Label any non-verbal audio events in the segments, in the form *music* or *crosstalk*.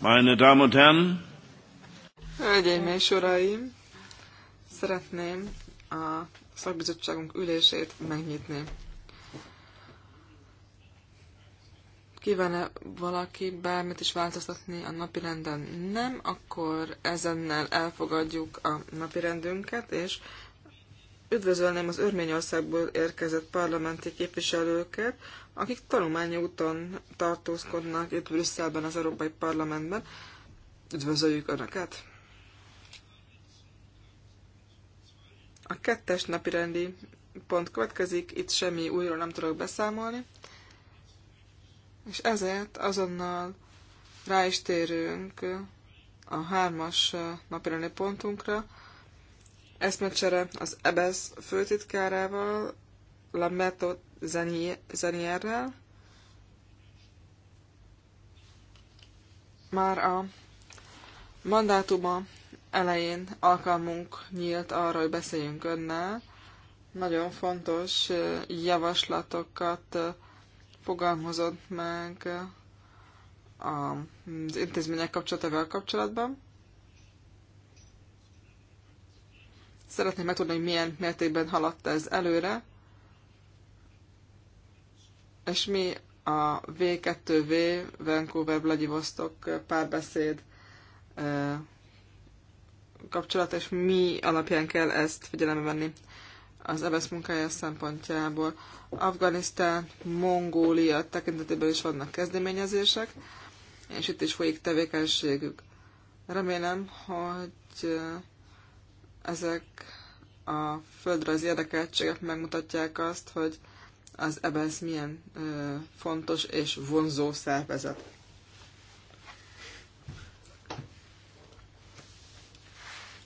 Meine Damen und Herren! Hölgyeim és Uraim! Szeretném a szakbizottságunk ülését megnyitni. Kívánne valaki bármit is változtatni a napirenden? Nem, akkor ezennel elfogadjuk a napirendünket, és üdvözölném az Örményországból érkezett parlamenti képviselőket, akik tanulmányi úton tartózkodnak itt Brüsszelben, az Európai Parlamentben. Üdvözöljük Önöket! A kettes napi rendi pont következik, itt semmi újról nem tudok beszámolni, és ezért azonnal rá is térünk a hármas napirendi pontunkra, eszmecsere az Ebesz főtitkárával, Lamberto Zenierrel. Már a mandátuma elején alkalmunk nyílt arra, hogy beszéljünk önnel. Nagyon fontos javaslatokat fogalmazott meg az intézmények kapcsolatával kapcsolatban. Szeretném megtudni, hogy milyen mértékben haladt ez előre, és mi a V2V Vancouver Vladivostok párbeszéd eh, kapcsolat, és mi alapján kell ezt figyelembe venni az EBSZ munkája szempontjából. Afganisztán, Mongólia tekintetében is vannak kezdeményezések, és itt is folyik tevékenységük. Remélem, hogy eh, ezek a földrajzi érdekeltségek megmutatják azt, hogy az ebesz milyen ö, fontos és vonzó szervezet.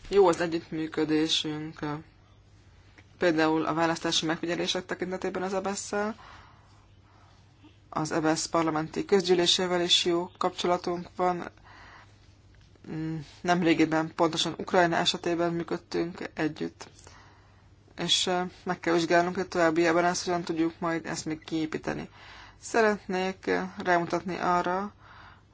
Jó az együttműködésünk, például a választási megfigyelések tekintetében az ebesz az EBSZ parlamenti közgyűlésével is jó kapcsolatunk van, nemrégiben pontosan Ukrajna esetében működtünk együtt. És meg kell vizsgálnunk, hogy továbbiában ezt hogyan tudjuk majd ezt még kiépíteni. Szeretnék rámutatni arra,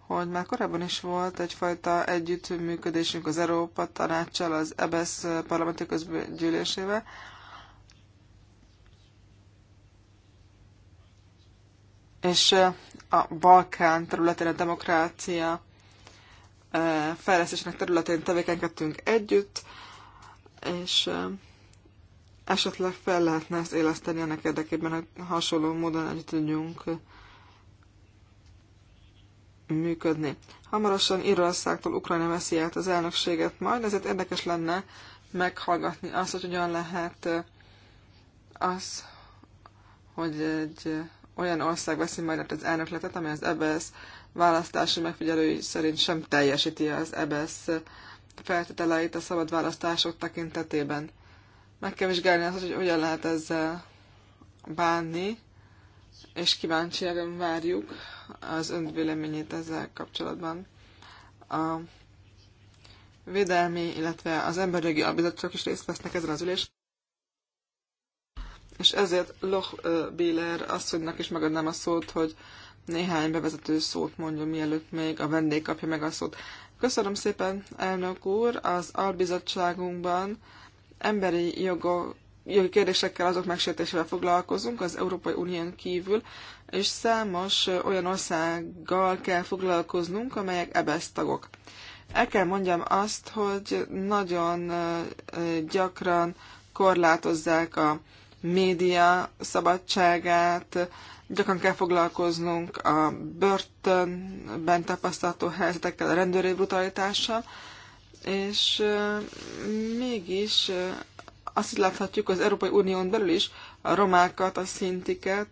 hogy már korábban is volt egyfajta együttműködésünk az Európa Tanácssal, az EBSZ e parlamenti közgyűlésével, és a Balkán területén a demokrácia fejlesztésnek területén tevékenykedtünk együtt, és esetleg fel lehetne ezt éleszteni ennek érdekében, hogy hasonló módon együtt tudjunk működni. Hamarosan Írországtól Ukrajna veszi át az elnökséget majd, ezért érdekes lenne meghallgatni azt, hogy hogyan lehet az, hogy egy olyan ország veszi majd az elnökletet, ami az EBSZ e választási megfigyelői szerint sem teljesíti az EBSZ e feltételeit a szabad választások tekintetében. Meg kell vizsgálni azt, hogy hogyan lehet ezzel bánni, és kíváncsian várjuk az ön véleményét ezzel kapcsolatban. A védelmi, illetve az emberjogi albizottságok is részt vesznek ezen az ülésen, És ezért Loch Béler asszonynak is megadnám a szót, hogy néhány bevezető szót mondjon, mielőtt még a vendég kapja meg a szót. Köszönöm szépen, elnök úr, az albizottságunkban emberi jogok, jogi kérdésekkel, azok megsértésével foglalkozunk az Európai Unión kívül, és számos olyan országgal kell foglalkoznunk, amelyek ebesz tagok. El kell mondjam azt, hogy nagyon gyakran korlátozzák a média szabadságát, Gyakran kell foglalkoznunk a börtönben tapasztalható helyzetekkel, a rendőri brutalitással, és mégis azt láthatjuk az Európai Unión belül is, a romákat, a szintiket,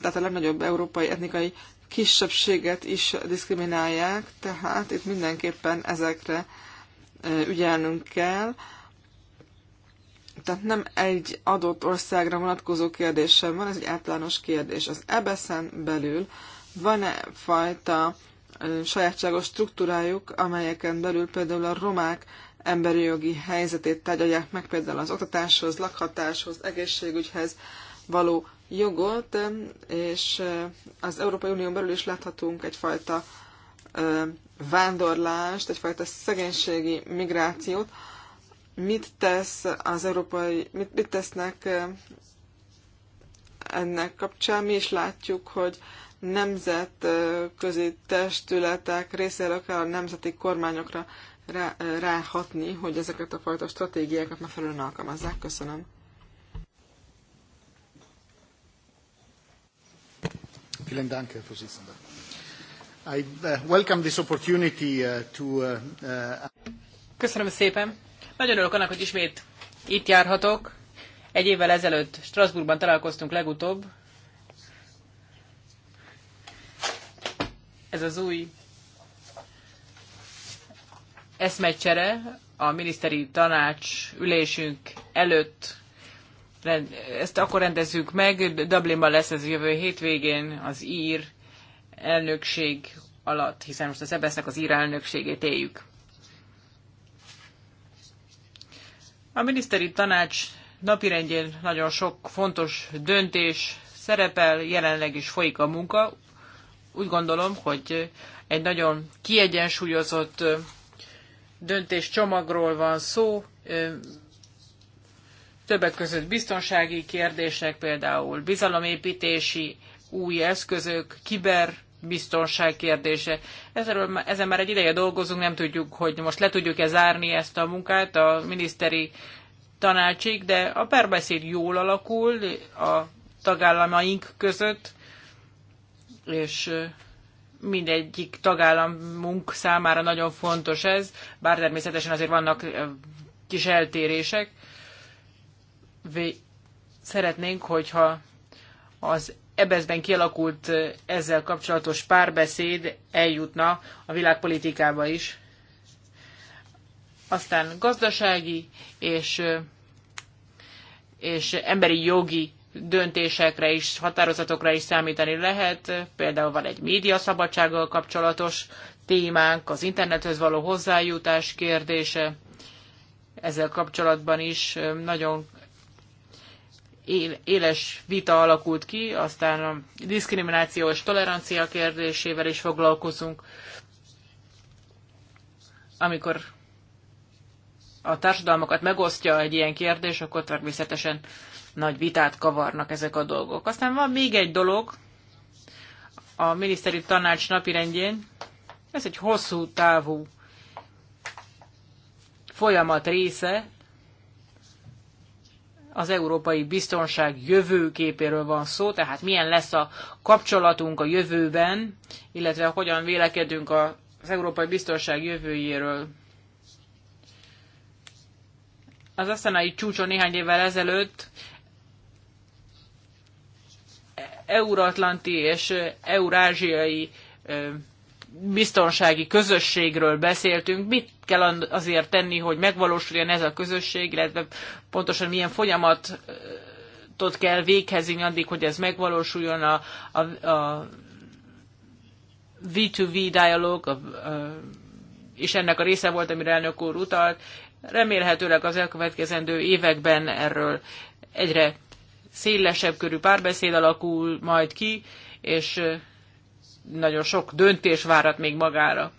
tehát a legnagyobb európai etnikai kisebbséget is diszkriminálják, tehát itt mindenképpen ezekre ügyelnünk kell tehát nem egy adott országra vonatkozó kérdésem van, ez egy általános kérdés. Az ebeszen belül van-e fajta sajátságos struktúrájuk, amelyeken belül például a romák emberi jogi helyzetét tárgyalják meg, például az oktatáshoz, lakhatáshoz, egészségügyhez való jogot, és az Európai Unión belül is láthatunk egyfajta vándorlást, egyfajta szegénységi migrációt, mit tesz az európai, mit, mit tesznek ennek kapcsán. Mi is látjuk, hogy nemzetközi testületek részéről kell a nemzeti kormányokra rá, ráhatni, hogy ezeket a fajta stratégiákat megfelelően alkalmazzák. Köszönöm. Vielen Dank, Herr Vorsitzender. I uh, welcome this opportunity uh, to... Uh, Köszönöm szépen. Nagyon örülök annak, hogy ismét itt járhatok. Egy évvel ezelőtt Strasbourgban találkoztunk legutóbb. Ez az új eszmecsere a miniszteri tanács ülésünk előtt ezt akkor rendezzük meg, Dublinban lesz ez jövő hétvégén az ír elnökség alatt, hiszen most az ebesznek az ír elnökségét éljük. A miniszteri tanács napirendjén nagyon sok fontos döntés szerepel, jelenleg is folyik a munka. Úgy gondolom, hogy egy nagyon kiegyensúlyozott döntéscsomagról van szó, többek között biztonsági kérdések, például bizalomépítési új eszközök, kiber biztonság kérdése. Ezzel, ezen már egy ideje dolgozunk, nem tudjuk, hogy most le tudjuk-e zárni ezt a munkát a miniszteri tanácsig, de a párbeszéd jól alakul a tagállamaink között, és mindegyik tagállamunk számára nagyon fontos ez, bár természetesen azért vannak kis eltérések. Vé- Szeretnénk, hogyha az ebezben kialakult ezzel kapcsolatos párbeszéd eljutna a világpolitikába is. Aztán gazdasági és, és emberi jogi döntésekre is, határozatokra is számítani lehet. Például van egy médiaszabadsággal kapcsolatos témánk, az internethöz való hozzájutás kérdése. Ezzel kapcsolatban is nagyon éles vita alakult ki, aztán a diszkrimináció és tolerancia kérdésével is foglalkozunk. Amikor a társadalmakat megosztja egy ilyen kérdés, akkor természetesen nagy vitát kavarnak ezek a dolgok. Aztán van még egy dolog a miniszteri tanács napirendjén, ez egy hosszú távú folyamat része, az európai biztonság jövőképéről van szó, tehát milyen lesz a kapcsolatunk a jövőben, illetve hogyan vélekedünk az európai biztonság jövőjéről. Az asztanai csúcson néhány évvel ezelőtt euróatlanti és eurázsiai biztonsági közösségről beszéltünk, mit kell azért tenni, hogy megvalósuljon ez a közösség, illetve pontosan milyen folyamatot kell véghezni addig, hogy ez megvalósuljon a, a, a V2V dialog, a, a, és ennek a része volt, amire elnök úr utalt. Remélhetőleg az elkövetkezendő években erről egyre szélesebb körű párbeszéd alakul majd ki, és nagyon sok döntés várat még magára.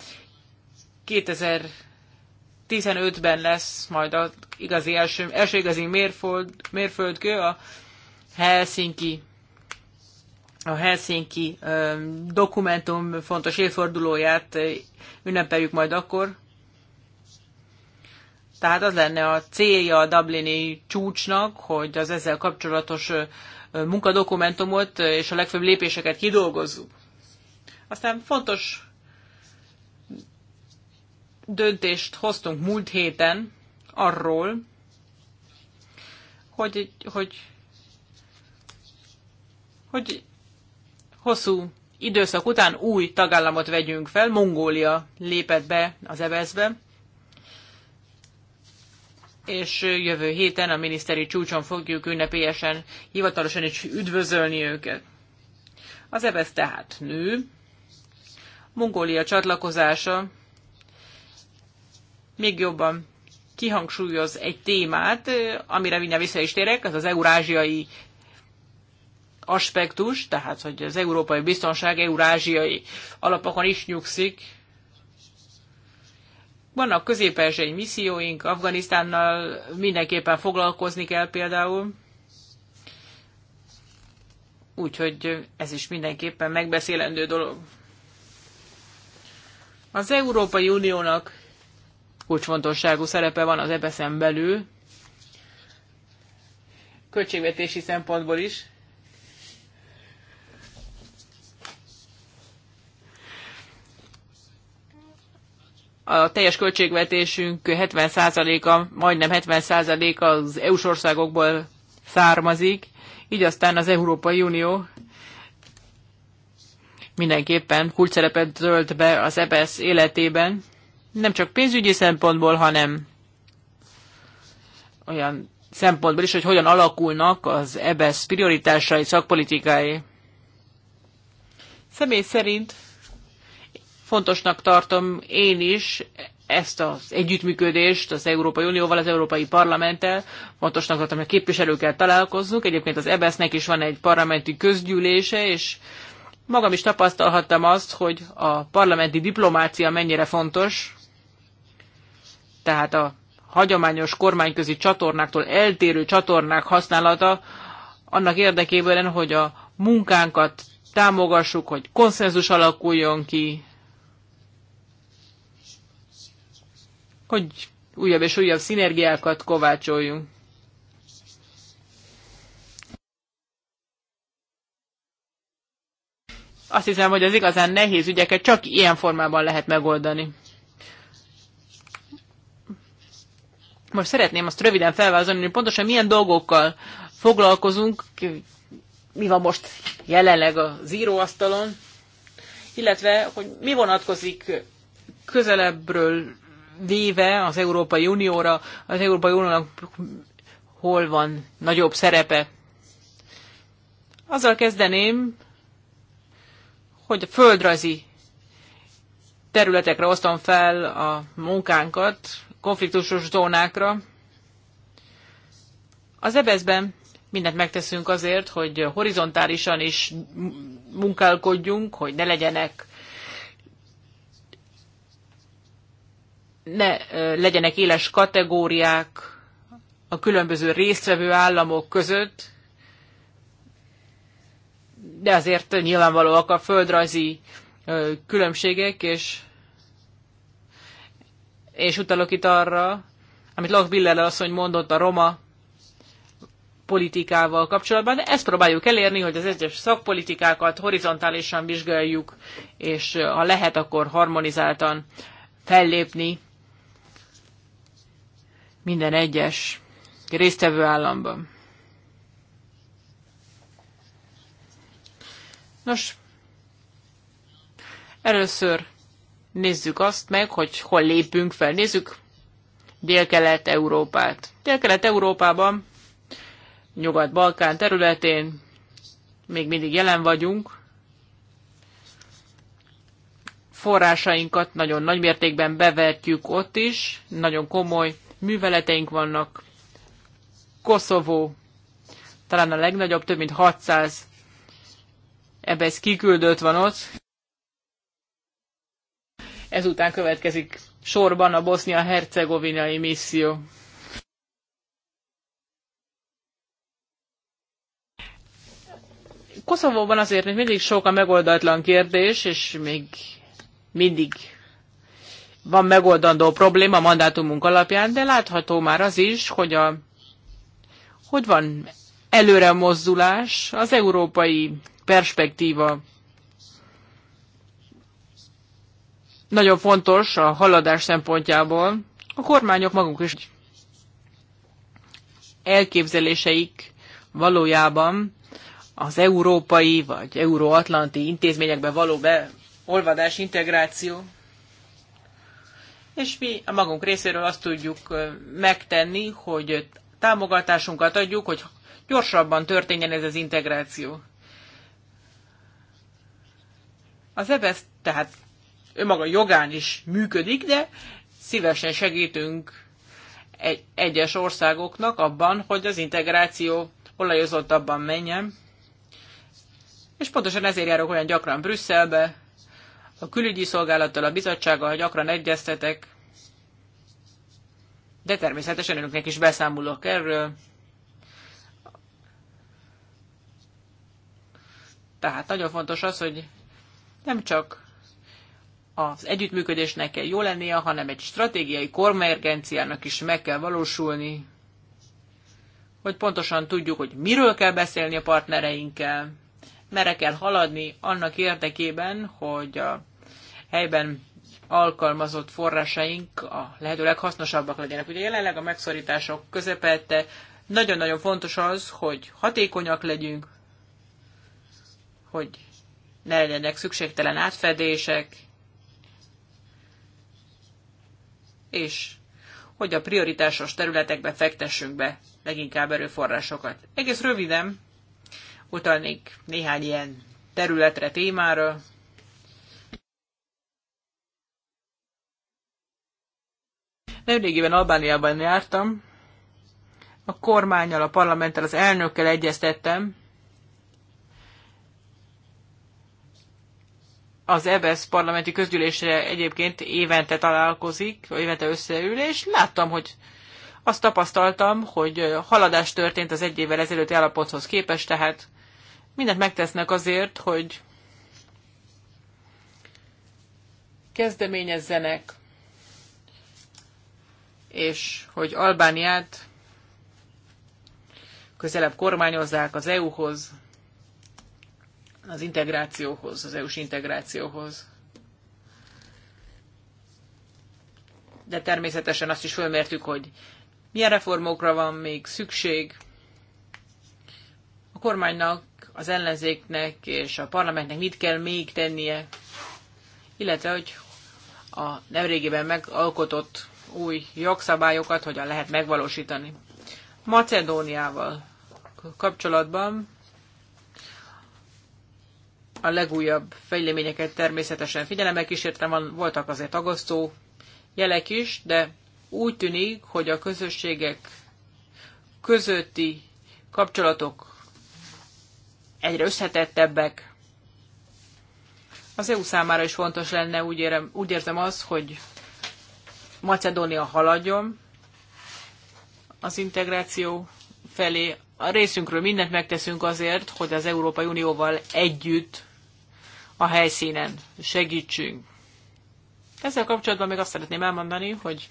2015-ben lesz majd az igazi első, első igazi mérföld, mérföldkő a Helsinki a Helsinki dokumentum fontos évfordulóját ünnepeljük majd akkor. Tehát az lenne a célja a Dublini csúcsnak, hogy az ezzel kapcsolatos munkadokumentumot és a legfőbb lépéseket kidolgozzuk. Aztán fontos döntést hoztunk múlt héten arról, hogy, hogy, hogy hosszú időszak után új tagállamot vegyünk fel. Mongólia lépett be az ebezbe, és jövő héten a miniszteri csúcson fogjuk ünnepélyesen, hivatalosan is üdvözölni őket. Az EBS tehát nő, Mongólia csatlakozása még jobban kihangsúlyoz egy témát, amire mindjárt vissza is térek, az az eurázsiai aspektus, tehát hogy az európai biztonság eurázsiai alapokon is nyugszik. Vannak közép misszióink, Afganisztánnal mindenképpen foglalkozni kell például. Úgyhogy ez is mindenképpen megbeszélendő dolog. Az Európai Uniónak kulcsfontosságú szerepe van az EBSZ-en belül, költségvetési szempontból is. A teljes költségvetésünk 70%-a, majdnem 70%-a az EU-s országokból származik, így aztán az Európai Unió mindenképpen kulcszerepet tölt be az EBS e életében, nem csak pénzügyi szempontból, hanem olyan szempontból is, hogy hogyan alakulnak az EBS e prioritásai, szakpolitikái. Személy szerint fontosnak tartom én is ezt az együttműködést az Európai Unióval, az Európai Parlamenttel. Fontosnak tartom, hogy a képviselőkkel találkozzunk. Egyébként az ebs e nek is van egy parlamenti közgyűlése, és Magam is tapasztalhattam azt, hogy a parlamenti diplomácia mennyire fontos, tehát a hagyományos kormányközi csatornáktól eltérő csatornák használata annak érdekében, hogy a munkánkat támogassuk, hogy konszenzus alakuljon ki, hogy újabb és újabb szinergiákat kovácsoljunk. Azt hiszem, hogy az igazán nehéz ügyeket csak ilyen formában lehet megoldani. Most szeretném azt röviden felvázolni, hogy pontosan milyen dolgokkal foglalkozunk, mi van most jelenleg az íróasztalon, illetve hogy mi vonatkozik közelebbről véve az Európai Unióra, az Európai Uniónak hol van nagyobb szerepe. Azzal kezdeném, hogy a földrajzi területekre osztom fel a munkánkat, konfliktusos zónákra. Az ebezben mindent megteszünk azért, hogy horizontálisan is munkálkodjunk, hogy ne legyenek ne legyenek éles kategóriák a különböző résztvevő államok között, de azért nyilvánvalóak a földrajzi különbségek, és, és utalok itt arra, amit Lok Billele asszony mondott a roma politikával kapcsolatban, de ezt próbáljuk elérni, hogy az egyes szakpolitikákat horizontálisan vizsgáljuk, és ha lehet, akkor harmonizáltan fellépni minden egyes résztvevő államban. Nos, először nézzük azt meg, hogy hol lépünk fel. Nézzük Dél-Kelet-Európát. Dél-Kelet-Európában, Nyugat-Balkán területén még mindig jelen vagyunk. Forrásainkat nagyon nagy mértékben bevertjük ott is, nagyon komoly műveleteink vannak. Koszovó talán a legnagyobb, több mint 600 ebbe egy kiküldött van ott. Ezután következik sorban a bosznia-hercegovinai misszió. Koszovóban azért még mindig sok a megoldatlan kérdés, és még mindig van megoldandó probléma a mandátumunk alapján, de látható már az is, hogy, a, hogy van előre mozdulás az európai perspektíva. Nagyon fontos a haladás szempontjából. A kormányok maguk is elképzeléseik valójában az európai vagy euróatlanti intézményekbe való beolvadás, integráció. És mi a magunk részéről azt tudjuk megtenni, hogy támogatásunkat adjuk, hogy gyorsabban történjen ez az integráció. Az EBSZ e tehát önmaga jogán is működik, de szívesen segítünk egy, egyes országoknak abban, hogy az integráció olajozottabban menjen. És pontosan ezért járok olyan gyakran Brüsszelbe, a külügyi szolgálattal, a bizottsággal gyakran egyeztetek, de természetesen önöknek is beszámolok erről. Tehát nagyon fontos az, hogy nem csak az együttműködésnek kell jó lennie, hanem egy stratégiai konvergenciának is meg kell valósulni, hogy pontosan tudjuk, hogy miről kell beszélni a partnereinkkel, merre kell haladni annak érdekében, hogy a helyben alkalmazott forrásaink a lehető leghasznosabbak legyenek. Ugye jelenleg a megszorítások közepette nagyon-nagyon fontos az, hogy hatékonyak legyünk, hogy ne legyenek szükségtelen átfedések, és hogy a prioritásos területekbe fektessünk be leginkább erőforrásokat. Egész röviden utalnék néhány ilyen területre, témára. Nemrégiben Albániában jártam, a kormányjal, a parlamenttel, az elnökkel egyeztettem, az EBSZ e parlamenti közgyűlésre egyébként évente találkozik, évente összeül, és láttam, hogy azt tapasztaltam, hogy haladás történt az egy évvel ezelőtti állapothoz képest, tehát mindent megtesznek azért, hogy kezdeményezzenek, és hogy Albániát közelebb kormányozzák az EU-hoz, az integrációhoz, az EU-s integrációhoz. De természetesen azt is fölmértük, hogy milyen reformokra van még szükség. A kormánynak, az ellenzéknek és a parlamentnek mit kell még tennie, illetve hogy a nemrégiben megalkotott új jogszabályokat hogyan lehet megvalósítani. Macedóniával kapcsolatban a legújabb fejleményeket természetesen figyelemmel kísértem, van, voltak azért agasztó jelek is, de úgy tűnik, hogy a közösségek közötti kapcsolatok egyre összetettebbek. Az EU számára is fontos lenne, úgy, érem, úgy érzem az, hogy Macedónia haladjon az integráció felé. A részünkről mindent megteszünk azért, hogy az Európai Unióval együtt a helyszínen, segítsünk. Ezzel kapcsolatban még azt szeretném elmondani, hogy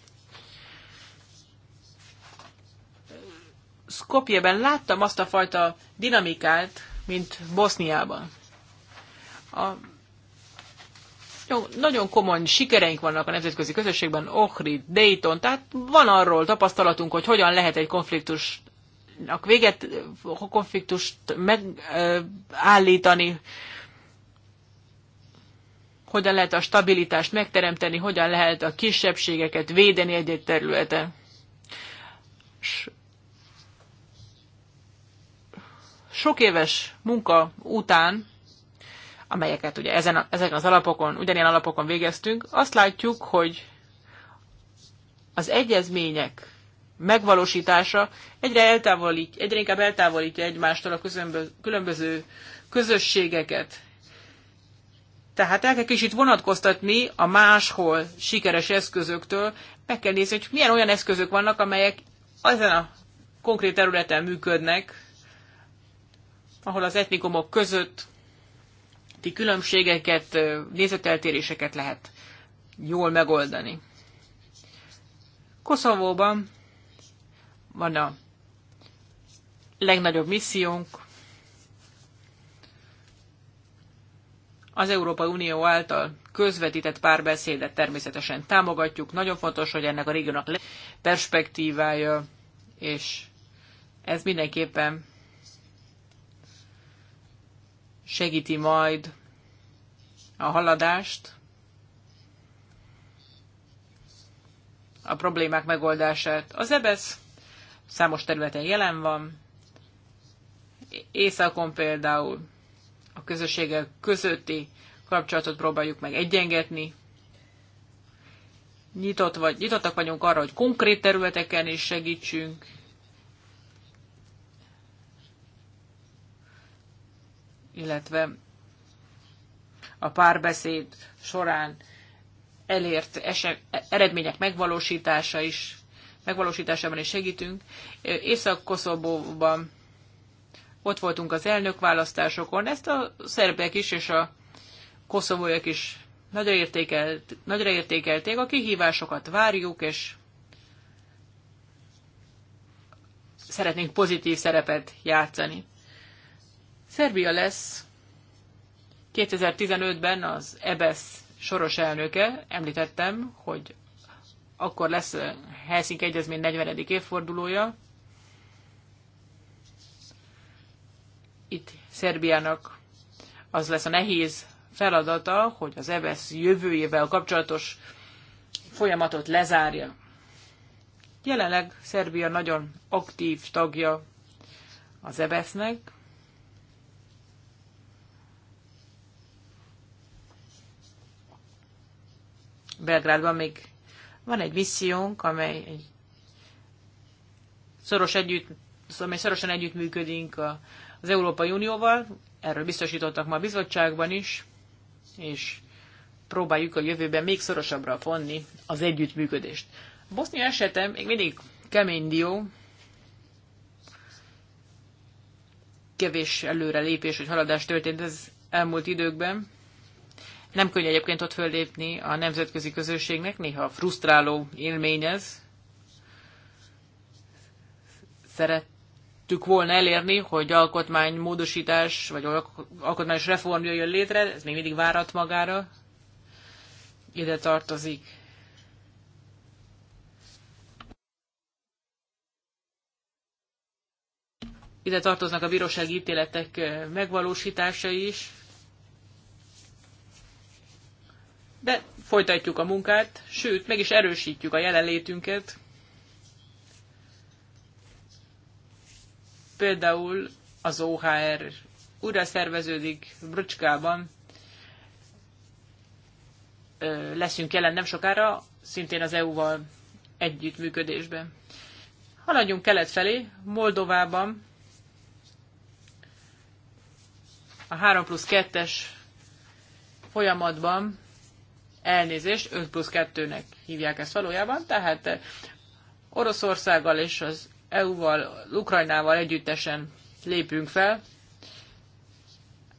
Skopjeben láttam azt a fajta dinamikát, mint Boszniában. A jó, nagyon komoly sikereink vannak a nemzetközi közösségben, Ohrid, Dayton, tehát van arról tapasztalatunk, hogy hogyan lehet egy konfliktusnak véget, konfliktust megállítani, hogyan lehet a stabilitást megteremteni, hogyan lehet a kisebbségeket védeni egy-egy területen. Sok éves munka után, amelyeket ugye ezen, a, ezeken az alapokon, ugyanilyen alapokon végeztünk, azt látjuk, hogy az egyezmények megvalósítása egyre, eltávolít, egyre inkább eltávolítja egymástól a különböző közösségeket. Tehát el kell kicsit vonatkoztatni a máshol sikeres eszközöktől, meg kell nézni, hogy milyen olyan eszközök vannak, amelyek ezen a konkrét területen működnek, ahol az etnikumok között különbségeket, nézeteltéréseket lehet jól megoldani. Koszovóban van a legnagyobb missziónk, Az Európai Unió által közvetített párbeszédet természetesen támogatjuk. Nagyon fontos, hogy ennek a régiónak perspektívája, és ez mindenképpen segíti majd a haladást, a problémák megoldását. Az EBESZ számos területen jelen van, északon például a közösséggel közötti kapcsolatot próbáljuk meg egyengetni. Nyitott vagy, nyitottak vagyunk arra, hogy konkrét területeken is segítsünk. Illetve a párbeszéd során elért esek, eredmények megvalósítása is, megvalósításában is segítünk. Észak-Koszobóban ott voltunk az elnökválasztásokon, ezt a szerbek is és a koszovóiak is nagyra, értékelt, nagyra értékelték, a kihívásokat várjuk, és szeretnénk pozitív szerepet játszani. Szerbia lesz 2015-ben az EBS soros elnöke, említettem, hogy akkor lesz Helsinki Egyezmény 40. évfordulója, itt Szerbiának az lesz a nehéz feladata, hogy az EBSZ e jövőjével kapcsolatos folyamatot lezárja. Jelenleg Szerbia nagyon aktív tagja az EBSZ-nek, e Belgrádban még van egy missziónk, amely egy szoros együtt, amely szorosan együttműködünk a az Európai Unióval, erről biztosítottak ma a bizottságban is, és próbáljuk a jövőben még szorosabbra fonni az együttműködést. A Bosznia esete még mindig kemény dió, kevés előrelépés hogy haladás történt az elmúlt időkben. Nem könnyű egyébként ott föllépni a nemzetközi közösségnek, néha frusztráló élmény ez. Szeret, szerettük volna elérni, hogy alkotmánymódosítás vagy alkotmányos reform jöjjön létre, ez még mindig várat magára. Ide tartozik Ide tartoznak a bírósági ítéletek eh, megvalósítása is. De folytatjuk a munkát, sőt, meg is erősítjük a jelenlétünket. Például az OHR újra szerveződik Brücskában, leszünk jelen nem sokára, szintén az EU-val együttműködésben. Haladjunk kelet felé, Moldovában a 3 plusz 2-es folyamatban elnézést, 5 plusz 2-nek hívják ezt valójában, tehát Oroszországgal és az EU-val, Ukrajnával együttesen lépünk fel.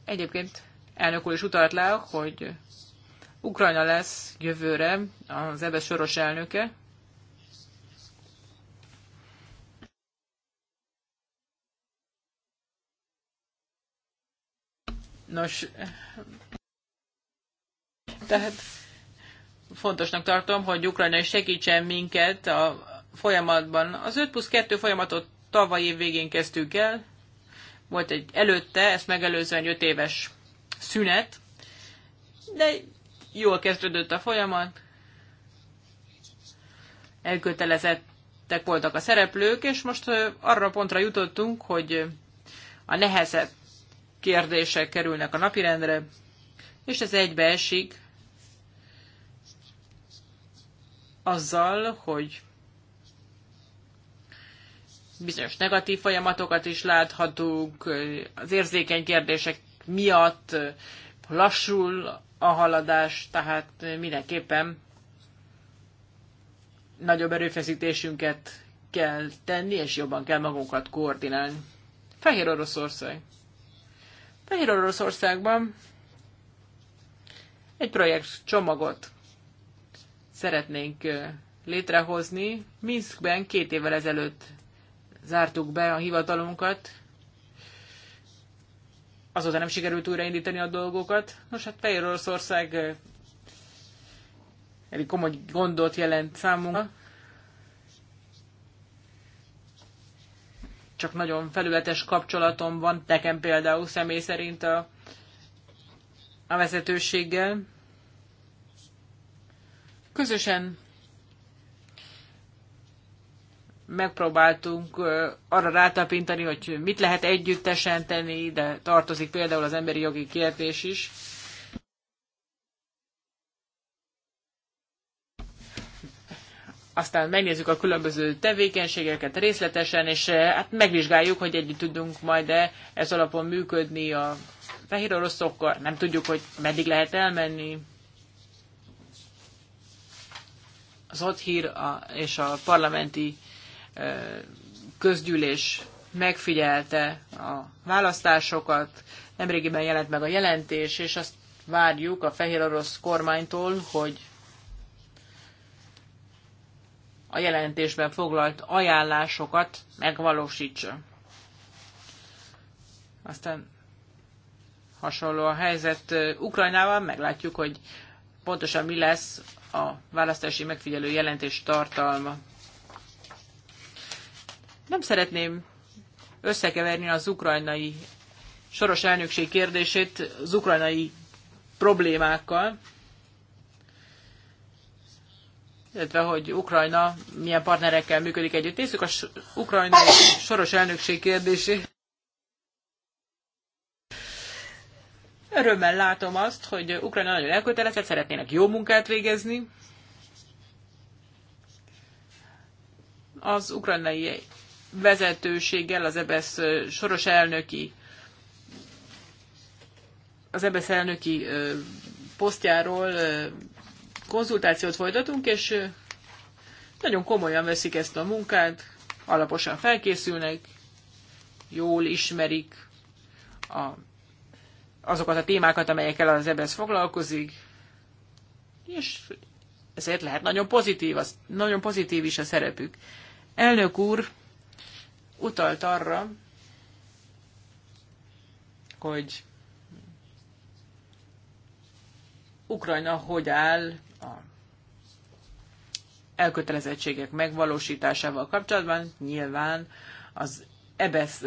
Egyébként elnök úr is utalt le, hogy Ukrajna lesz jövőre az EBE e soros elnöke. Nos, tehát fontosnak tartom, hogy Ukrajna is segítsen minket a folyamatban. Az 5 plusz 2 folyamatot tavaly év végén kezdtük el, volt egy előtte, ezt megelőzően 5 éves szünet, de jól kezdődött a folyamat, elkötelezettek voltak a szereplők, és most arra pontra jutottunk, hogy a nehezebb kérdések kerülnek a napirendre, és ez egybeesik azzal, hogy bizonyos negatív folyamatokat is láthatunk, az érzékeny kérdések miatt lassul a haladás, tehát mindenképpen nagyobb erőfeszítésünket kell tenni, és jobban kell magunkat koordinálni. Fehér Oroszország. Fehér Oroszországban egy projekt csomagot szeretnénk létrehozni. Minskben két évvel ezelőtt zártuk be a hivatalunkat, azóta nem sikerült újraindítani a dolgokat. Nos, hát Fehér Oroszország eh, elég komoly gondot jelent számunkra. Csak nagyon felületes kapcsolatom van, nekem például személy szerint a, a vezetőséggel. Közösen megpróbáltunk arra rátapintani, hogy mit lehet együttesen tenni, de tartozik például az emberi jogi kérdés is. Aztán megnézzük a különböző tevékenységeket részletesen, és hát megvizsgáljuk, hogy együtt tudunk majd-e ez alapon működni a fehér oroszokkal. Nem tudjuk, hogy meddig lehet elmenni. az ott hír a, és a parlamenti közgyűlés megfigyelte a választásokat, nemrégiben jelent meg a jelentés, és azt várjuk a fehér orosz kormánytól, hogy a jelentésben foglalt ajánlásokat megvalósítsa. Aztán hasonló a helyzet Ukrajnával, meglátjuk, hogy pontosan mi lesz a választási megfigyelő jelentés tartalma. Nem szeretném összekeverni az ukrajnai soros elnökség kérdését az ukrajnai problémákkal, illetve hogy Ukrajna milyen partnerekkel működik együtt. Nézzük a ukrajnai soros elnökség kérdését. Örömmel látom azt, hogy Ukrajna nagyon elkötelezett, szeretnének jó munkát végezni. Az ukrajnai vezetőséggel, az EBSZ e soros elnöki az EBSZ e elnöki posztjáról konzultációt folytatunk, és nagyon komolyan veszik ezt a munkát, alaposan felkészülnek, jól ismerik a, azokat a témákat, amelyekkel az EBSZ e foglalkozik, és ezért lehet nagyon pozitív, az, nagyon pozitív is a szerepük. Elnök úr, utalt arra, hogy Ukrajna hogy áll a elkötelezettségek megvalósításával kapcsolatban. Nyilván az EBESZ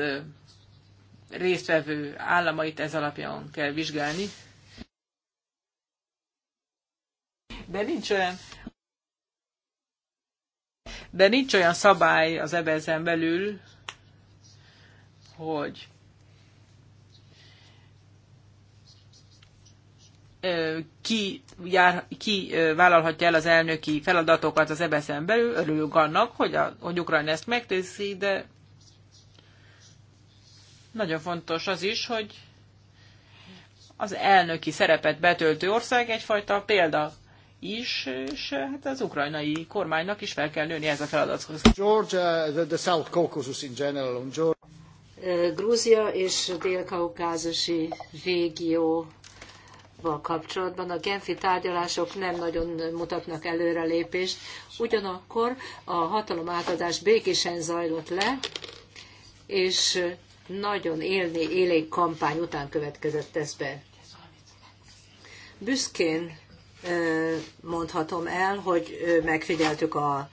résztvevő államait ez alapján kell vizsgálni. De nincs olyan de nincs olyan szabály az ebezen belül, hogy ki, jár, ki vállalhatja el az elnöki feladatokat az ebezen belül. Örülünk annak, hogy, a, hogy Ukrajna ezt megteszi, de nagyon fontos az is, hogy az elnöki szerepet betöltő ország egyfajta példa is, és eh, hát az ukrajnai kormánynak is fel kell nőni ez a feladathoz. Georgia, the, the South Caucasus in general, on Georgia. Eh, Grúzia és dél-kaukázusi régióval kapcsolatban a genfi tárgyalások nem nagyon mutatnak előrelépést, ugyanakkor a hatalom átadás békésen zajlott le, és nagyon élni élénk kampány után következett ez be. Büszkén mondhatom el, hogy megfigyeltük a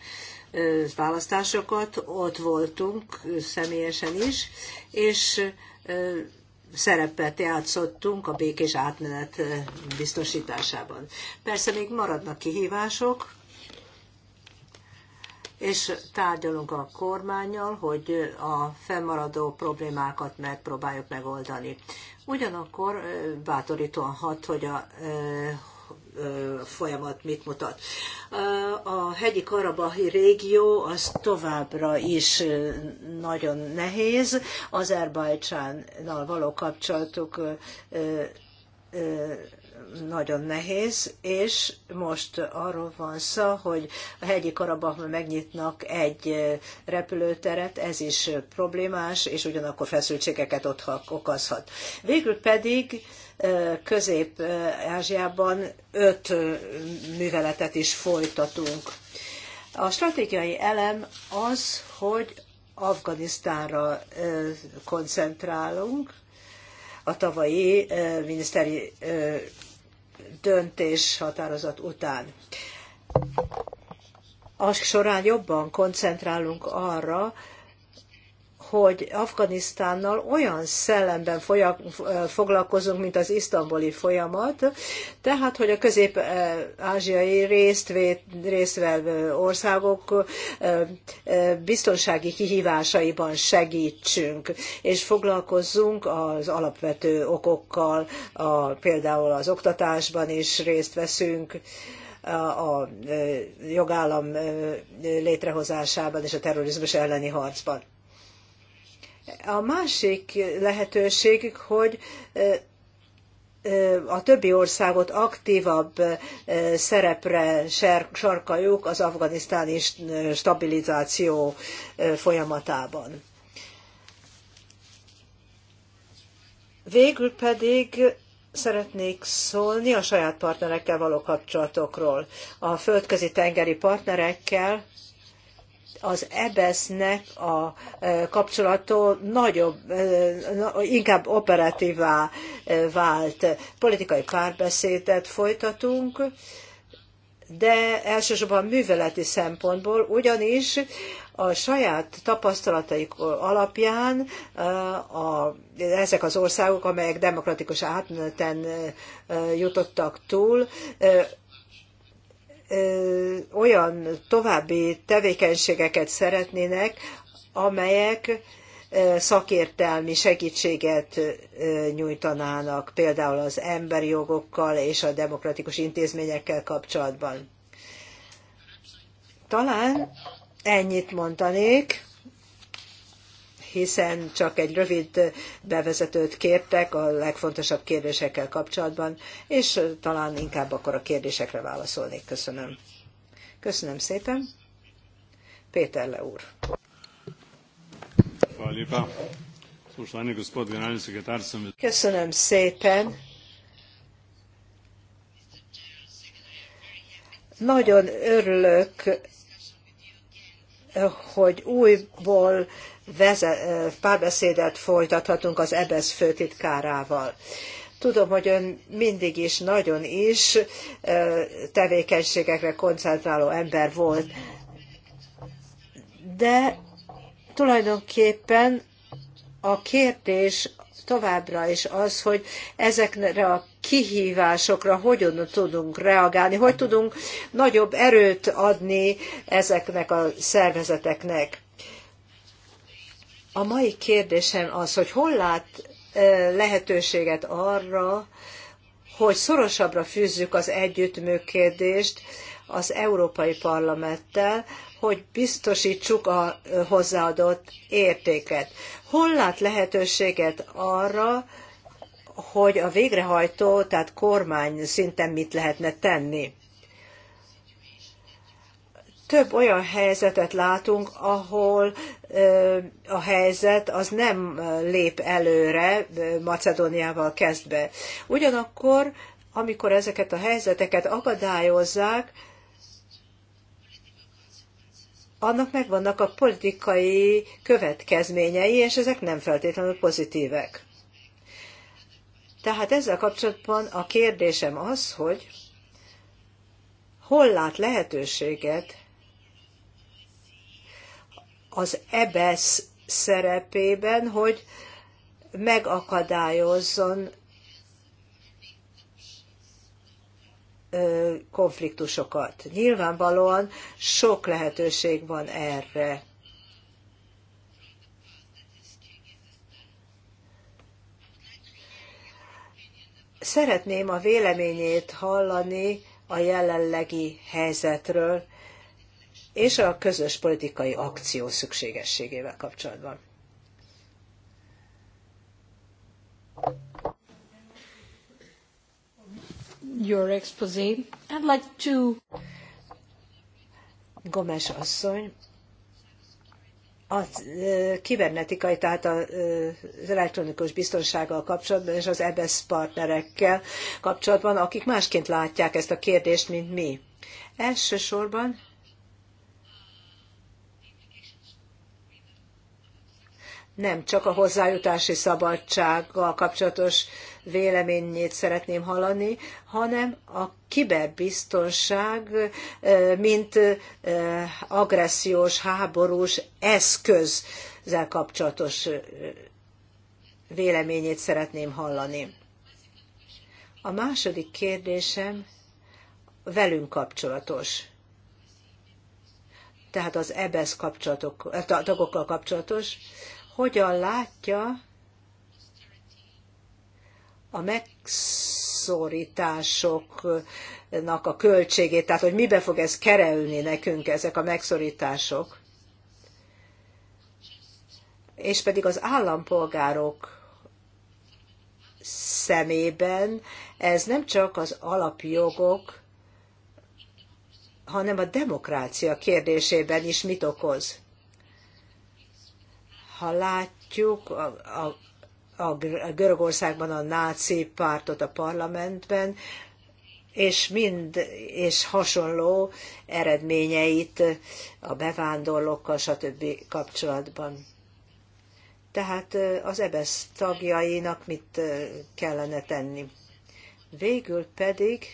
választásokat, ott voltunk személyesen is, és szerepet játszottunk a békés átmenet biztosításában. Persze még maradnak kihívások, és tárgyalunk a kormányjal, hogy a fennmaradó problémákat megpróbáljuk megoldani. Ugyanakkor bátorítóan hat, hogy a folyamat mit mutat. A hegyi karabahi régió az továbbra is nagyon nehéz. Azerbajcsánnal való kapcsolatok nagyon nehéz, és most arról van szó, hogy a hegyi Karabahban megnyitnak egy repülőteret, ez is problémás, és ugyanakkor feszültségeket ott okozhat. Végül pedig Közép-Ázsiában öt műveletet is folytatunk. A stratégiai elem az, hogy Afganisztánra koncentrálunk, a tavalyi miniszteri döntés határozat után. A során jobban koncentrálunk arra, hogy Afganisztánnal olyan szellemben eh, foglalkozunk, mint az isztambuli folyamat, tehát, hogy a közép-ázsiai eh, résztvét, résztvevő országok eh, biztonsági kihívásaiban segítsünk, és foglalkozzunk az alapvető okokkal, a, például az oktatásban is részt veszünk, a jogállam létrehozásában és a terrorizmus elleni harcban. A másik lehetőség, hogy a többi országot aktívabb szerepre sarkaljuk az afganisztáni stabilizáció folyamatában. Végül pedig szeretnék szólni a saját partnerekkel való kapcsolatokról. A földközi tengeri partnerekkel az ebesz nek a e, kapcsolata nagyobb, e, inkább operatívá e, vált. Politikai párbeszédet folytatunk, de elsősorban műveleti szempontból, ugyanis a saját tapasztalataik alapján a, a, ezek az országok, amelyek demokratikus átmeneten jutottak túl, olyan további tevékenységeket szeretnének, amelyek szakértelmi segítséget nyújtanának, például az emberi jogokkal és a demokratikus intézményekkel kapcsolatban. Talán ennyit mondanék hiszen csak egy rövid bevezetőt kértek a legfontosabb kérdésekkel kapcsolatban, és talán inkább akkor a kérdésekre válaszolnék. Köszönöm. Köszönöm szépen. Péter Le úr. Köszönöm szépen. Nagyon örülök, hogy újból párbeszédet folytathatunk az EBSZ főtitkárával. Tudom, hogy ön mindig is, nagyon is tevékenységekre koncentráló ember volt, de tulajdonképpen a kérdés továbbra is az, hogy ezekre a kihívásokra hogyan tudunk reagálni, hogy tudunk nagyobb erőt adni ezeknek a szervezeteknek. A mai kérdésem az, hogy hol lát lehetőséget arra, hogy szorosabbra fűzzük az együttműködést az Európai Parlamenttel, hogy biztosítsuk a hozzáadott értéket. Hol lát lehetőséget arra, hogy a végrehajtó, tehát kormány szinten mit lehetne tenni? Több olyan helyzetet látunk, ahol a helyzet az nem lép előre Macedóniával kezdve. Ugyanakkor, amikor ezeket a helyzeteket akadályozzák, annak megvannak a politikai következményei, és ezek nem feltétlenül pozitívek. Tehát ezzel kapcsolatban a kérdésem az, hogy hol lát lehetőséget az EBESZ szerepében, hogy megakadályozzon konfliktusokat. Nyilvánvalóan sok lehetőség van erre. Szeretném a véleményét hallani a jelenlegi helyzetről, és a közös politikai akció szükségességével kapcsolatban. Your expose. I'd like to... Gomes asszony, a kibernetikai, tehát az elektronikus biztonsággal kapcsolatban és az EBS e partnerekkel kapcsolatban, akik másként látják ezt a kérdést, mint mi. Elsősorban nem csak a hozzájutási szabadsággal kapcsolatos véleményét szeretném hallani, hanem a kiberbiztonság, mint agressziós, háborús eszközzel kapcsolatos véleményét szeretném hallani. A második kérdésem velünk kapcsolatos. Tehát az EBSZ e kapcsolatok, tagokkal kapcsolatos hogyan látja a megszorításoknak a költségét, tehát hogy mibe fog ez kerülni nekünk ezek a megszorítások, és pedig az állampolgárok szemében ez nem csak az alapjogok, hanem a demokrácia kérdésében is mit okoz. Ha látjuk a, a, a Görögországban a náci pártot a parlamentben, és mind és hasonló eredményeit a bevándorlókkal, stb. kapcsolatban. Tehát az EBSZ tagjainak mit kellene tenni. Végül pedig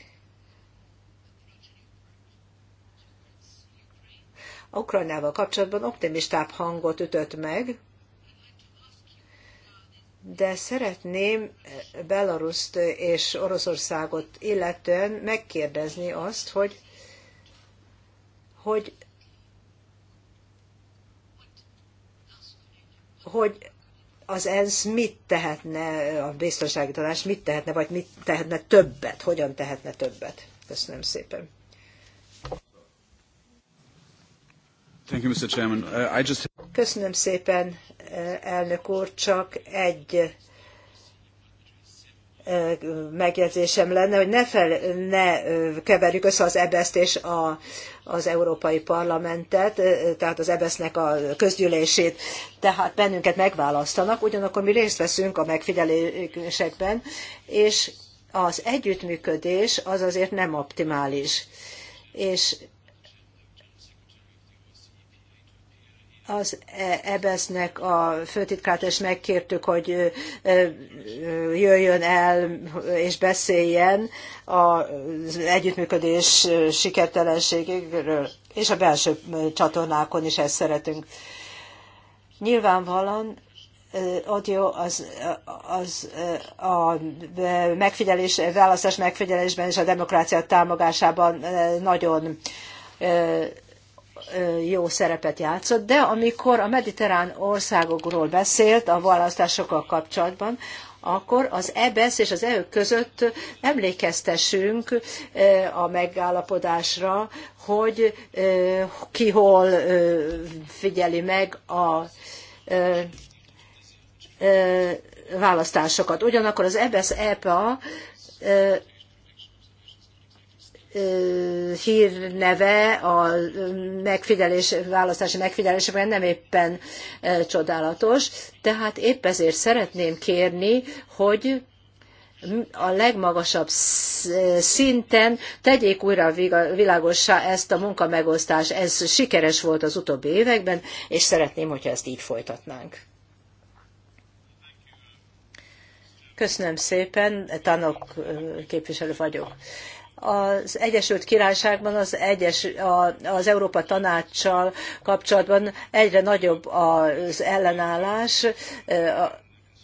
a Ukrajnával kapcsolatban optimistább hangot ütött meg, de szeretném eh, Belaruszt eh, és Oroszországot illetően megkérdezni azt, hogy, hogy, hogy az ENSZ mit tehetne, a biztonsági tanács mit tehetne, vagy mit tehetne többet, hogyan tehetne többet. Köszönöm szépen. Thank you, Mr. Chairman. Uh, I just... Köszönöm szépen, uh, elnök úr, csak egy uh, megjegyzésem lenne, hogy ne, fel, ne keverjük össze az EBESZ-t és a, az Európai Parlamentet, tehát az EBESZ-nek a közgyűlését. Tehát bennünket megválasztanak, ugyanakkor mi részt veszünk a megfigyelésekben, és az együttműködés az azért nem optimális. És az e- EBESZ-nek a főtitkát, és megkértük, hogy jöjjön el és beszéljen az együttműködés sikertelenségéről, és a belső csatornákon is ezt szeretünk. Nyilvánvalóan audio az, az a megfigyelés, választás megfigyelésben és a demokrácia támogásában nagyon jó szerepet játszott, de amikor a mediterrán országokról beszélt a választásokkal kapcsolatban, akkor az EBSZ e és az EU között emlékeztessünk a megállapodásra, hogy ki hol figyeli meg a választásokat. Ugyanakkor az EBSZ-EPA e hírneve a megfigyelés, választási megfigyelésekben nem éppen csodálatos. Tehát épp ezért szeretném kérni, hogy a legmagasabb szinten tegyék újra világossá ezt a munkamegosztást. Ez sikeres volt az utóbbi években, és szeretném, hogyha ezt így folytatnánk. Köszönöm szépen, tanok képviselő vagyok az Egyesült Királyságban az, egyes, az Európa Tanácssal kapcsolatban egyre nagyobb az ellenállás,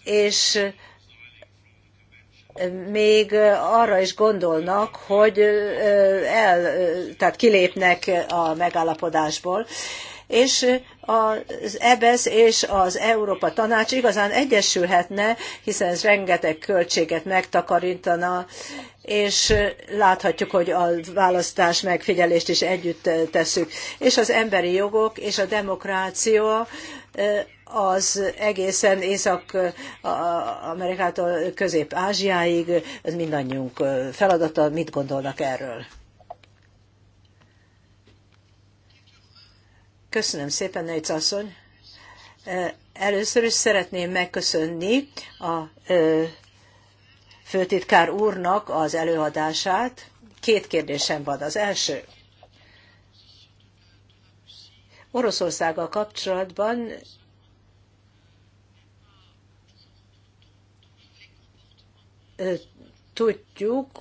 és még arra is gondolnak, hogy el, tehát kilépnek a megállapodásból és az EBESZ és az Európa Tanács igazán egyesülhetne, hiszen ez rengeteg költséget megtakarítana, és láthatjuk, hogy a választás megfigyelést is együtt tesszük. És az emberi jogok és a demokrácia az egészen Észak-Amerikától Közép-Ázsiáig, ez mindannyiunk feladata, mit gondolnak erről? Köszönöm szépen, Nejc asszony. Először is szeretném megköszönni a főtitkár úrnak az előadását. Két kérdésem van. Az első. Oroszországgal kapcsolatban tudjuk,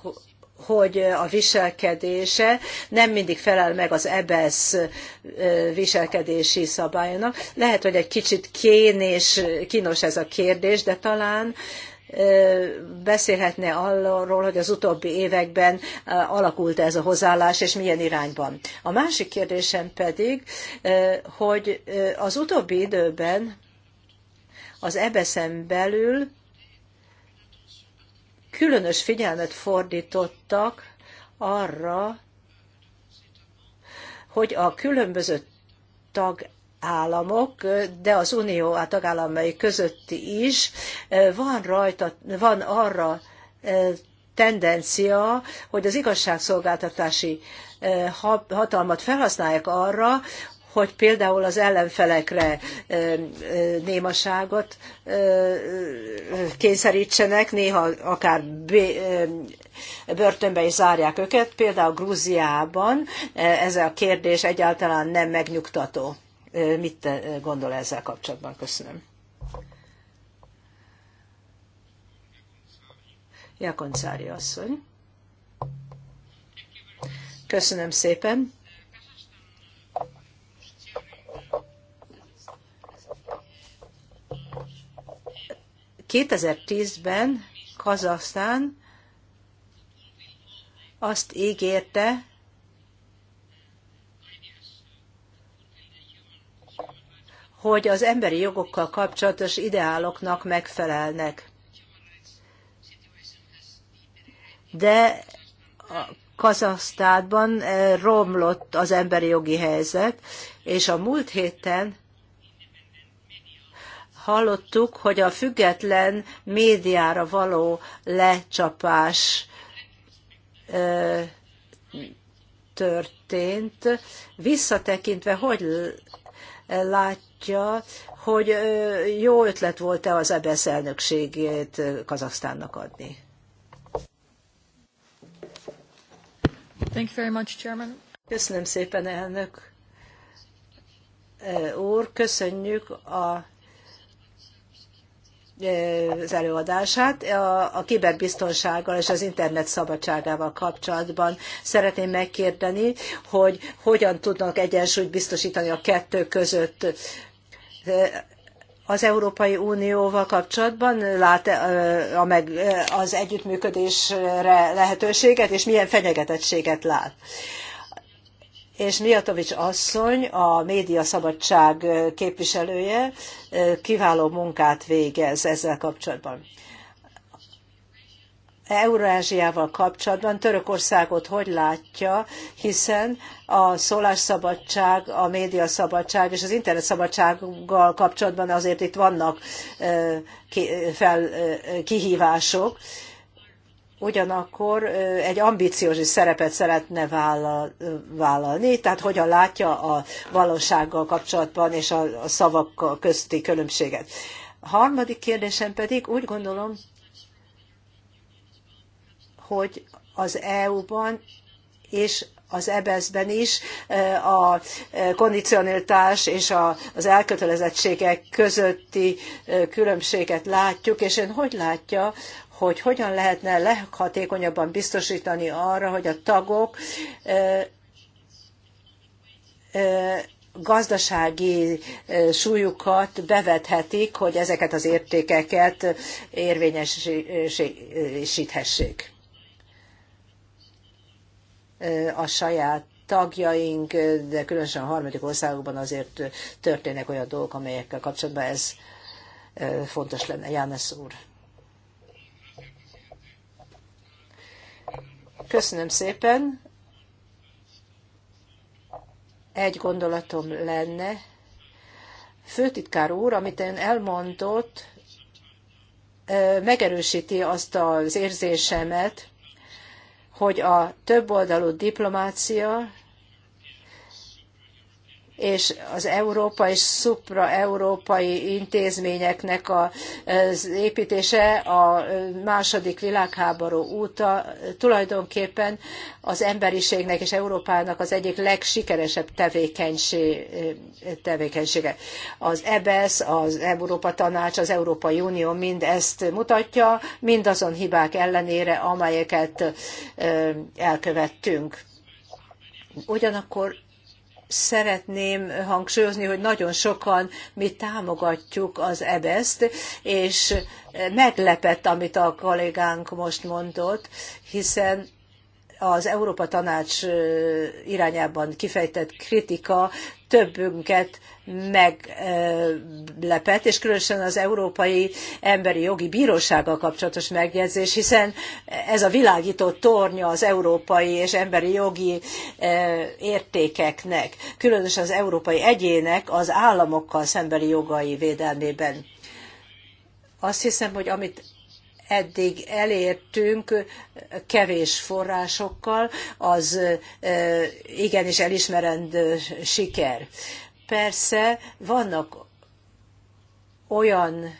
hogy a viselkedése nem mindig felel meg az EBSZ e viselkedési szabályának. Lehet, hogy egy kicsit kén és kínos ez a kérdés, de talán beszélhetne arról, hogy az utóbbi években alakult ez a hozzáállás, és milyen irányban. A másik kérdésem pedig, hogy az utóbbi időben az ebeszem belül különös figyelmet fordítottak arra, hogy a különböző tag államok, de az unió a tagállamai közötti is van, rajta, van arra e, tendencia, hogy az igazságszolgáltatási e, hatalmat felhasználják arra, hogy például az ellenfelekre e, némaságot kényszerítsenek, néha akár börtönbe is zárják őket. Például Grúziában ez a kérdés egyáltalán nem megnyugtató mit gondol ezzel kapcsolatban? Köszönöm. Jakoncári asszony. Köszönöm szépen. ...2010-ben Kazasztán azt ígérte, hogy az emberi jogokkal kapcsolatos ideáloknak megfelelnek. De Kazasztánban eh, romlott az emberi jogi helyzet, és a múlt héten hallottuk, hogy a független médiára való lecsapás eh, történt. Visszatekintve, hogy eh, lát, mutatja, hogy jó ötlet volt-e az EBSZ elnökségét Kazaksztánnak adni. Thank you very much, Chairman. Köszönöm szépen, elnök úr. Köszönjük a az előadását. A, a kiberbiztonsággal és az internet szabadságával kapcsolatban szeretném megkérdeni, hogy hogyan tudnak egyensúlyt biztosítani a kettő között az Európai Unióval kapcsolatban lát az együttműködésre lehetőséget, és milyen fenyegetettséget lát. És Miatovics asszony, a média szabadság képviselője, kiváló munkát végez ezzel kapcsolatban. Eurázsiával kapcsolatban Törökországot hogy látja, hiszen a szólásszabadság, a médiaszabadság és az internetszabadsággal kapcsolatban azért itt vannak fel, kihívások. Ugyanakkor egy ambiciózus szerepet szeretne vállalni, tehát hogyan látja a valósággal kapcsolatban és a szavak közti különbséget. harmadik kérdésem pedig úgy gondolom, hogy az EU-ban és az EBS-ben e is eh, a eh, kondicionalitás és az elkötelezettségek közötti eh, különbséget látjuk, és ön hogy látja, hogy hogyan lehetne leghatékonyabban biztosítani arra, hogy a tagok gazdasági súlyukat bevethetik, hogy ezeket az értékeket érvényesíthessék a saját tagjaink, de különösen a harmadik országokban azért történnek olyan dolgok, amelyekkel kapcsolatban ez fontos lenne. János úr. Köszönöm szépen. Egy gondolatom lenne. Főtitkár úr, amit ön elmondott, megerősíti azt az érzésemet, hogy a többoldalú diplomácia és az európai és szupra-európai intézményeknek az építése a második világháború óta tulajdonképpen az emberiségnek és Európának az egyik legsikeresebb tevékenysége. Az EBS, e az Európa Tanács, az Európai Unió mind ezt mutatja, mindazon hibák ellenére, amelyeket elkövettünk. Ugyanakkor szeretném hangsúlyozni, hogy nagyon sokan mi támogatjuk az EBESZ-t, és meglepett, amit a kollégánk most mondott, hiszen az Európa Tanács irányában kifejtett kritika többünket meglepett, és különösen az Európai Emberi Jogi Bírósággal kapcsolatos megjegyzés, hiszen ez a világító tornya az európai és emberi jogi értékeknek, különösen az európai egyének az államokkal szembeni jogai védelmében. Azt hiszem, hogy amit eddig elértünk kevés forrásokkal, az igenis elismerendő siker. Persze vannak olyan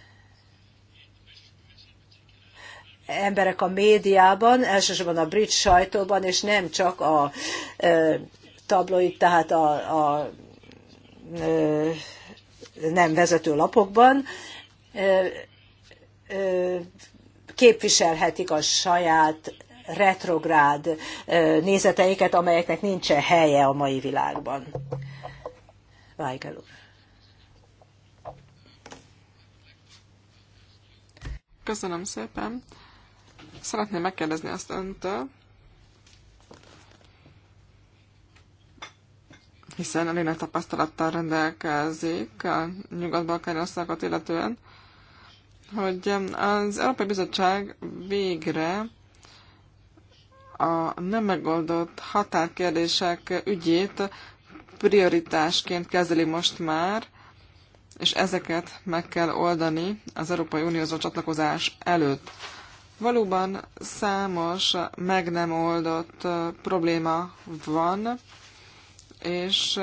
emberek a médiában, elsősorban a brit sajtóban, és nem csak a e, tabloid, tehát a, a e, nem vezető lapokban, e, képviselhetik a saját retrográd nézeteiket, amelyeknek nincsen helye a mai világban. Weigel úr. Köszönöm szépen. Szeretném megkérdezni azt öntől, hiszen a nagy tapasztalattal rendelkezik a nyugat-balkáni országot illetően hogy az Európai Bizottság végre a nem megoldott határkérdések ügyét prioritásként kezeli most már, és ezeket meg kell oldani az Európai Unióhoz csatlakozás előtt. Valóban számos meg nem oldott probléma van, és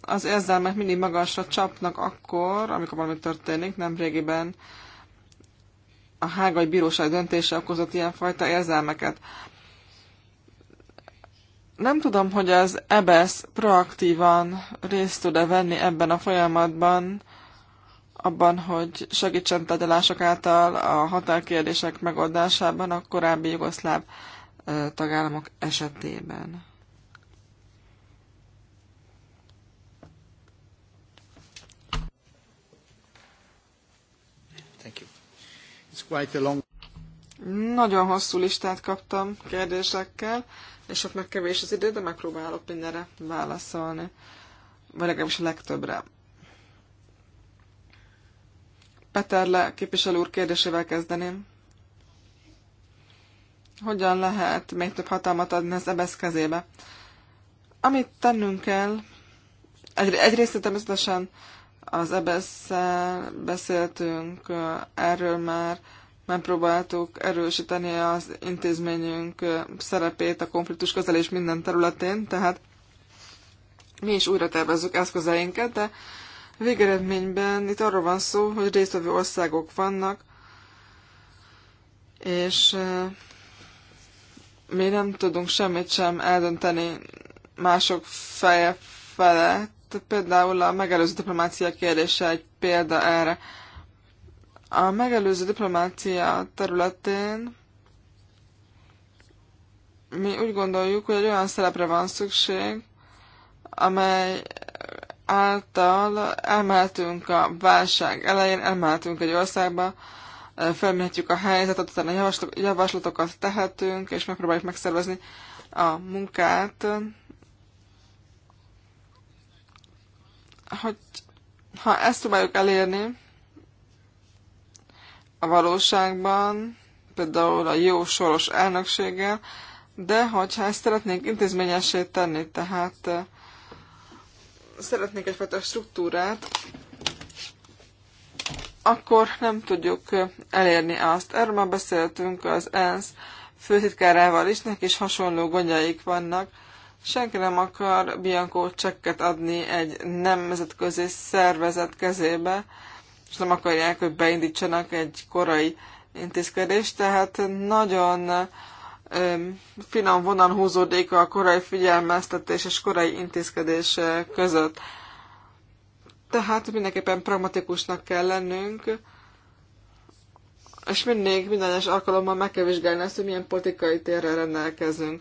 az érzelmek mindig magasra csapnak akkor, amikor valami történik. Nem régiben a hágai bíróság döntése okozott ilyenfajta érzelmeket. Nem tudom, hogy az EBSZ e proaktívan részt tud-e venni ebben a folyamatban, abban, hogy segítsen tárgyalások által a határkérdések megoldásában a korábbi jugoszláv tagállamok esetében. Long... Nagyon hosszú listát kaptam kérdésekkel, és meg kevés az idő, de megpróbálok mindenre válaszolni. Vagy legalábbis a legtöbbre. Peterle képviselő úr kérdésével kezdeném. Hogyan lehet még több hatalmat adni az EBSZ kezébe? Amit tennünk kell, egy, egyrészt természetesen az ebesz beszéltünk erről már, megpróbáltuk erősíteni az intézményünk szerepét a konfliktus kezelés minden területén, tehát mi is újra tervezzük eszközeinket, de végeredményben itt arról van szó, hogy résztvevő országok vannak, és mi nem tudunk semmit sem eldönteni mások feje felett, például a megelőző diplomácia kérdése egy példa erre. A megelőző diplomácia területén mi úgy gondoljuk, hogy egy olyan szerepre van szükség, amely által elmehetünk a válság elején, elmehetünk egy országba, felmérhetjük a helyzetet, utána javaslatokat tehetünk, és megpróbáljuk megszervezni a munkát hogy ha ezt próbáljuk elérni a valóságban, például a jó soros elnökséggel, de hogyha ezt szeretnénk intézményessé tenni, tehát eh, szeretnénk egyfajta struktúrát, akkor nem tudjuk eh, elérni azt. Erről már beszéltünk az ENSZ főtitkárával is, neki is hasonló gondjaik vannak, Senki nem akar Bianco csekket adni egy nemzetközi szervezet kezébe, és nem akarják, hogy beindítsanak egy korai intézkedést, tehát nagyon finom vonan húzódik a korai figyelmeztetés és korai intézkedés között. Tehát mindenképpen pragmatikusnak kell lennünk, és mindig minden alkalommal meg kell vizsgálni azt, hogy milyen politikai térrel rendelkezünk.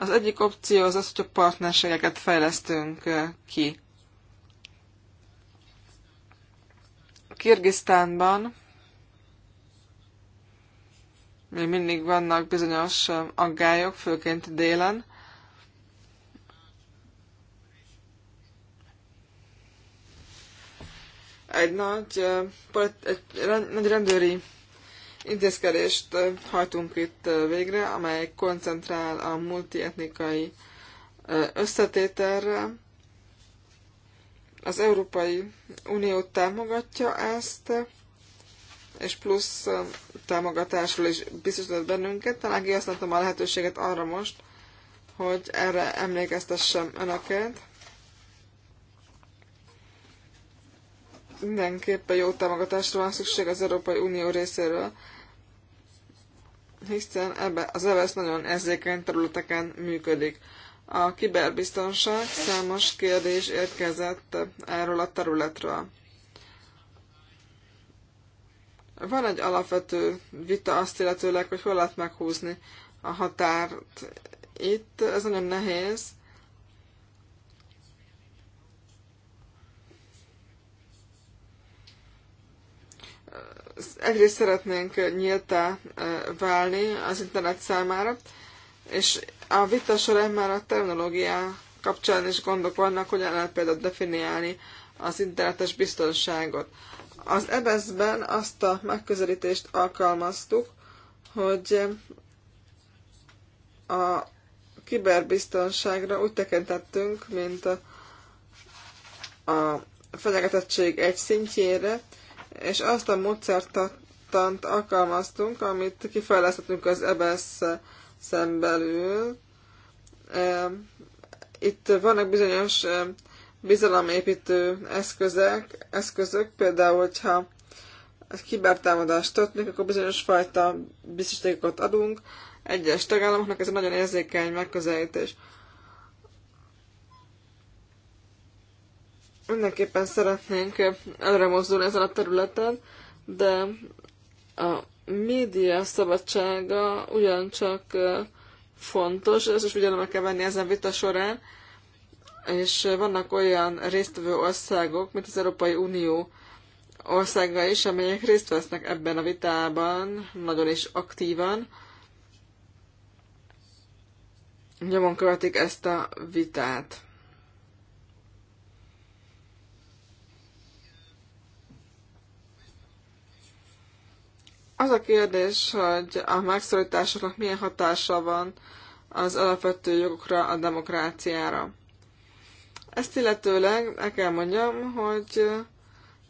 Az egyik opció az az, hogy a partnerségeket fejlesztünk eh, ki. Kirgisztánban még mindig vannak bizonyos eh, aggályok, főként délen. Egy nagy, eh, egy rendőri intézkedést hajtunk itt végre, amely koncentrál a multietnikai összetételre. Az Európai Unió támogatja ezt, és plusz támogatásról is biztosított bennünket. Talán kihasználtam a lehetőséget arra most, hogy erre emlékeztessem önöket. mindenképpen jó támogatásra van szükség az Európai Unió részéről, hiszen ebbe, az EVESZ nagyon érzékeny területeken működik. A kiberbiztonság számos kérdés érkezett erről a területről. Van egy alapvető vita azt illetőleg, hogy hol lehet meghúzni a határt. Itt ez nagyon nehéz, egyrészt szeretnénk nyíltá válni az internet számára, és a vita során már a terminológia kapcsán is gondok vannak, hogyan lehet például definiálni az internetes biztonságot. Az EBS-ben e azt a megközelítést alkalmaztuk, hogy a kiberbiztonságra úgy tekintettünk, mint a, a fenyegetettség egy szintjére, és azt a módszertant alkalmaztunk, amit kifejlesztettünk az ebs e szem belül. E, itt vannak bizonyos e, bizalomépítő eszközök, eszközök például, hogyha egy kibertámadást történik, akkor bizonyos fajta biztosítékot adunk. Egyes tagállamoknak ez egy nagyon érzékeny megközelítés. Mindenképpen szeretnénk előre mozdulni ezen a területen, de a média szabadsága ugyancsak fontos, ezt is figyelembe kell venni ezen vita során, és vannak olyan résztvevő országok, mint az Európai Unió országa is, amelyek részt vesznek ebben a vitában, nagyon is aktívan. Nyomon követik ezt a vitát. Az a kérdés, hogy a megszorításoknak milyen hatása van az alapvető jogokra, a demokráciára. Ezt illetőleg el kell mondjam, hogy,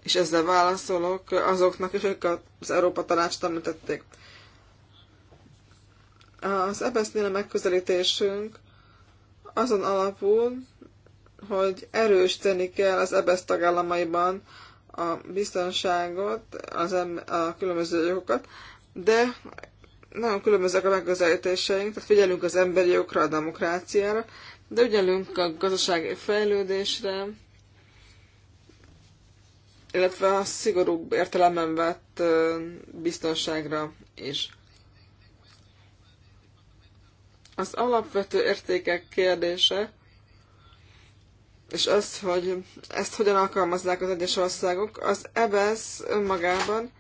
és ezzel válaszolok azoknak akik az Európa Tanácsot említették. Az ebsz a megközelítésünk azon alapul, hogy erősteni kell az ebesz tagállamaiban a biztonságot, az em- a különböző jogokat, de nagyon különbözőek a megközelítéseink, tehát figyelünk az emberi jogokra, a demokráciára, de ügyelünk a gazdasági fejlődésre, illetve a szigorúbb értelemben vett biztonságra is. Az alapvető értékek kérdése és az, hogy ezt hogyan alkalmazzák az egyes országok, az EBS e önmagában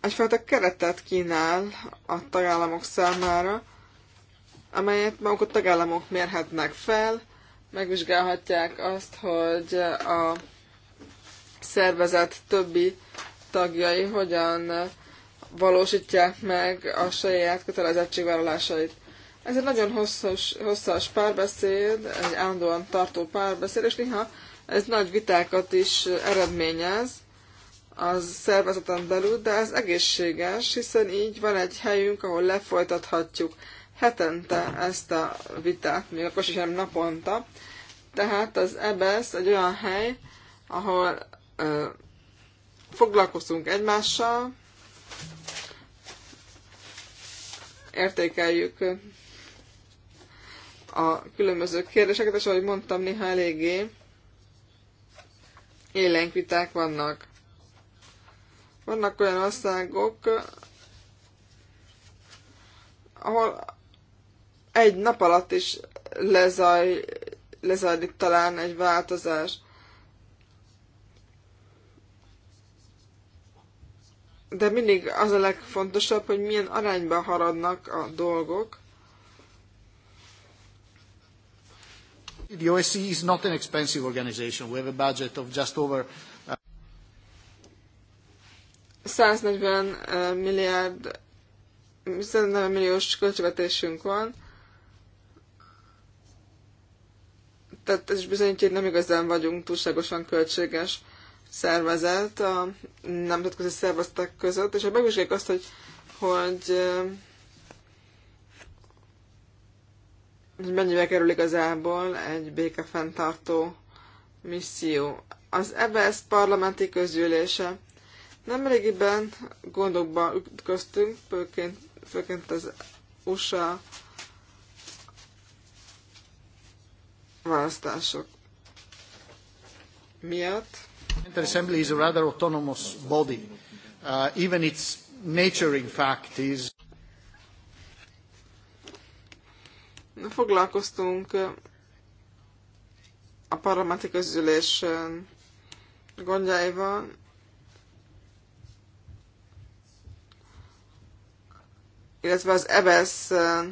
egyfajta keretet kínál a tagállamok számára, amelyet maguk a tagállamok mérhetnek fel, megvizsgálhatják azt, hogy a szervezet többi tagjai hogyan valósítják meg a saját kötelezettségvállalásait. Ez egy nagyon hosszas, hosszas párbeszéd, egy állandóan tartó párbeszéd, és néha ez nagy vitákat is eredményez az szervezeten belül, de ez egészséges, hiszen így van egy helyünk, ahol lefolytathatjuk hetente ezt a vitát, még akkor sem naponta. Tehát az EBS e egy olyan hely, ahol ö, foglalkozunk egymással, értékeljük a különböző kérdéseket, és ahogy mondtam, néha eléggé élénk viták vannak. Vannak olyan országok, ahol egy nap alatt is lezaj, lezajlik talán egy változás. De mindig az a legfontosabb, hogy milyen arányban haradnak a dolgok, The OSCE is not an expensive organization. We have a budget of just over 140 uh, uh, milliárd, 140 milliós költségvetésünk van, tehát ez is hogy nem igazán vagyunk túlságosan költséges szervezet a nemzetközi szervezetek között, és ha megvizsgáljuk azt, hogy, hogy uh, hogy mennyibe kerül igazából egy békefenntartó misszió. Az EBS parlamenti közgyűlése. Nemrégiben gondokba ütköztünk, főként, főként az USA választások miatt. The Assembly is a rather autonomous body. Uh, even its nature, in fact, is... Foglalkoztunk a parlamenti közülés gondjaival. Illetve az EBSZ e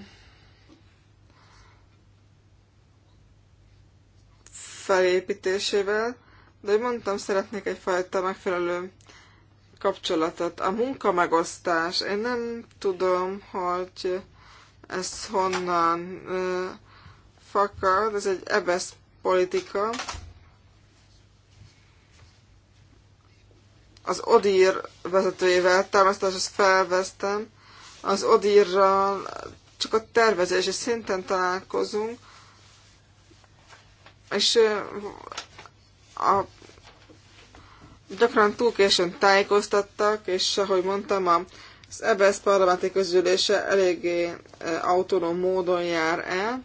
felépítésével, de hogy mondtam, szeretnék egyfajta megfelelő kapcsolatot. A munkamegosztás, én nem tudom, hogy ez honnan fakad, ez egy ebesz politika. Az Odír vezetőjével támasztásos felvesztem, az Odírral csak a tervezési szinten találkozunk, és a, gyakran túl későn tájékoztattak, és ahogy mondtam, a az EBS parlamenti közgyűlése eléggé e, autonóm módon jár el.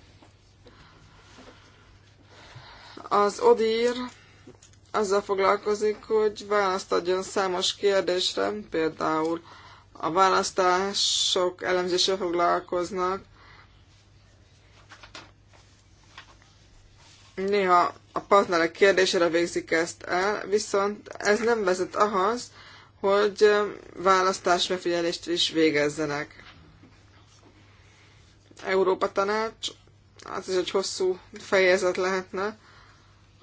Az ODIR azzal foglalkozik, hogy választ adjon számos kérdésre, például a választások elemzésével foglalkoznak, néha a partnerek kérdésére végzik ezt el, viszont ez nem vezet ahhoz, hogy választás megfigyelést is végezzenek. Európa Tanács, az is egy hosszú fejezet lehetne.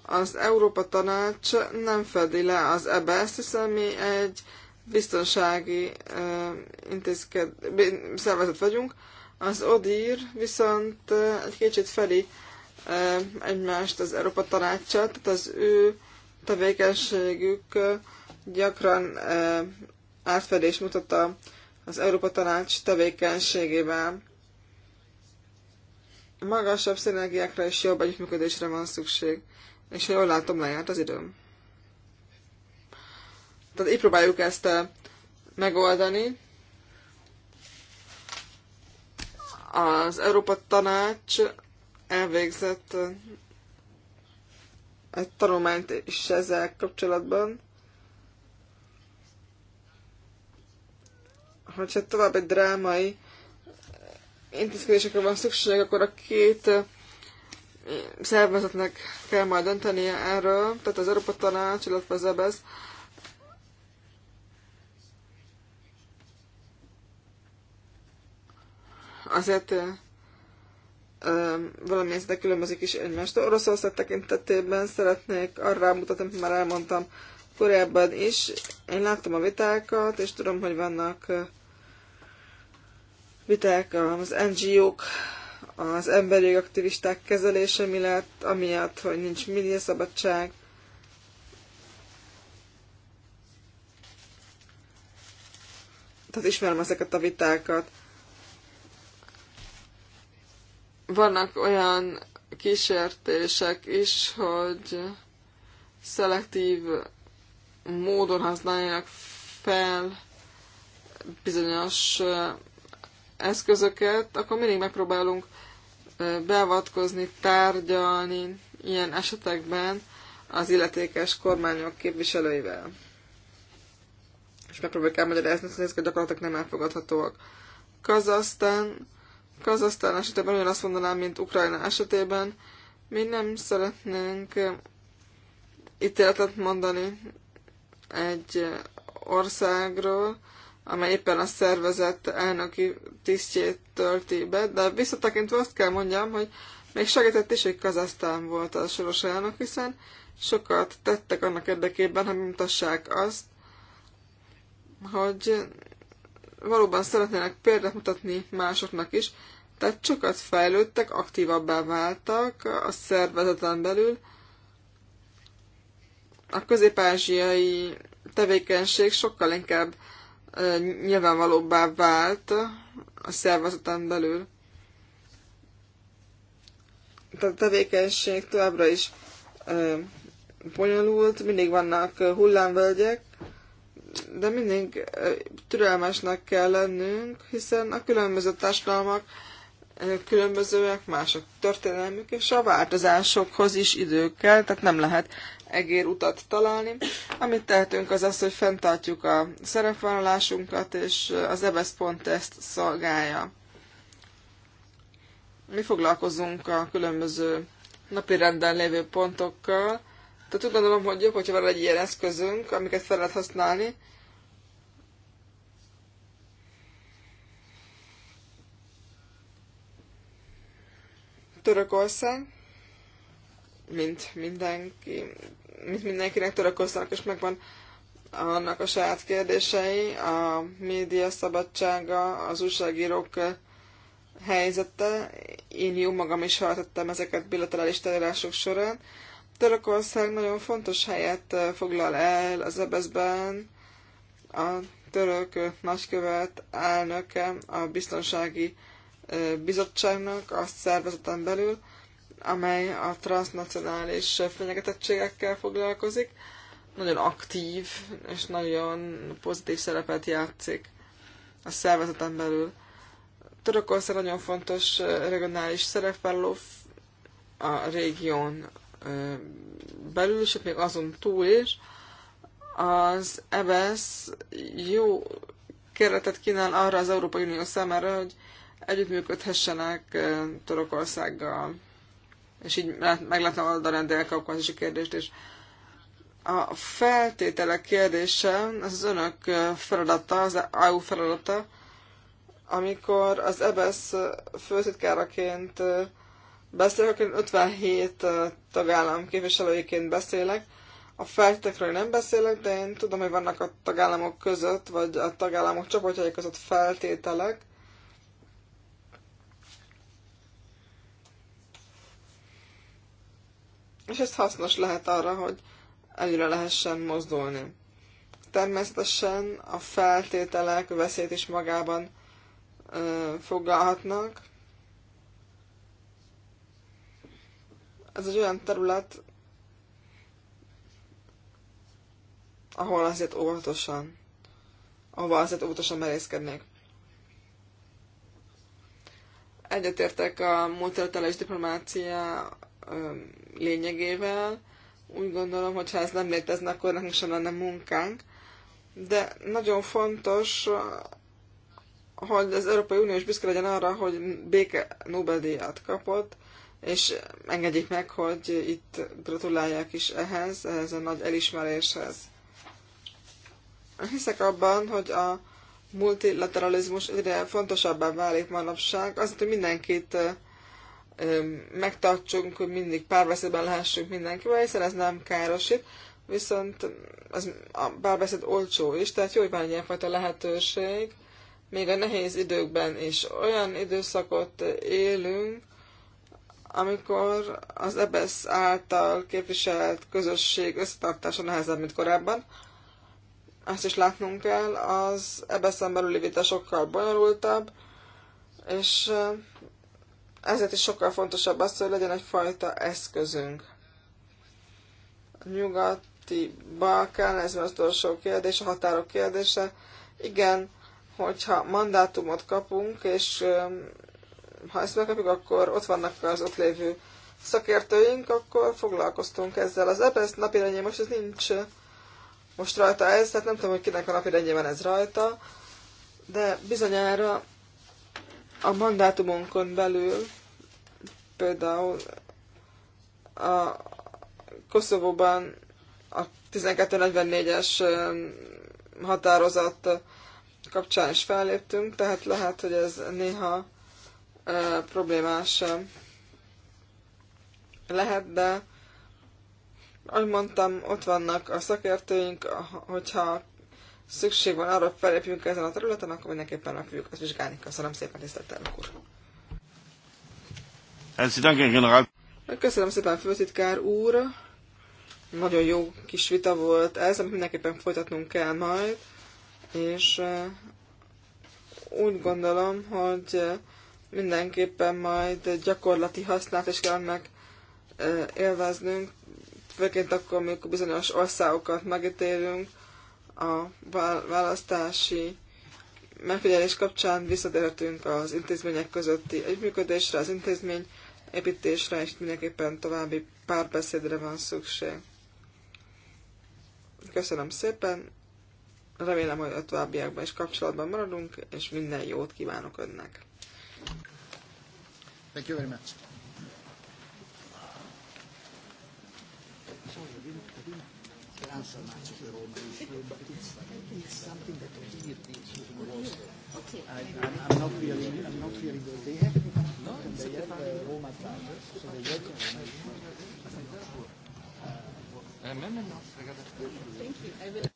Az Európa Tanács nem fedi le az ebs hiszen mi egy biztonsági uh, szervezet vagyunk. Az ODIR viszont uh, egy kicsit feli uh, egymást az Európa Tanácsát, tehát az ő tevékenységük uh, gyakran átfedés mutatta az Európa Tanács tevékenységével. Magasabb szinergiákra és jobb együttműködésre van szükség. És ha jól látom, lejárt az időm. Tehát így próbáljuk ezt megoldani. Az Európa Tanács elvégzett egy tanulmányt is ezzel kapcsolatban. hogyha egy drámai intézkedésekre van szükség, akkor a két eh, szervezetnek kell majd döntenie erről, tehát az Európa Tanács, illetve az EBSZ, azért eh, eh, valami szinte különbözik is egymást. Oroszország tekintetében szeretnék arra mutatni, amit már elmondtam korábban is. Én láttam a vitákat, és tudom, hogy vannak viták az NGO-k, az emberi aktivisták kezelése mi lett, amiatt, hogy nincs médiaszabadság, tehát ismerem ezeket a vitákat. Vannak olyan kísértések is, hogy szelektív módon használjanak fel bizonyos eszközöket, akkor mindig megpróbálunk beavatkozni, tárgyalni ilyen esetekben az illetékes kormányok képviselőivel. És megpróbáljuk elmagyarázni, hogy ezek a gyakorlatok nem elfogadhatóak. Kazasztán, Kazasztán esetében azt mondanám, mint Ukrajna esetében, mi nem szeretnénk ítéletet mondani egy országról, amely éppen a szervezet elnöki tisztjét tölti be, de visszatekintve azt kell mondjam, hogy még segített is, hogy Kazasztán volt a soros elnök, hiszen sokat tettek annak érdekében, hogy mutassák azt, hogy valóban szeretnének példát mutatni másoknak is, tehát sokat fejlődtek, aktívabbá váltak a szervezeten belül. A közép-ázsiai tevékenység sokkal inkább nyilvánvalóbbá vált a szervezeten belül. Tehát a tevékenység továbbra is bonyolult, mindig vannak hullámvölgyek, de mindig türelmesnek kell lennünk, hiszen a különböző társadalmak különbözőek, mások történelmük, és a változásokhoz is idő kell, tehát nem lehet egér utat találni. Amit tehetünk az az, hogy fenntartjuk a szerepvállalásunkat, és az EBS e pont ezt szolgálja. Mi foglalkozunk a különböző napi renden lévő pontokkal, tehát úgy gondolom, hogy jobb, hogyha van egy ilyen eszközünk, amiket fel lehet használni, Törökország, mint mindenki mint mindenkinek törökoznak, és megvan annak a saját kérdései, a média szabadsága, az újságírók helyzete. Én jó magam is hallottam ezeket bilaterális tárgyalások során. Törökország nagyon fontos helyet foglal el az ebeszben. A török nagykövet elnöke a biztonsági bizottságnak a szervezeten belül amely a transnacionális fenyegetettségekkel foglalkozik. Nagyon aktív és nagyon pozitív szerepet játszik a szervezeten belül. Törökország nagyon fontos regionális szerepvállaló a régión belül, és még azon túl is. Az EBS e jó keretet kínál arra az Európai Unió számára, hogy együttműködhessenek Törökországgal és így meg lehetne oldani a kvázisi kérdést is. A feltételek kérdése, az, az önök feladata, az EU feladata, amikor az EBSZ e főtitkáraként beszélek, akkor 57 tagállam képviselőjéként beszélek, a feltételekről nem beszélek, de én tudom, hogy vannak a tagállamok között, vagy a tagállamok csoportjai között feltételek, és ez hasznos lehet arra, hogy előre lehessen mozdulni. Természetesen a feltételek veszélyt is magában ö, foglalhatnak. Ez egy olyan terület, ahol azért óvatosan, ahol azért óvatosan merészkednék. Egyetértek a multilaterális diplomácia lényegével. Úgy gondolom, hogy ha ez nem létezne, akkor nekünk sem lenne munkánk. De nagyon fontos, hogy az Európai Unió is büszke legyen arra, hogy béke Nobel-díjat kapott, és engedjék meg, hogy itt gratulálják is ehhez, ehhez a nagy elismeréshez. Hiszek abban, hogy a multilateralizmus egyre fontosabbá válik manapság, azért, hogy mindenkit megtartsunk, hogy mindig párbeszédben lehessünk mindenkivel, hiszen ez nem károsít, viszont az, a párbeszéd olcsó is, tehát jó, hogy van ilyenfajta lehetőség, még a nehéz időkben is. Olyan időszakot élünk, amikor az EBSZ e által képviselt közösség összetartása nehezebb, mint korábban. Azt is látnunk kell, az EBSZ-en e belüli vita sokkal bonyolultabb, és ezért is sokkal fontosabb az, hogy legyen egyfajta eszközünk. A nyugati Balkán, ez az utolsó kérdés, a határok kérdése. Igen, hogyha mandátumot kapunk, és ha ezt megkapjuk, akkor ott vannak az ott lévő szakértőink, akkor foglalkoztunk ezzel. Az EBSZ napirendje most ez nincs most rajta ez, tehát nem tudom, hogy kinek a van ez rajta, de bizonyára a mandátumunkon belül például a Koszovóban a 1244-es határozat kapcsán is felléptünk, tehát lehet, hogy ez néha problémás lehet, de ahogy mondtam, ott vannak a szakértőink, hogyha szükség van arra, hogy felépjünk ezen a területen, akkor mindenképpen meg fogjuk ezt vizsgálni. Köszönöm szépen, tisztelt elnök úr. Köszönöm szépen, főtitkár úr. Nagyon jó kis vita volt ez, amit mindenképpen folytatnunk kell majd, és eh, úgy gondolom, hogy mindenképpen majd gyakorlati hasznát is kell meg eh, élveznünk, főként akkor, amikor bizonyos országokat megítélünk, a választási megfigyelés kapcsán visszatértünk az intézmények közötti együttműködésre, az intézmény építésre, és mindenképpen további párbeszédre van szükség. Köszönöm szépen, remélem, hogy a továbbiakban is kapcsolatban maradunk, és minden jót kívánok Önnek. Thank you very much. the answer matches the Roman something that here the issue Okay. I, I'm, I'm not really, I'm not really good. They have no, and they have the Roma drivers, so they work on it. Thank you. I will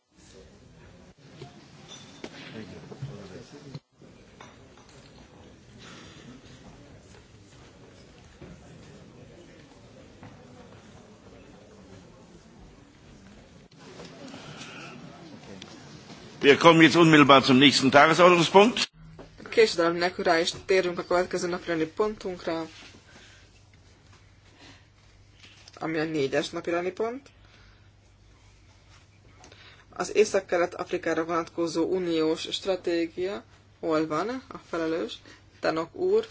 Wir kommen jetzt unmittelbar zum nächsten Tagesordnungspunkt. rá is térünk a következő napirendi pontunkra, ami a négyes napirendi pont. Az Észak-Kelet-Afrikára vonatkozó uniós stratégia, hol van a felelős? Tanok úr,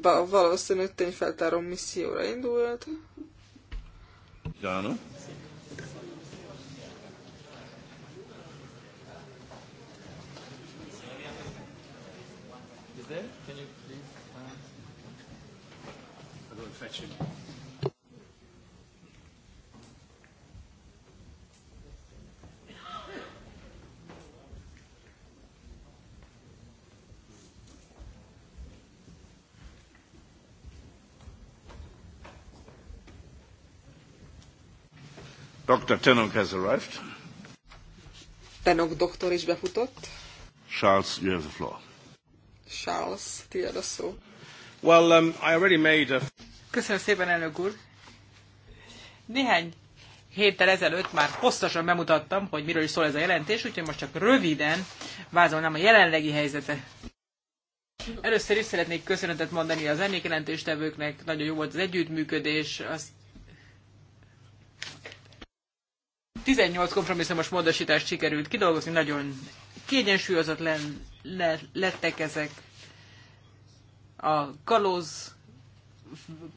ba, valószínű tényfeltáró misszióra indult. Jánó? is there. Can you please? I will fetch Dr. Tenok has arrived. Tenok doktor is befutott. Charles, you have the floor. Charles, tiéd a szó. Well, um, I already made a... Köszönöm szépen, elnök úr. Néhány héttel ezelőtt már hosszasan bemutattam, hogy miről is szól ez a jelentés, úgyhogy most csak röviden vázolnám a jelenlegi helyzetet. Először is szeretnék köszönetet mondani az emlékjelentéstevőknek, nagyon jó volt az együttműködés, Az 18 kompromisszumos módosítást sikerült kidolgozni, nagyon kiegyensúlyozatlan le, lettek ezek a kalóz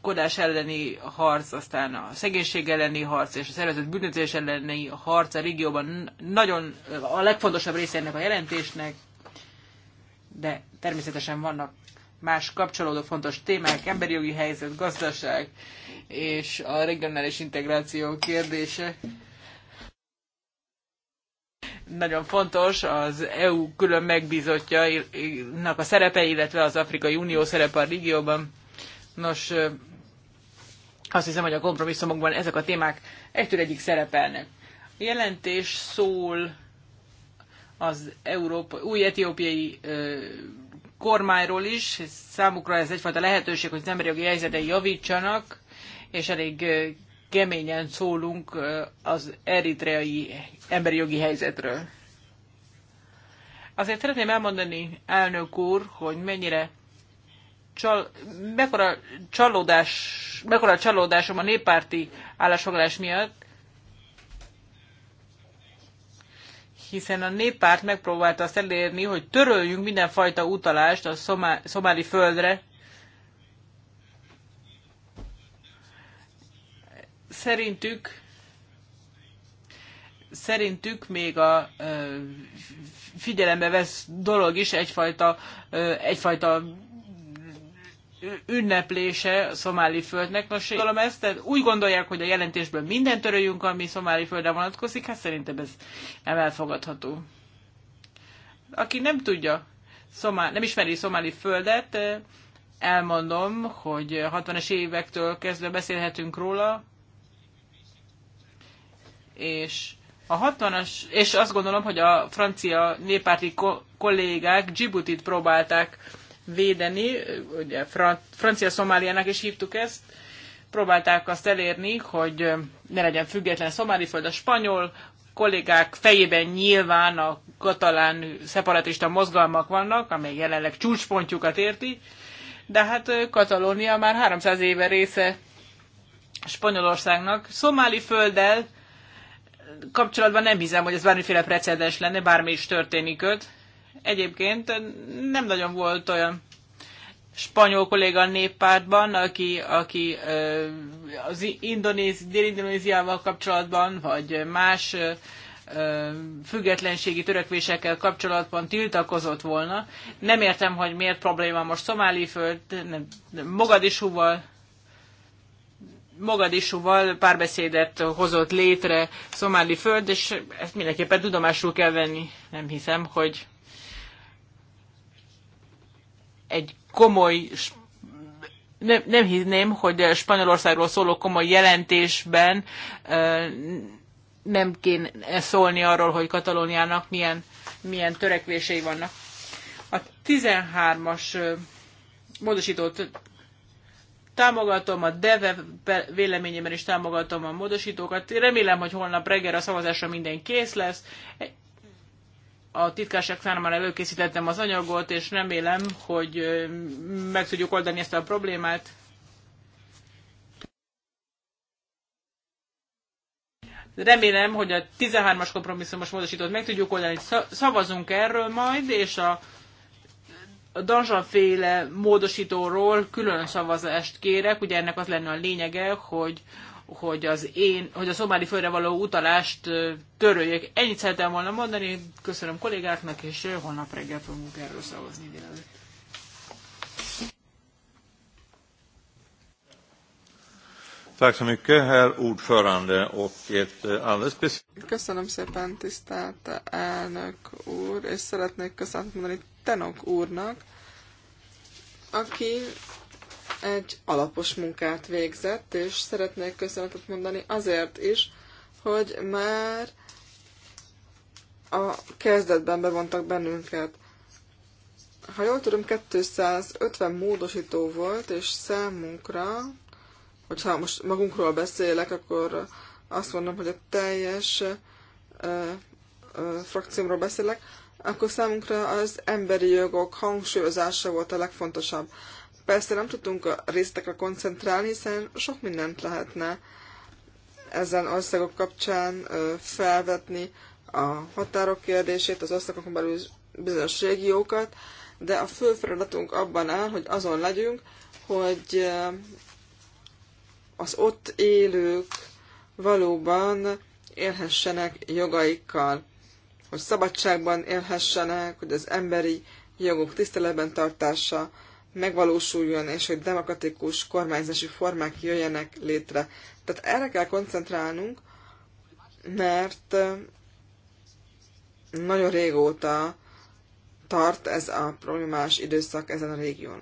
kodás elleni harc, aztán a szegénység elleni harc és a szervezett bűnözés elleni harc a régióban nagyon a legfontosabb része ennek a jelentésnek, de természetesen vannak más kapcsolódó fontos témák, emberi jogi helyzet, gazdaság és a regionális integráció kérdése nagyon fontos az EU külön megbízottjainak a szerepe, illetve az Afrikai Unió szerepe a régióban. Nos, azt hiszem, hogy a kompromisszumokban ezek a témák egytől egyik szerepelnek. A jelentés szól az Európa, új etiópiai ö, kormányról is. Számukra ez egyfajta lehetőség, hogy az emberi jogi helyzetei javítsanak, és elég keményen szólunk az eritreai emberi jogi helyzetről. Azért szeretném elmondani, elnök úr, hogy mennyire csal, mekkora, csalódás, mekkora csalódásom a néppárti állásfoglalás miatt, hiszen a néppárt megpróbálta azt elérni, hogy töröljünk mindenfajta utalást a szomá, szomáli földre, Szerintük szerintük még a figyelembe vesz dolog is egyfajta, egyfajta ünneplése a szomáli földnek. Nos, gondolom ezt, tehát úgy gondolják, hogy a jelentésből mindent töröljünk, ami szomáli földre vonatkozik, hát szerintem ez nem elfogadható. Aki nem tudja, szomá, nem ismeri szomáli földet, elmondom, hogy 60-es évektől kezdve beszélhetünk róla, és a 60-as, és azt gondolom, hogy a francia néppárti ko- kollégák Djiboutit próbálták védeni, ugye Fran- Francia-Szomáliának is hívtuk ezt, próbálták azt elérni, hogy ne legyen független föld a spanyol kollégák fejében nyilván a katalán szeparatista mozgalmak vannak, amely jelenleg csúcspontjukat érti, de hát Katalónia már 300 éve része Spanyolországnak. Szomáli földdel kapcsolatban nem hiszem, hogy ez bármiféle precedens lenne, bármi is történik öt. Egyébként nem nagyon volt olyan spanyol kolléga a néppártban, aki, aki az indonéz, dél-indonéziával kapcsolatban, vagy más függetlenségi törekvésekkel kapcsolatban tiltakozott volna. Nem értem, hogy miért probléma most Szomáli föld, Mogadisúval párbeszédet hozott létre szomáli föld, és ezt mindenképpen tudomásul kell venni. Nem hiszem, hogy egy komoly, nem, nem hinném, hogy Spanyolországról szóló komoly jelentésben nem kéne szólni arról, hogy Katalóniának milyen, milyen törekvései vannak. A 13-as módosított támogatom, a DEVE véleményében is támogatom a módosítókat. Remélem, hogy holnap reggel a szavazásra minden kész lesz. A titkárság számára előkészítettem az anyagot, és remélem, hogy meg tudjuk oldani ezt a problémát. Remélem, hogy a 13-as kompromisszumos módosítót meg tudjuk oldani. Szavazunk erről majd, és a a danzsanféle módosítóról külön szavazást kérek, ugye ennek az lenne a lényege, hogy hogy az én, hogy a szomáli földre való utalást töröljék. Ennyit szeretem volna mondani, köszönöm kollégáknak, és holnap reggel fogunk erről szavazni délelőtt. Tack så mycket, herr ordförande, och ett eh, alldeles speciellt... Köszönöm szépen, tisztelt elnök úr, és szeretnék köszönetet mondani Tenok úrnak, aki egy alapos munkát végzett, és szeretnék köszönetet mondani azért is, hogy már a kezdetben bevontak bennünket. Ha jól tudom, 250 módosító volt, és számunkra hogyha most magunkról beszélek, akkor azt mondom, hogy a teljes ö, ö, frakciómról beszélek, akkor számunkra az emberi jogok hangsúlyozása volt a legfontosabb. Persze nem tudtunk a résztekre koncentrálni, hiszen sok mindent lehetne ezen országok kapcsán felvetni, a határok kérdését, az országokon belül bizonyos régiókat, de a fő feladatunk abban áll, hogy azon legyünk, hogy az ott élők valóban élhessenek jogaikkal, hogy szabadságban élhessenek, hogy az emberi jogok tiszteletben tartása megvalósuljon, és hogy demokratikus kormányzási formák jöjjenek létre. Tehát erre kell koncentrálnunk, mert nagyon régóta tart ez a problémás időszak ezen a régión.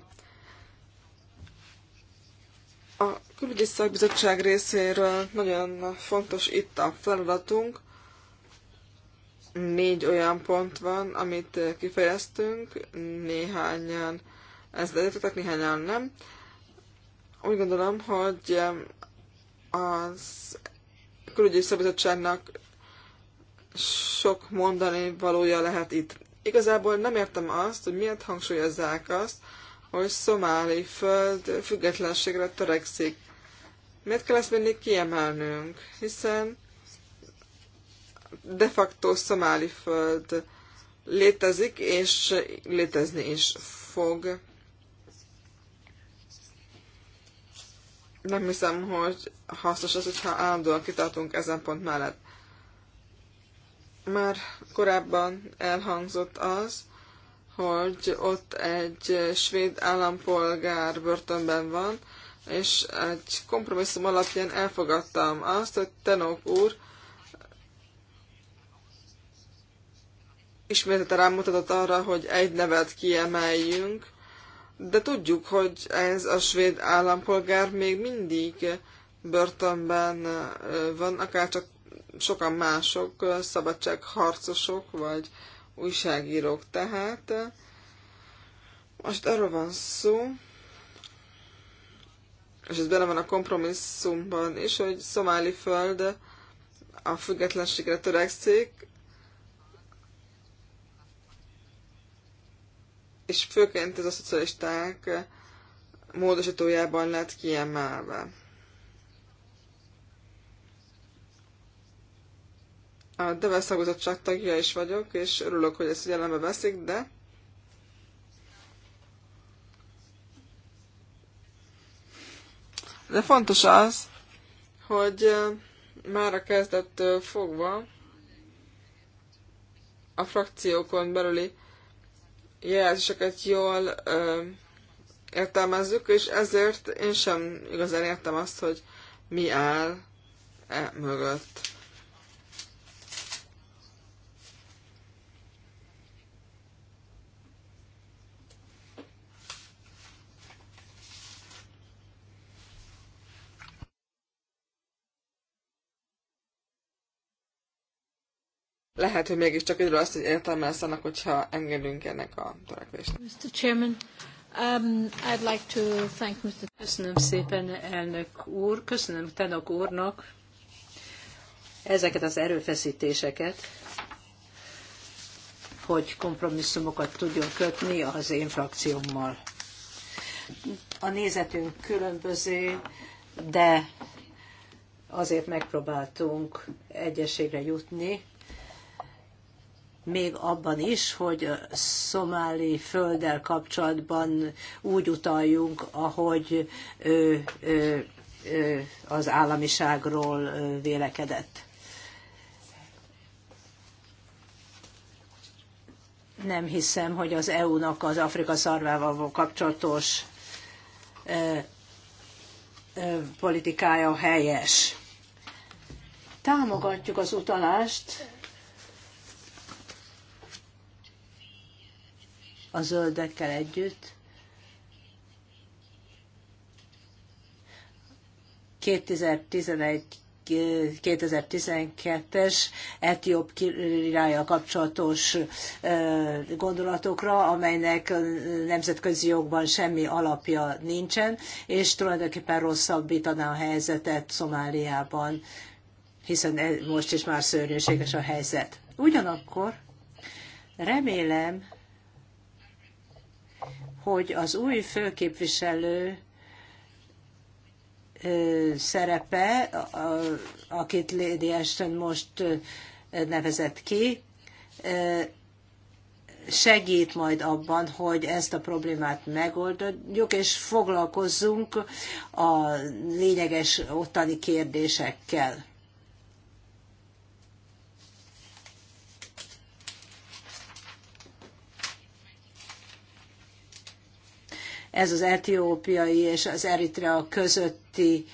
A külügyi szakbizottság részéről nagyon fontos itt a feladatunk. Négy olyan pont van, amit kifejeztünk, néhányan ezt lehetettek, néhányan nem. Úgy gondolom, hogy az külügyi szakbizottságnak sok mondani valója lehet itt. Igazából nem értem azt, hogy miért hangsúlyozzák azt, hogy szomáli föld függetlenségre törekszik. Miért kell ezt mindig kiemelnünk? Hiszen de facto szomáli föld létezik, és létezni is fog. Nem hiszem, hogy hasznos az, hogyha állandóan kitartunk ezen pont mellett. Már korábban elhangzott az, hogy ott egy svéd állampolgár börtönben van, és egy kompromisszum alapján elfogadtam azt, hogy Tenok úr ismételten rámutatott arra, hogy egy nevet kiemeljünk, de tudjuk, hogy ez a svéd állampolgár még mindig börtönben van, akár csak sokan mások, szabadságharcosok vagy újságírók. Tehát most arról van szó, és ez benne van a kompromisszumban is, hogy szomáli föld a függetlenségre törekszik, és főként ez a szocialisták módosítójában lett kiemelve. A Devel tagja is vagyok, és örülök, hogy ezt figyelembe veszik, de De fontos az, hogy már a kezdettől fogva a frakciókon belüli jelzéseket jól ö, értelmezzük, és ezért én sem igazán értem azt, hogy mi áll e mögött. lehet, hogy mégiscsak időről azt, hogy annak, hogyha engedünk ennek a törekvésnek. Mr. Chairman, um, I'd like to thank Mr. Köszönöm szépen, elnök úr, köszönöm Tenok úrnak ezeket az erőfeszítéseket, hogy kompromisszumokat tudjon kötni az én frakciómmal. A nézetünk különböző, de azért megpróbáltunk egyességre jutni, még abban is, hogy a szomáli földdel kapcsolatban úgy utaljunk, ahogy ő, ő, ő az államiságról vélekedett. Nem hiszem, hogy az EU-nak az Afrika szarvával kapcsolatos politikája helyes. Támogatjuk az utalást a zöldekkel együtt 2011-2012-es etióp királya kapcsolatos gondolatokra, amelynek nemzetközi jogban semmi alapja nincsen, és tulajdonképpen rosszabbítaná a helyzetet Szomáliában, hiszen e- most is már szörnyűséges a helyzet. Ugyanakkor remélem, hogy az új főképviselő szerepe, akit Lady Ashton most nevezett ki, segít majd abban, hogy ezt a problémát megoldjuk, és foglalkozzunk a lényeges ottani kérdésekkel. ez az etiópiai és az Eritrea közötti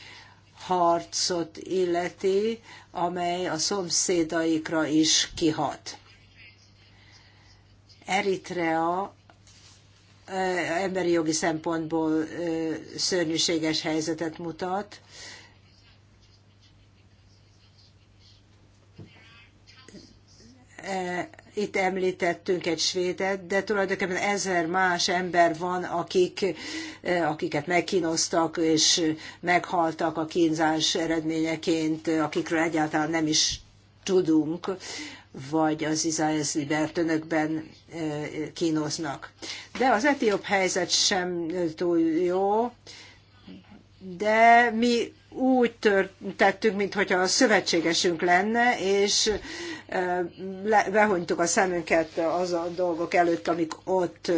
harcot illeti, amely a szomszédaikra is kihat. Eritrea emberi jogi szempontból szörnyűséges helyzetet mutat itt említettünk egy svédet, de tulajdonképpen ezer más ember van, akik, eh, akiket megkínoztak és meghaltak a kínzás eredményeként, akikről egyáltalán nem is tudunk, vagy az Izáez börtönökben eh, kínoznak. De az etióp helyzet sem túl jó, de mi úgy tettünk, mintha a szövetségesünk lenne, és behonytuk a szemünket az a dolgok előtt, amik ott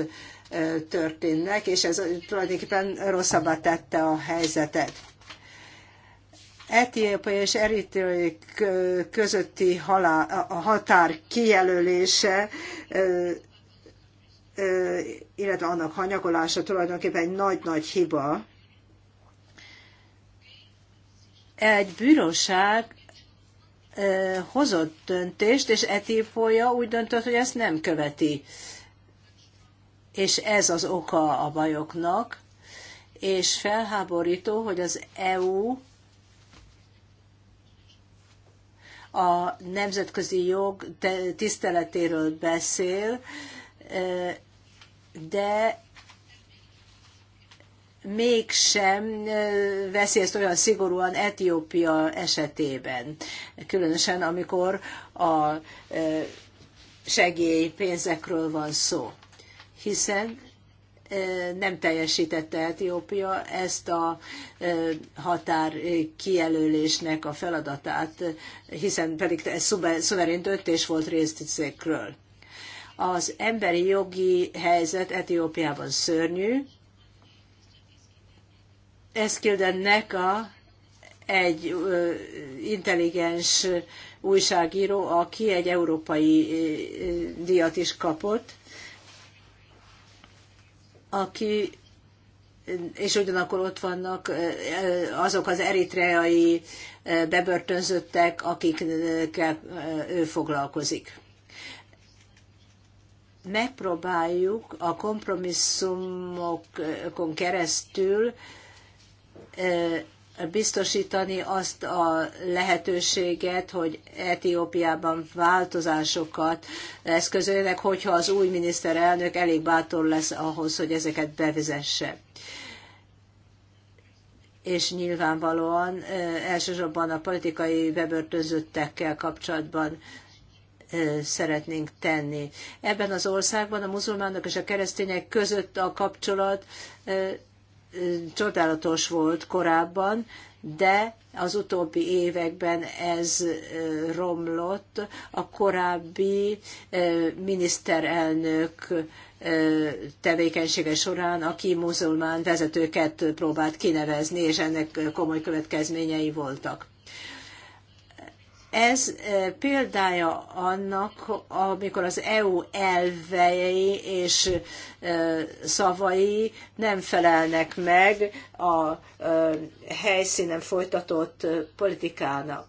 történnek, és ez tulajdonképpen rosszabbá tette a helyzetet. Etiópia és Eritrea közötti halál, a határ kijelölése, illetve annak hanyagolása tulajdonképpen egy nagy-nagy hiba. Egy bíróság hozott döntést, és Etiópia úgy döntött, hogy ezt nem követi. És ez az oka a bajoknak, és felháborító, hogy az EU a nemzetközi jog tiszteletéről beszél, de mégsem veszi ezt olyan szigorúan Etiópia esetében. Különösen, amikor a pénzekről van szó. Hiszen nem teljesítette Etiópia ezt a határ kijelölésnek a feladatát, hiszen pedig ez szuverén döntés volt részticékről. Az emberi jogi helyzet Etiópiában szörnyű, Eszkildennek a, egy ö, intelligens újságíró, aki egy európai ö, díjat is kapott, aki és ugyanakkor ott vannak azok az eritreai bebörtönzöttek, akikkel ő foglalkozik. Megpróbáljuk a kompromisszumokon keresztül biztosítani azt a lehetőséget, hogy Etiópiában változásokat eszközöljenek, hogyha az új miniszterelnök elég bátor lesz ahhoz, hogy ezeket bevezesse. És nyilvánvalóan elsősorban a politikai bebörtözöttekkel kapcsolatban szeretnénk tenni. Ebben az országban a muzulmánok és a keresztények között a kapcsolat csodálatos volt korábban, de az utóbbi években ez romlott. A korábbi miniszterelnök tevékenysége során, aki muzulmán vezetőket próbált kinevezni, és ennek komoly következményei voltak. Ez példája annak, amikor az EU elvei és szavai nem felelnek meg a helyszínen folytatott politikának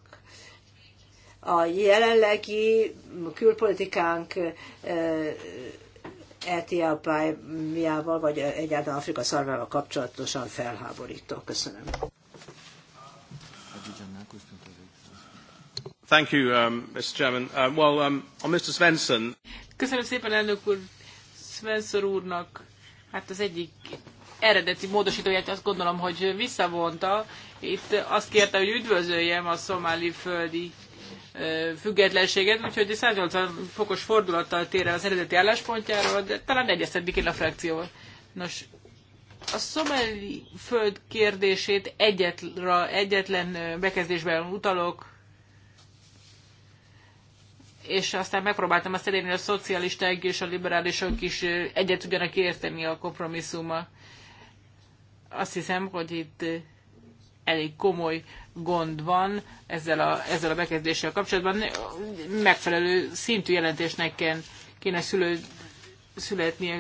a jelenlegi külpolitikánk Etiópiával, vagy egyáltalán Afrika szarvával kapcsolatosan felháborító. Köszönöm. Thank you, um, Mr. Chairman. Uh, well, um, on Mr. Svensson. Köszönöm szépen, elnök úr, Svensson úrnak. Hát az egyik eredeti módosítóját azt gondolom, hogy visszavonta. Itt azt kérte, hogy üdvözöljem a szomáli földi függetlenséget, úgyhogy 180 fokos fordulattal tér az eredeti álláspontjáról, de talán egyeztetik én a frakcióval. Nos, a szomeli föld kérdését egyetlen bekezdésben utalok, és aztán megpróbáltam azt elérni, hogy a szocialisták és a liberálisok is egyet tudjanak érteni a kompromisszummal. Azt hiszem, hogy itt elég komoly gond van ezzel a, ezzel a bekezdéssel kapcsolatban. Megfelelő szintű jelentésnek kéne szülő, születnie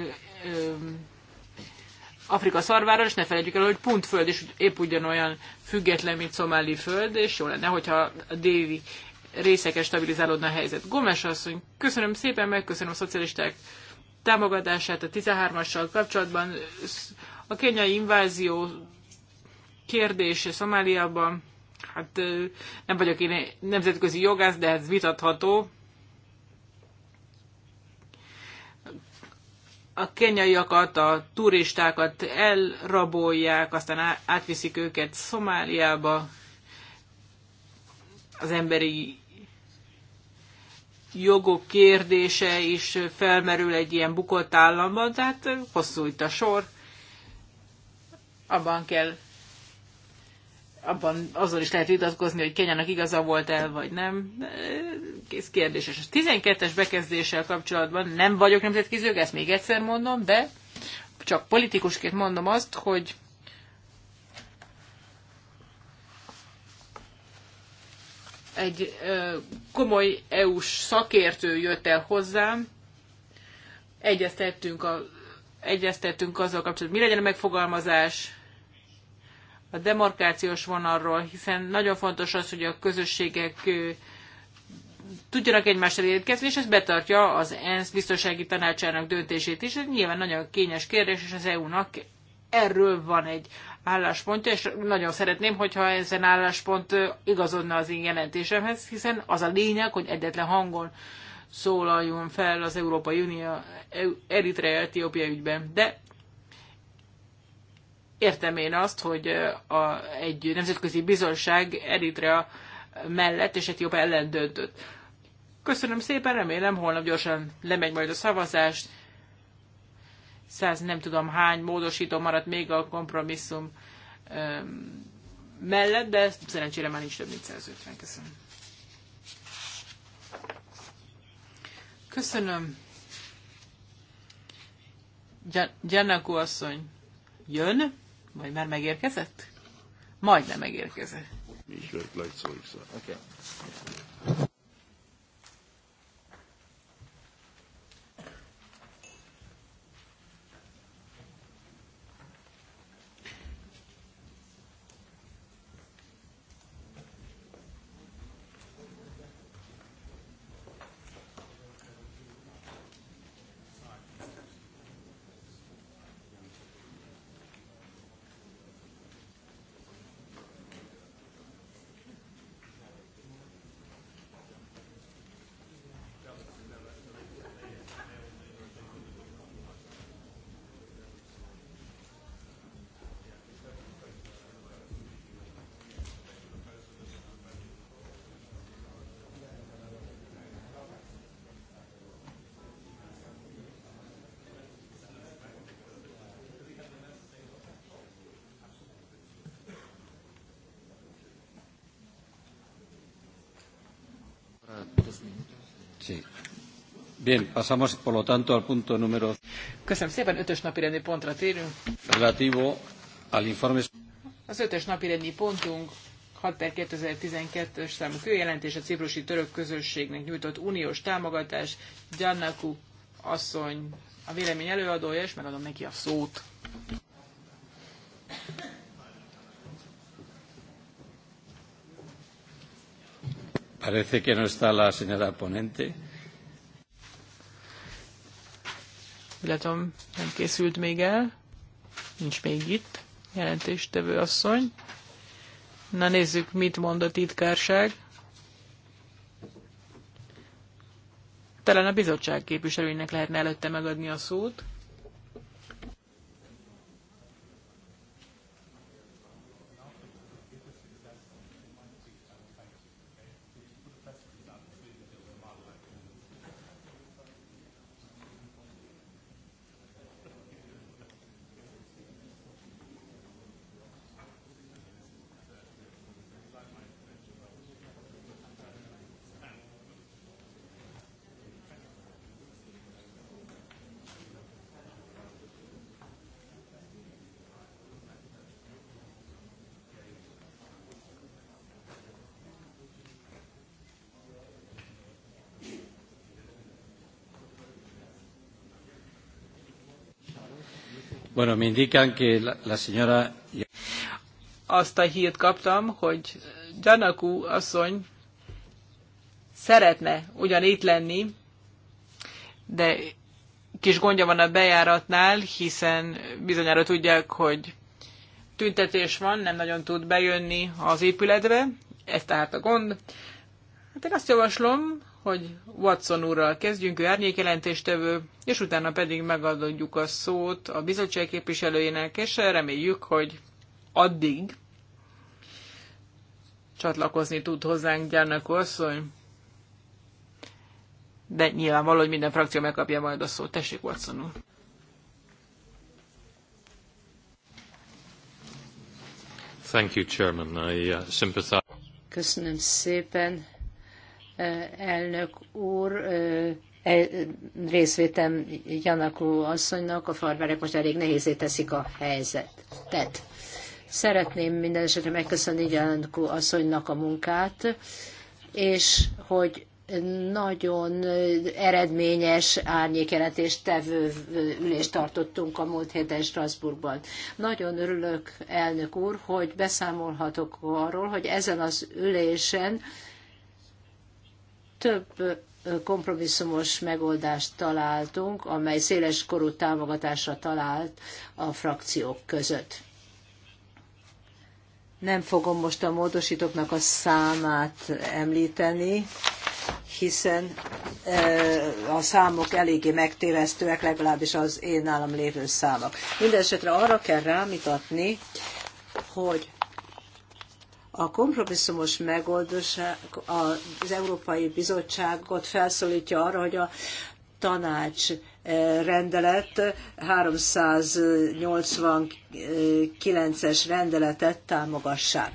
Afrika szarvára, és ne felejtjük el, hogy Puntföld is épp ugyanolyan független, mint Szomáli föld, és jó lenne, hogyha a déli részeken stabilizálódna a helyzet. Gomes asszony, köszönöm szépen, megköszönöm a szocialisták támogatását a 13-assal kapcsolatban. A kenyai invázió kérdése Szomáliában, hát nem vagyok én nemzetközi jogász, de ez vitatható. A kenyaiakat, a turistákat elrabolják, aztán átviszik őket Szomáliába, az emberi jogok kérdése is felmerül egy ilyen bukott államban, tehát hosszú itt a sor. Abban kell, abban azzal is lehet vitatkozni, hogy Kenyának igaza volt el, vagy nem. Kész kérdéses. A 12-es bekezdéssel kapcsolatban nem vagyok nemzetkizők, ezt még egyszer mondom, de csak politikusként mondom azt, hogy egy komoly EU-s szakértő jött el hozzám, egyeztettünk, a, egyeztettünk azzal kapcsolatban, mi legyen a megfogalmazás, a demarkációs vonalról, hiszen nagyon fontos az, hogy a közösségek tudjanak egymással érkezni, és ez betartja az ENSZ biztonsági tanácsának döntését is. Ez nyilván nagyon kényes kérdés, és az EU-nak erről van egy álláspontja, és nagyon szeretném, hogyha ezen álláspont igazodna az én jelentésemhez, hiszen az a lényeg, hogy egyetlen hangon szólaljon fel az Európai Unió Eritrea Etiópia ügyben. De értem én azt, hogy a, egy nemzetközi bizottság Eritrea mellett és Etiópia ellen döntött. Köszönöm szépen, remélem holnap gyorsan lemegy majd a szavazást, száz nem tudom hány módosító maradt még a kompromisszum mellett, de szerencsére már nincs több mint 150. Köszönöm. Köszönöm. Gyanakó asszony jön, vagy már megérkezett? Majdnem megérkezett. Mi is lehet, lehet szó, Oké. Okay. Bien, pasamos por lo tanto al punto número... Köszönöm szépen, ötös napirendi pontra térünk. Relativo al informe... Az ötös napirendi pontunk 6 per 2012-ös számú főjelentés a ciprusi török közösségnek nyújtott uniós támogatás. Giannaku asszony a vélemény előadója, és megadom neki a szót. Parece que no está la señora ponente. Látom, nem készült még el. Nincs még itt. Jelentéstevő asszony. Na nézzük, mit mond a titkárság. Talán a bizottság képviselőinek lehetne előtte megadni a szót. Bueno, me indican que la, la señora... Azt a hírt kaptam, hogy Janakú asszony szeretne ugyan itt lenni, de kis gondja van a bejáratnál, hiszen bizonyára tudják, hogy tüntetés van, nem nagyon tud bejönni az épületbe, ez tehát a gond. Hát én azt javaslom, hogy Watson úrral kezdjünk, ő árnyékjelentéstevő, és utána pedig megadjuk a szót a bizottság képviselőjének, és reméljük, hogy addig csatlakozni tud hozzánk gyárnak asszony. De nyilvánvaló, hogy minden frakció megkapja majd a szót. Tessék, Watson úr. Thank you, Chairman. I, uh, sympathize. Köszönöm szépen elnök úr, e, részvétem Janakó asszonynak, a farmerek most elég nehézé teszik a helyzetet. Szeretném minden esetre megköszönni Janakó asszonynak a munkát, és hogy nagyon eredményes árnyékjelentést tevő ülést tartottunk a múlt héten Strasbourgban. Nagyon örülök, elnök úr, hogy beszámolhatok arról, hogy ezen az ülésen több kompromisszumos megoldást találtunk, amely széles korú támogatásra talált a frakciók között. Nem fogom most a módosítóknak a számát említeni, hiszen a számok eléggé megtévesztőek, legalábbis az én nálam lévő számok. Mindenesetre arra kell rámutatni, hogy a kompromisszumos megoldás az Európai Bizottságot felszólítja arra, hogy a tanács eh, rendelet, 389-es rendeletet támogassák.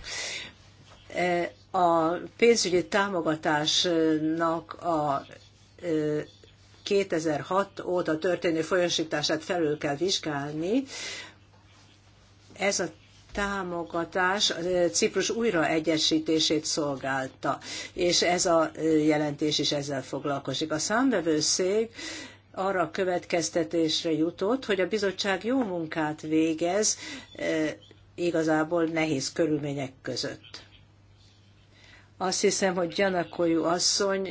Eh, a pénzügyi támogatásnak a 2006 eh, óta történő folyosítását felül kell vizsgálni. Ez a támogatás Ciprus újraegyesítését szolgálta, és ez a jelentés is ezzel foglalkozik. A számbevőszék arra a következtetésre jutott, hogy a bizottság jó munkát végez igazából nehéz körülmények között. Azt hiszem, hogy Gyanakolyú asszony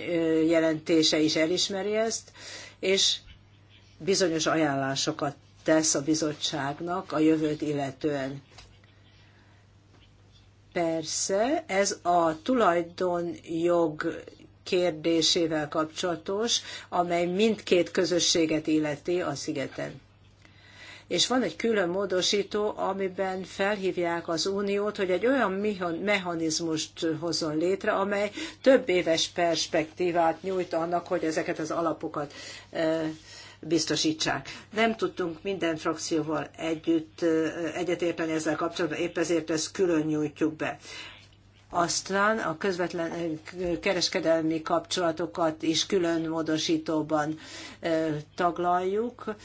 jelentése is elismeri ezt, és bizonyos ajánlásokat tesz a bizottságnak a jövőt illetően. Persze, ez a tulajdonjog kérdésével kapcsolatos, amely mindkét közösséget illeti a szigeten. És van egy külön módosító, amiben felhívják az Uniót, hogy egy olyan mechanizmust hozzon létre, amely több éves perspektívát nyújt annak, hogy ezeket az alapokat eh, biztosítsák. Nem tudtunk minden frakcióval együtt egyetérteni ezzel kapcsolatban, épp ezért ezt külön nyújtjuk be. Aztán a közvetlen kereskedelmi kapcsolatokat is külön módosítóban taglaljuk,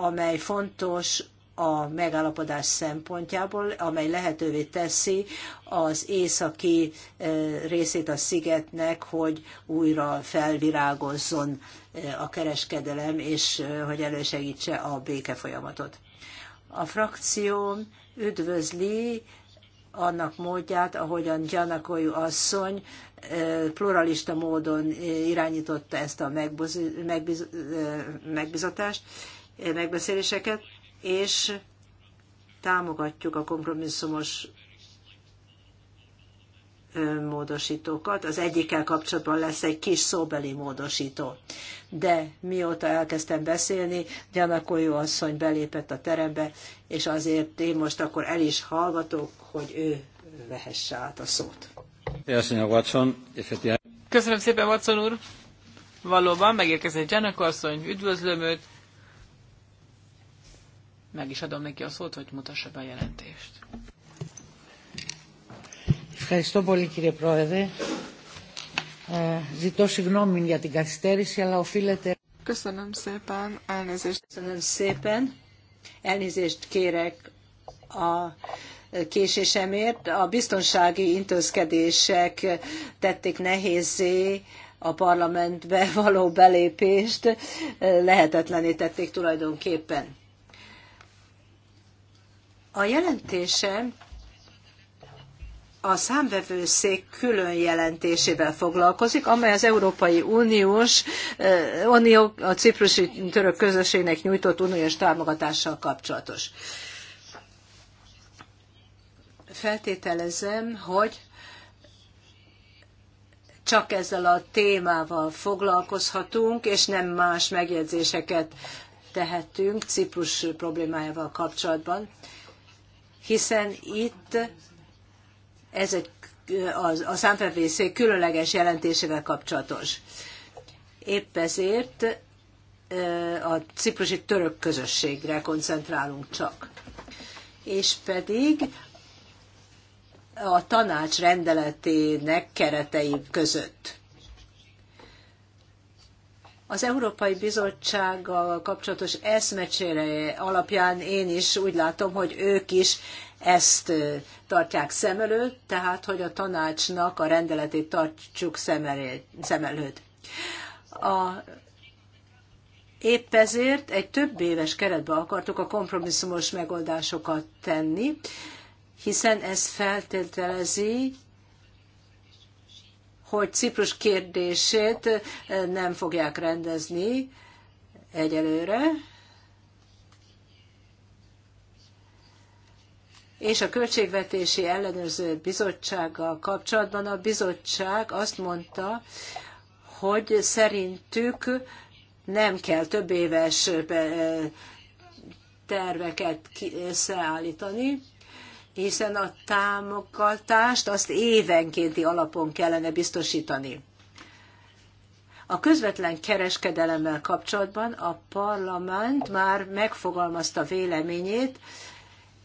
amely fontos a megállapodás szempontjából, amely lehetővé teszi az északi részét a szigetnek, hogy újra felvirágozzon a kereskedelem, és hogy elősegítse a béke folyamatot. A frakció üdvözli annak módját, ahogyan Gyanakoyu asszony pluralista módon irányította ezt a megbizatást, megbeszéléseket, és támogatjuk a kompromisszumos módosítókat. Az egyikkel kapcsolatban lesz egy kis szóbeli módosító. De mióta elkezdtem beszélni, Gyanakoljó asszony belépett a terembe, és azért én most akkor el is hallgatok, hogy ő vehesse át a szót. Köszönöm szépen, Watson úr! Valóban megérkezett Janak asszony, üdvözlöm őt. Meg is adom neki a szót, hogy mutassa be a jelentést. Ευχαριστώ πολύ κύριε Πρόεδρε. Ζητώ συγγνώμη για την καθυστέρηση, αλλά οφείλεται... Köszönöm szépen, elnézést. Köszönöm szépen, elnézést kérek a késésemért. A biztonsági intézkedések tették nehézé a parlamentbe való belépést, lehetetlené tették tulajdonképpen. A jelentésem a számvevőszék külön jelentésével foglalkozik, amely az Európai Uniós, eh, Unió a ciprusi török közösségnek nyújtott uniós támogatással kapcsolatos. Feltételezem, hogy csak ezzel a témával foglalkozhatunk, és nem más megjegyzéseket tehetünk Ciprus problémájával kapcsolatban, hiszen itt ez egy, a, a különleges jelentésével kapcsolatos. Épp ezért a ciprusi török közösségre koncentrálunk csak. És pedig a tanács rendeletének keretei között. Az Európai Bizottsággal kapcsolatos eszmecsére alapján én is úgy látom, hogy ők is ezt tartják szem előtt, tehát hogy a tanácsnak a rendeletét tartsuk szem előtt. A, épp ezért egy több éves keretbe akartuk a kompromisszumos megoldásokat tenni, hiszen ez feltételezi, hogy Ciprus kérdését eh, nem fogják rendezni egyelőre. És a Költségvetési Ellenőrző Bizottsággal kapcsolatban a bizottság azt mondta, hogy szerintük nem kell több éves eh, terveket eh, összeállítani, hiszen a támogatást azt évenkénti alapon kellene biztosítani. A közvetlen kereskedelemmel kapcsolatban a parlament már megfogalmazta véleményét,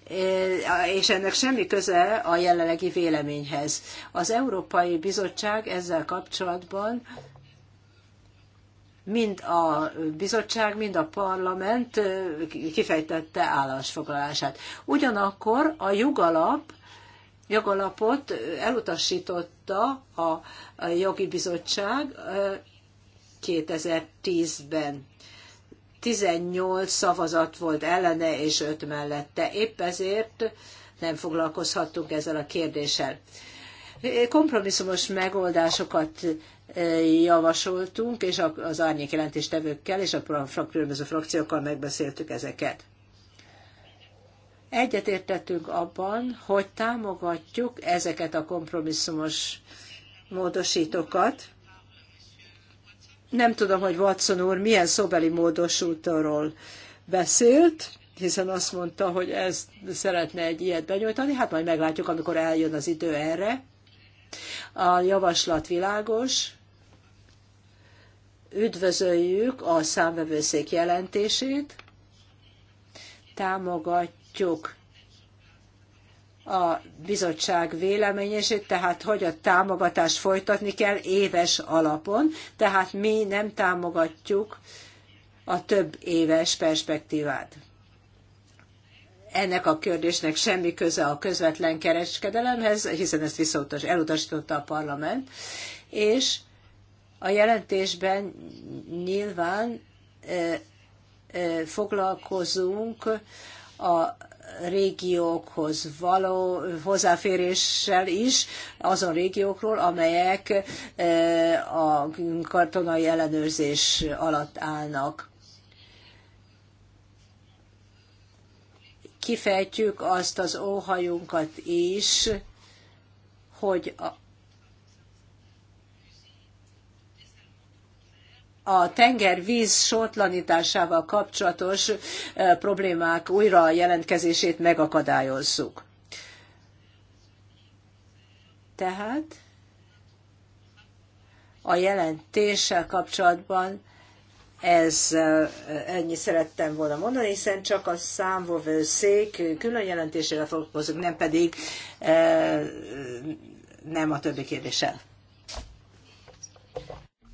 eh, és ennek semmi köze a jelenlegi véleményhez. Az Európai Bizottság ezzel kapcsolatban mind a bizottság, mind a parlament kifejtette állásfoglalását. Ugyanakkor a jogalap jogalapot elutasította a jogi bizottság 2010-ben. 18 szavazat volt ellene és 5 mellette. Épp ezért nem foglalkozhattunk ezzel a kérdéssel. Kompromisszumos megoldásokat javasoltunk, és az árnyék jelentéstevőkkel és a különböző frakciókkal megbeszéltük ezeket. Egyetértettünk abban, hogy támogatjuk ezeket a kompromisszumos módosítókat. Nem tudom, hogy Watson úr milyen szóbeli módosítóról beszélt, hiszen azt mondta, hogy ez szeretne egy ilyet benyújtani, hát majd meglátjuk, amikor eljön az idő erre. A javaslat világos, üdvözöljük a számvevőszék jelentését, támogatjuk a bizottság véleményését, tehát hogy a támogatást folytatni kell éves alapon, tehát mi nem támogatjuk a több éves perspektívát. Ennek a kérdésnek semmi köze a közvetlen kereskedelemhez, hiszen ezt visszautas, elutasította a parlament, és a jelentésben nyilván foglalkozunk a régiókhoz való hozzáféréssel is, azon régiókról, amelyek a katonai ellenőrzés alatt állnak. Kifejtjük azt az óhajunkat is, hogy a a tengervíz sótlanításával kapcsolatos problémák újra jelentkezését megakadályozzuk. Tehát a jelentéssel kapcsolatban ez ennyi szerettem volna mondani, hiszen csak a szék. külön jelentésére foglalkozunk, nem pedig nem a többi kérdéssel.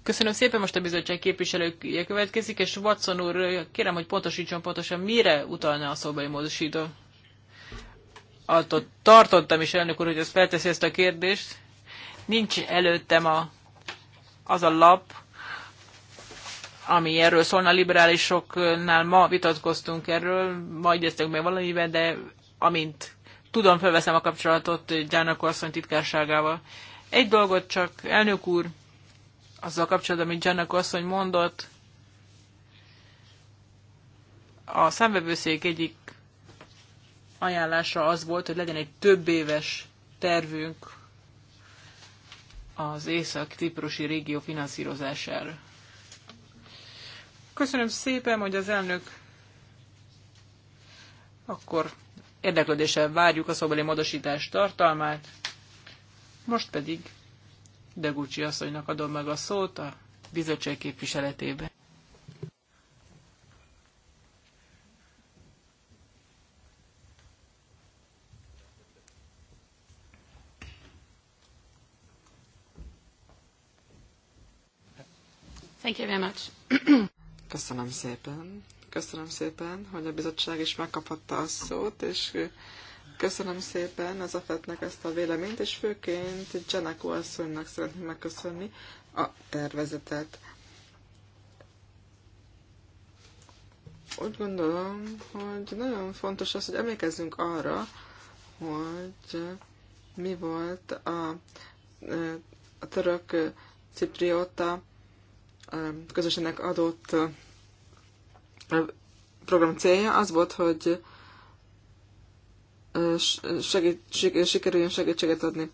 Köszönöm szépen, most a bizottság képviselője következik, és Watson úr, kérem, hogy pontosítson pontosan, mire utalna a szobai módosító. Attól tartottam is, elnök úr, hogy ez felteszi ezt a kérdést. Nincs előttem a, az a lap, ami erről szólna, a liberálisoknál ma vitatkoztunk erről, majd egyeztünk meg valamiben, de amint tudom, felveszem a kapcsolatot Gyának asszony titkárságával. Egy dolgot csak, elnök úr, azzal kapcsolatban, amit Janak asszony mondott, a számvevőszék egyik ajánlása az volt, hogy legyen egy több éves tervünk az Észak-Ciprusi régió finanszírozására. Köszönöm szépen, hogy az elnök akkor érdeklődéssel várjuk a szobeli módosítás tartalmát. Most pedig Degucsi asszonynak adom meg a szót a bizottság képviseletében. Thank you very much. Köszönöm szépen. Köszönöm szépen, hogy a bizottság is megkaphatta a szót, és Köszönöm szépen az afetnek ezt a véleményt, és főként Janako asszonynak szeretném megköszönni a tervezetet. Úgy gondolom, hogy nagyon fontos az, hogy emlékezzünk arra, hogy mi volt a, a török cipriota közösenek adott program célja az volt, hogy segítség, sikerüljön segítséget adni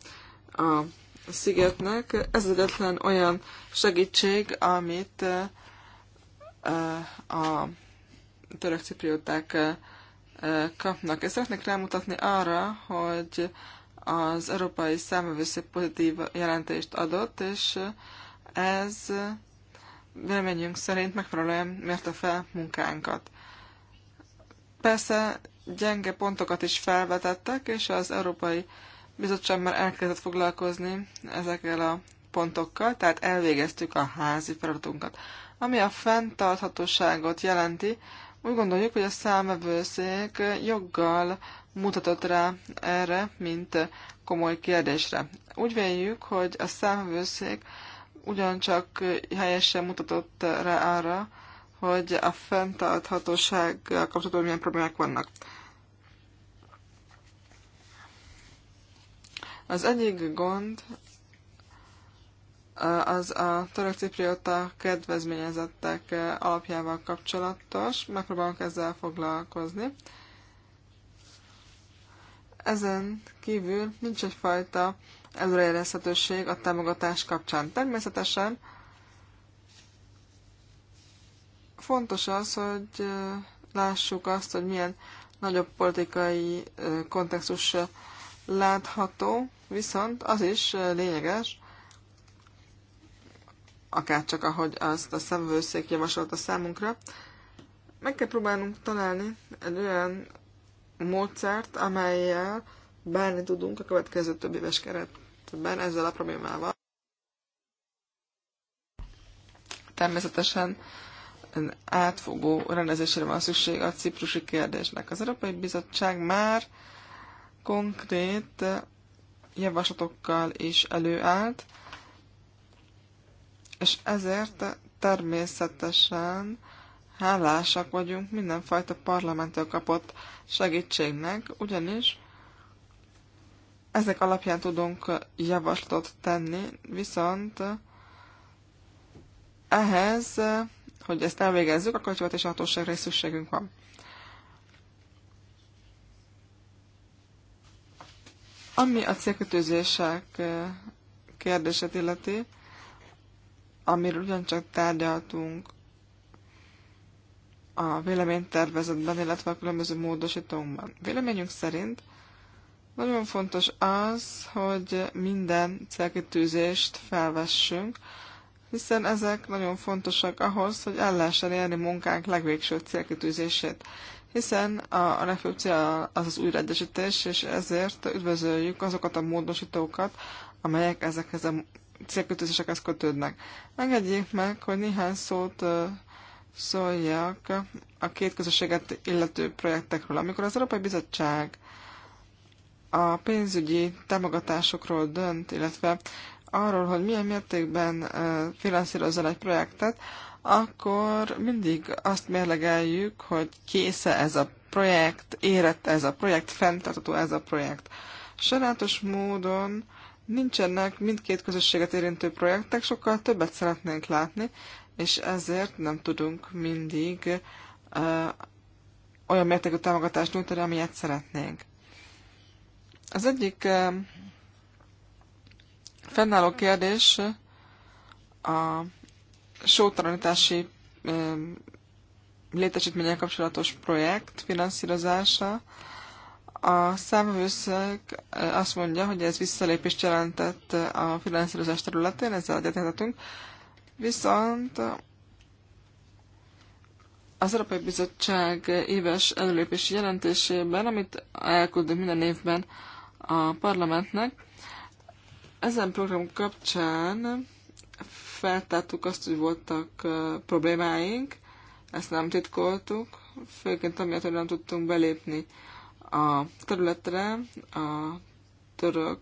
a szigetnek. Ez egyetlen olyan segítség, amit eh, eh, a török ciprióták eh, kapnak. És szeretnék rámutatni arra, hogy az Európai Számövőszék pozitív jelentést adott, és ez véleményünk szerint megfelelően mérte fel munkánkat. Persze gyenge pontokat is felvetettek, és az Európai Bizottság már elkezdett foglalkozni ezekkel a pontokkal, tehát elvégeztük a házi feladatunkat. Ami a fenntarthatóságot jelenti, úgy gondoljuk, hogy a számvevőszék joggal mutatott rá erre, mint komoly kérdésre. Úgy véljük, hogy a számvevőszék ugyancsak helyesen mutatott rá arra, hogy a fenntarthatósággal kapcsolatban milyen problémák vannak. Az egyik gond az a török cipriota kedvezményezettek alapjával kapcsolatos. Megpróbálunk ezzel foglalkozni. Ezen kívül nincs egyfajta előrejelezhetőség a támogatás kapcsán. Természetesen fontos az, hogy lássuk azt, hogy milyen nagyobb politikai kontextus látható, viszont az is lényeges, akár csak ahogy azt a szemvőszék javasolta számunkra, meg kell próbálnunk találni egy olyan módszert, amelyel bánni tudunk a következő több éves keretben ezzel a problémával. Természetesen átfogó rendezésére van szükség a ciprusi kérdésnek. Az Európai Bizottság már konkrét javaslatokkal is előállt, és ezért természetesen hálásak vagyunk mindenfajta parlamenttől kapott segítségnek, ugyanis ezek alapján tudunk javaslatot tenni, viszont ehhez hogy ezt elvégezzük, akkor követési hatóságra is szükségünk van. Ami a célkötőzések kérdését illeti, amiről ugyancsak tárgyaltunk a véleménytervezetben, illetve a különböző módosítónkban. Véleményünk szerint nagyon fontos az, hogy minden célkitűzést felvessünk, hiszen ezek nagyon fontosak ahhoz, hogy el lehessen érni munkánk legvégső célkitűzését, hiszen a, a legfőbb cél az az újraegyesítés, és ezért üdvözöljük azokat a módosítókat, amelyek ezekhez a célkötőzésekhez kötődnek. Engedjék meg, hogy néhány szót szóljak a két közösséget illető projektekről. Amikor az Európai Bizottság a pénzügyi támogatásokról dönt, illetve arról, hogy milyen mértékben finanszírozzon egy projektet, akkor mindig azt mérlegeljük, hogy késze ez a projekt, érett ez a projekt, fenntartható ez a projekt. Sajnálatos módon nincsenek mindkét közösséget érintő projektek, sokkal többet szeretnénk látni, és ezért nem tudunk mindig uh, olyan mértékű támogatást nyújtani, amilyet szeretnénk. Az egyik Fennálló kérdés a sótalanítási létesítmények kapcsolatos projekt finanszírozása. A számvőszeg azt mondja, hogy ez visszalépést jelentett a finanszírozás területén, ezzel egyetértetünk. Viszont az Európai Bizottság éves előlépési jelentésében, amit elküldünk minden évben a parlamentnek, ezen program kapcsán feltártuk azt, hogy voltak problémáink, ezt nem titkoltuk, főként amiatt, hogy nem tudtunk belépni a területre, a török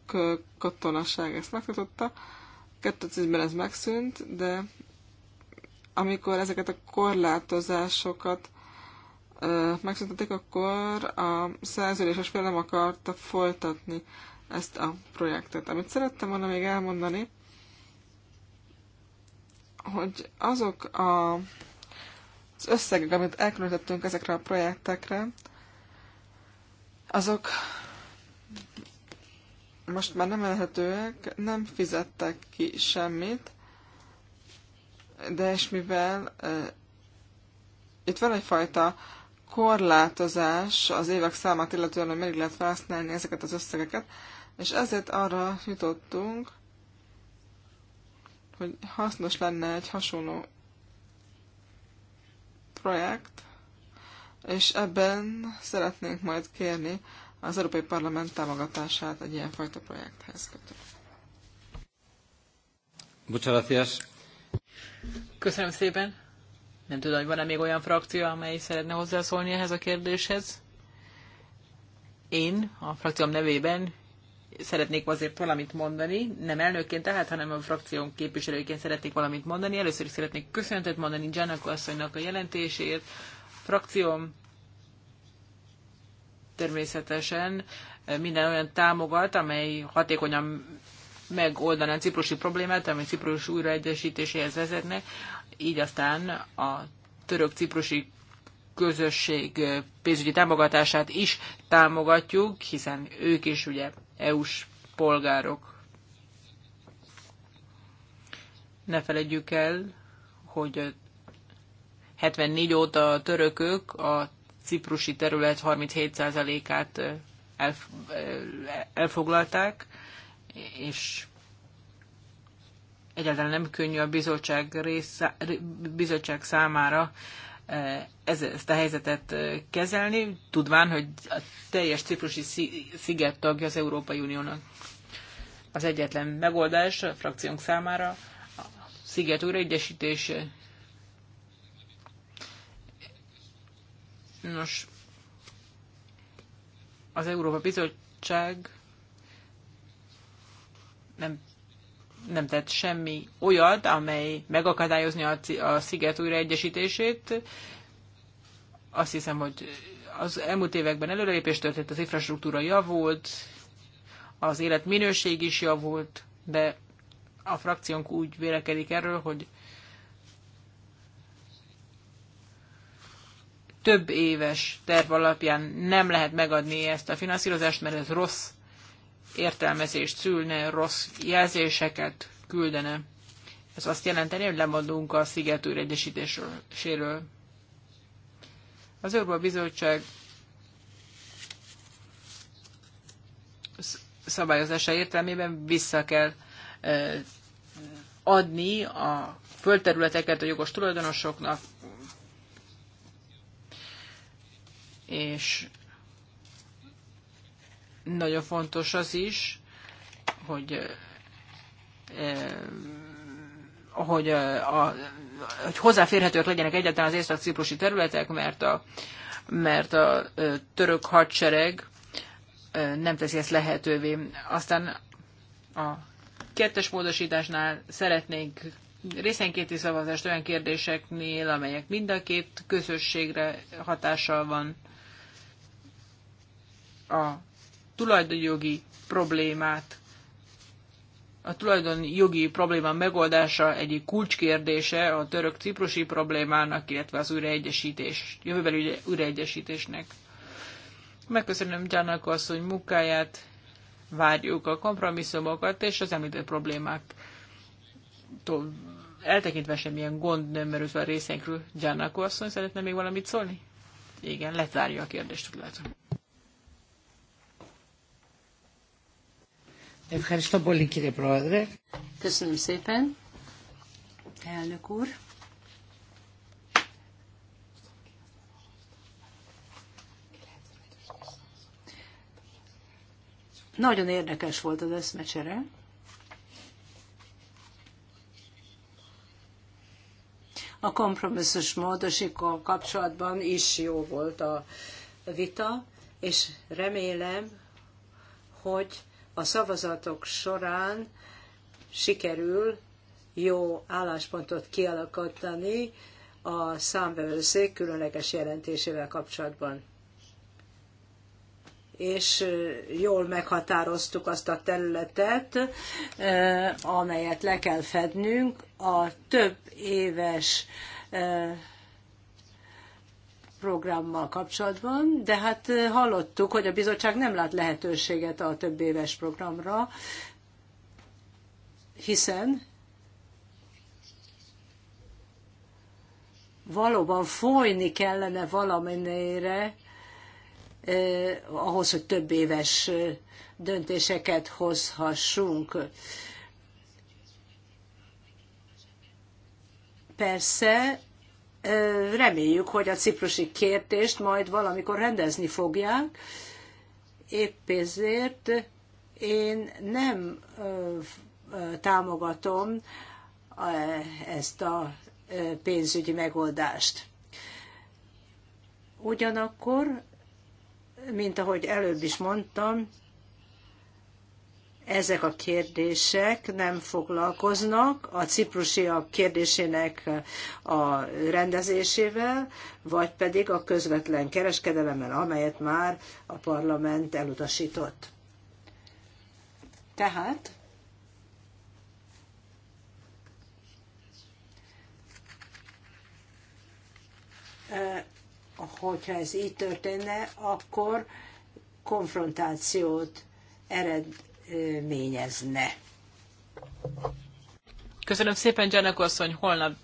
katonaság ezt megtartotta. 2010-ben ez megszűnt, de amikor ezeket a korlátozásokat megszüntették, akkor a szerződéses fél nem akarta folytatni ezt a projektet. Amit szerettem volna még elmondani, hogy azok a, az összegek, amit elkülönítettünk ezekre a projektekre, azok most már nem elhetőek, nem fizettek ki semmit, de és mivel e, itt van egyfajta korlátozás az évek számát illetően, hogy meg lehet felhasználni ezeket az összegeket, és ezért arra jutottunk, hogy hasznos lenne egy hasonló projekt, és ebben szeretnénk majd kérni az Európai Parlament támogatását egy ilyenfajta projekthez Bocsánatias. Köszönöm szépen. Nem tudom, hogy van-e még olyan frakció, amely szeretne hozzászólni ehhez a kérdéshez. Én a frakcióm nevében szeretnék azért valamit mondani, nem elnökként tehát, hanem a frakción képviselőként szeretnék valamit mondani. Először is szeretnék köszönetet mondani Janak asszonynak a jelentésért. A frakcióm természetesen minden olyan támogat, amely hatékonyan megoldaná a ciprusi problémát, ami ciprus újraegyesítéséhez vezetne, így aztán a török-ciprusi közösség pénzügyi támogatását is támogatjuk, hiszen ők is ugye EU-s polgárok. Ne felejtjük el, hogy 74 óta a törökök a ciprusi terület 37%-át elfoglalták, és egyáltalán nem könnyű a bizottság, rész, bizottság számára Eh, ez, ezt a helyzetet eh, kezelni, tudván, hogy a teljes ciprusi sziget tagja az Európai Uniónak. Az egyetlen megoldás a frakciónk számára a sziget újraegyesítése. Nos, az Európa Bizottság nem nem tett semmi olyat, amely megakadályozni a, a sziget újraegyesítését. Azt hiszem, hogy az elmúlt években előrelépés történt, az infrastruktúra javult, az életminőség is javult, de a frakciónk úgy vélekedik erről, hogy több éves terv alapján nem lehet megadni ezt a finanszírozást, mert ez rossz értelmezést szülne, rossz jelzéseket küldene. Ez azt jelenteni, hogy lemondunk a sziget egyesítéséről. Az Európa Bizottság szabályozása értelmében vissza kell adni a földterületeket a jogos tulajdonosoknak, és nagyon fontos az is, hogy eh, eh, hogy, eh, a, hogy hozzáférhetőek legyenek egyáltalán az észak-ciprusi területek, mert a, mert a török hadsereg nem teszi ezt lehetővé. Aztán a kettes módosításnál szeretnénk részenkéti szavazást olyan kérdéseknél, amelyek mind a két közösségre hatással van. A tulajdonjogi problémát, a tulajdonjogi probléma megoldása egyik kulcskérdése a török-ciprusi problémának, illetve az újraegyesítés, jövőbeli újraegyesítésnek. Megköszönöm Gyanak asszony munkáját, várjuk a kompromisszumokat és az említett problémák eltekintve semmilyen gond nem merült a részénkről. Gyanak asszony szeretne még valamit szólni? Igen, lezárja a kérdést, úgy látom. Ευχαριστώ πολύ κύριε Πρόεδρε. Köszönöm szépen. Elnök úr. Nagyon érdekes volt az eszmecsere. A kompromisszus módosítókkal kapcsolatban is jó volt a vita, és remélem, hogy a szavazatok során sikerül jó álláspontot kialakítani a számbevőszék különleges jelentésével kapcsolatban. És jól meghatároztuk azt a területet, amelyet le kell fednünk a több éves programmal kapcsolatban, de hát hallottuk, hogy a bizottság nem lát lehetőséget a több éves programra, hiszen valóban folyni kellene valamennyire eh, ahhoz, hogy több éves döntéseket hozhassunk. Persze reméljük, hogy a ciprusi kérdést majd valamikor rendezni fogják. Épp ezért én nem támogatom ezt a pénzügyi megoldást. Ugyanakkor, mint ahogy előbb is mondtam, ezek a kérdések nem foglalkoznak a ciprusiak kérdésének a rendezésével, vagy pedig a közvetlen kereskedelemmel, amelyet már a parlament elutasított. Tehát hogyha ez így történne, akkor konfrontációt ered, kezdeményezne. Köszönöm szépen, Janak asszony, holnap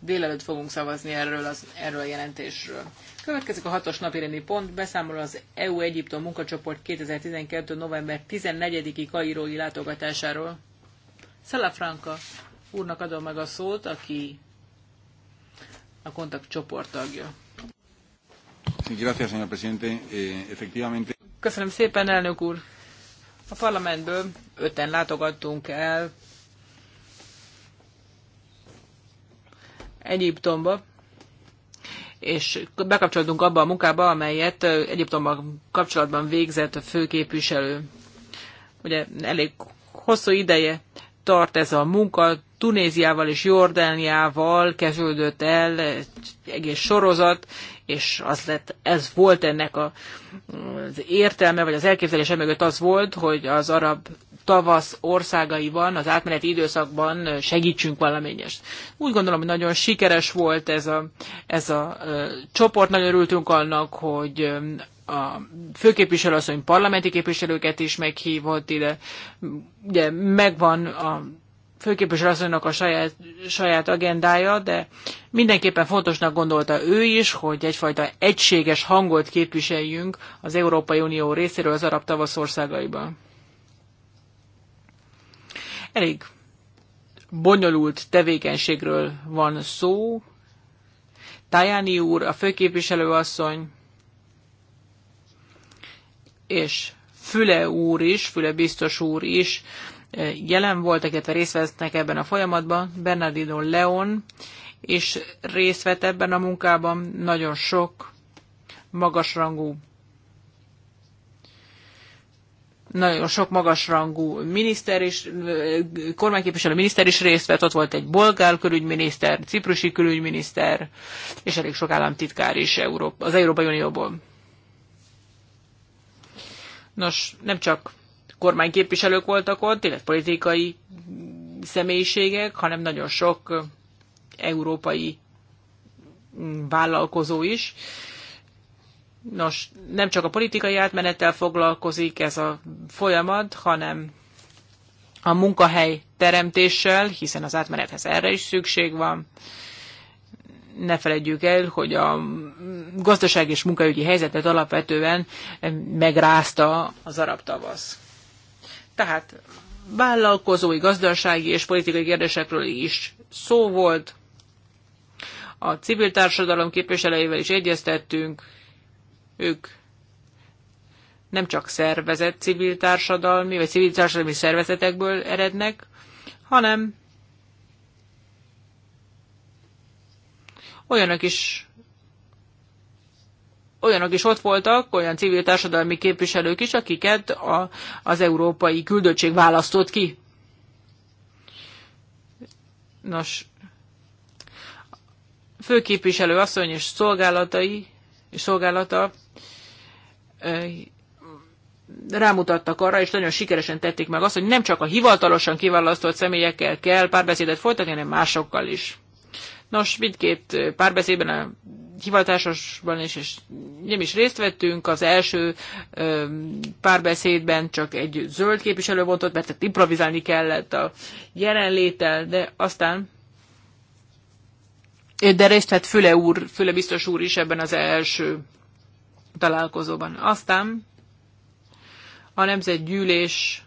délelőtt fogunk szavazni erről, az, erről a jelentésről. Következik a hatos napirendi pont, beszámol az EU-Egyiptom munkacsoport 2012. november 14-i kairói látogatásáról. Franka úrnak adom meg a szót, aki a csoport tagja. Eh, Köszönöm szépen, elnök úr! A parlamentből öten látogattunk el Egyiptomba, és bekapcsolódunk abba a munkába, amelyet Egyiptomban kapcsolatban végzett a főképviselő. Ugye elég hosszú ideje tart ez a munka, Tunéziával és Jordániával kezdődött el egy egész sorozat, és az lett, ez volt ennek a, az értelme, vagy az elképzelése mögött az volt, hogy az arab tavasz országaiban, az átmeneti időszakban segítsünk valamennyest. Úgy gondolom, hogy nagyon sikeres volt ez a, ez a csoport, nagyon örültünk annak, hogy a főképviselő asszony parlamenti képviselőket is meghívott ide. Ugye megvan a főképviselő asszonynak a saját, saját agendája, de mindenképpen fontosnak gondolta ő is, hogy egyfajta egységes hangot képviseljünk az Európai Unió részéről az arab tavasz országaiban. Elég bonyolult tevékenységről van szó. Tajani úr, a főképviselő asszony, és Füle úr is, Füle biztos úr is jelen voltak, illetve részt vesznek ebben a folyamatban. Bernardino Leon és részt vett ebben a munkában. Nagyon sok magasrangú nagyon sok magasrangú miniszter is, kormányképviselő miniszter is részt vett, ott volt egy bolgár külügyminiszter, ciprusi külügyminiszter, és elég sok államtitkár is Európa, az Európai Unióból. Nos, nem csak kormányképviselők voltak ott, tényleg politikai személyiségek, hanem nagyon sok európai vállalkozó is. Nos, nem csak a politikai átmenettel foglalkozik ez a folyamat, hanem a munkahely teremtéssel, hiszen az átmenethez erre is szükség van. Ne felejtjük el, hogy a gazdaság és munkaügyi helyzetet alapvetően megrázta az arab tavasz. Tehát vállalkozói, gazdasági és politikai kérdésekről is szó volt. A civil társadalom képviselőivel is egyeztettünk. Ők nem csak szervezett civil társadalmi, vagy civil társadalmi szervezetekből erednek, hanem olyanok is olyanok is ott voltak, olyan civil társadalmi képviselők is, akiket a, az európai küldöttség választott ki. Nos, főképviselő asszony és szolgálatai és szolgálata rámutattak arra, és nagyon sikeresen tették meg azt, hogy nem csak a hivatalosan kiválasztott személyekkel kell párbeszédet folytatni, hanem másokkal is. Nos, mindkét párbeszédben a hivatásosban is, és nem is részt vettünk, az első párbeszédben csak egy zöld képviselő volt ott, mert improvizálni kellett a jelenléttel, de aztán de részt vett Füle úr, Füle biztos úr is ebben az első találkozóban. Aztán a nemzetgyűlés,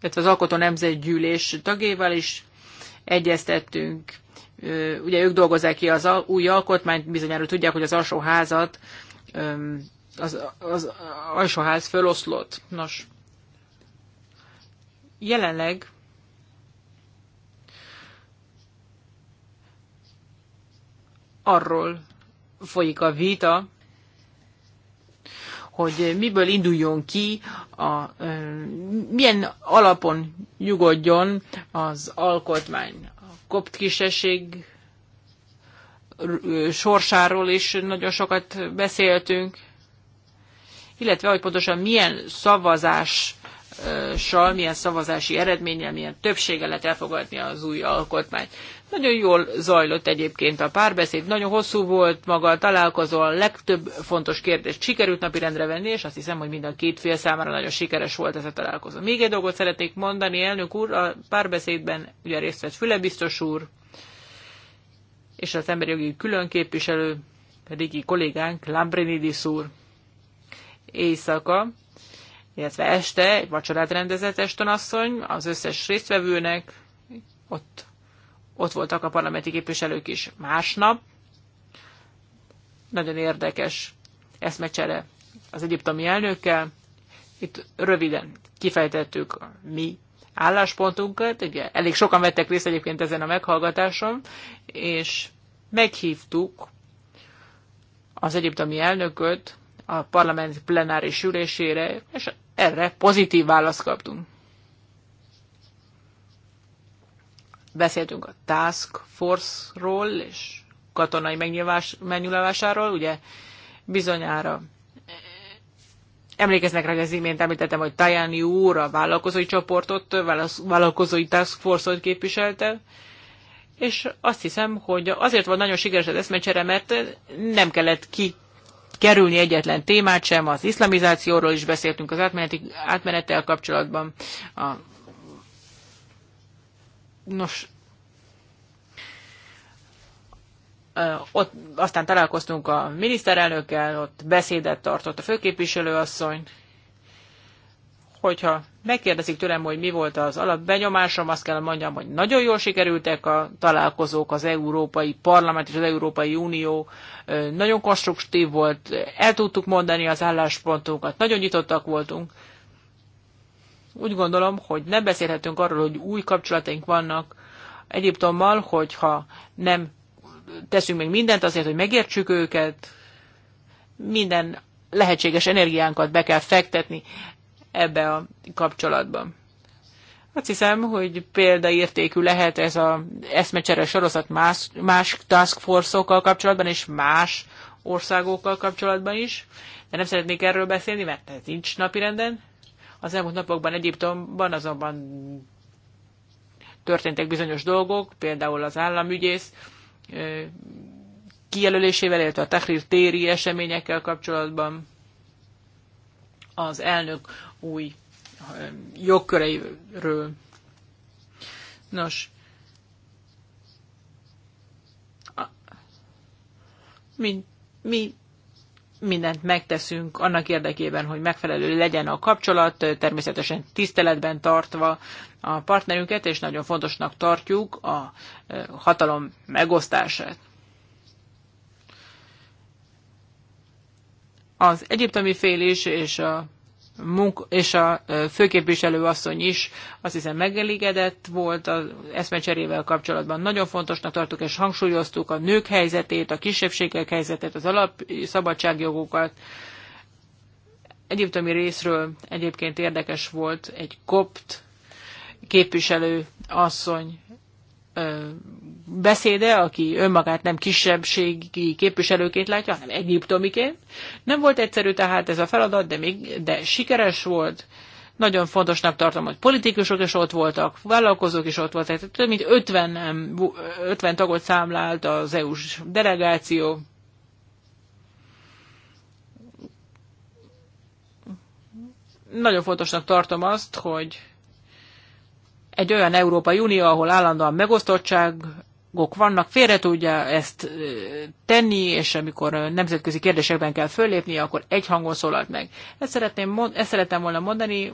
illetve az alkotó nemzetgyűlés tagjával is egyeztettünk, ugye ők dolgozzák ki az új alkotmányt, bizonyára tudják, hogy az házat, az, az ház föloszlott. Nos, jelenleg arról folyik a vita, hogy miből induljon ki, a, milyen alapon nyugodjon az alkotmány kopt kisesség sorsáról is nagyon sokat beszéltünk, illetve hogy pontosan milyen szavazás sal, milyen szavazási eredménnyel, milyen többséggel lehet elfogadni az új alkotmányt. Nagyon jól zajlott egyébként a párbeszéd, nagyon hosszú volt maga a találkozó, a legtöbb fontos kérdést sikerült napirendre venni, és azt hiszem, hogy mind a két fél számára nagyon sikeres volt ez a találkozó. Még egy dolgot szeretnék mondani, elnök úr, a párbeszédben ugye részt vett Füle biztos úr, és az emberi jogi képviselő, pedig kollégánk Lambrinidis úr. Éjszaka illetve este egy vacsorát rendezett Eston asszony, az összes résztvevőnek ott, ott voltak a parlamenti képviselők is másnap. Nagyon érdekes eszmecsere az egyiptomi elnökkel. Itt röviden kifejtettük a mi álláspontunkat, ugye elég sokan vettek részt egyébként ezen a meghallgatáson, és meghívtuk az egyiptomi elnököt a parlament plenáris ülésére, és erre pozitív választ kaptunk. Beszéltünk a Task Force-ról és katonai megnyilvánulásáról, ugye bizonyára emlékeznek rá, hogy az imént említettem, hogy Tajani úr a vállalkozói csoportot, vállalkozói task force-ot képviselte, és azt hiszem, hogy azért van nagyon sikeres az eszmecsere, mert nem kellett ki kerülni egyetlen témát sem, az iszlamizációról is beszéltünk az átmeneti, átmenettel kapcsolatban. A... Nos, ott aztán találkoztunk a miniszterelnökkel, ott beszédet tartott a főképviselőasszony, hogyha megkérdezik tőlem, hogy mi volt az alapbenyomásom, azt kell mondjam, hogy nagyon jól sikerültek a találkozók, az Európai Parlament és az Európai Unió nagyon konstruktív volt, el tudtuk mondani az álláspontunkat, nagyon nyitottak voltunk. Úgy gondolom, hogy nem beszélhetünk arról, hogy új kapcsolataink vannak Egyiptommal, hogyha nem teszünk még mindent azért, hogy megértsük őket, minden lehetséges energiánkat be kell fektetni ebbe a kapcsolatban. Azt hiszem, hogy példaértékű lehet ez a eszmecsere sorozat más, más task force-okkal kapcsolatban és más országokkal kapcsolatban is, de nem szeretnék erről beszélni, mert ez nincs napirenden. Az elmúlt napokban Egyiptomban azonban történtek bizonyos dolgok, például az államügyész kijelölésével, illetve a Tahrir téri eseményekkel kapcsolatban az elnök új um, jogköreiről. Nos, mi, mi mindent megteszünk annak érdekében, hogy megfelelő legyen a kapcsolat, természetesen tiszteletben tartva a partnerünket, és nagyon fontosnak tartjuk a eh, hatalom megosztását. Az egyiptomi fél is, és a munk és a főképviselő asszony is azt hiszem megelégedett volt az eszmecserével kapcsolatban. Nagyon fontosnak tartuk és hangsúlyoztuk a nők helyzetét, a kisebbségek helyzetét, az alap szabadságjogokat. Egyiptomi részről egyébként érdekes volt egy kopt képviselő asszony beszéde, aki önmagát nem kisebbségi képviselőként látja, hanem egyiptomiként. Nem volt egyszerű tehát ez a feladat, de, még, de sikeres volt. Nagyon fontosnak tartom, hogy politikusok is ott voltak, vállalkozók is ott voltak, tehát több mint 50, 50 tagot számlált az EU-s delegáció. Nagyon fontosnak tartom azt, hogy egy olyan Európai Unió, ahol állandóan megosztottságok vannak, félre tudja ezt tenni, és amikor nemzetközi kérdésekben kell föllépni, akkor egy hangon szólalt meg. Ezt, szeretném, ezt szerettem volna mondani,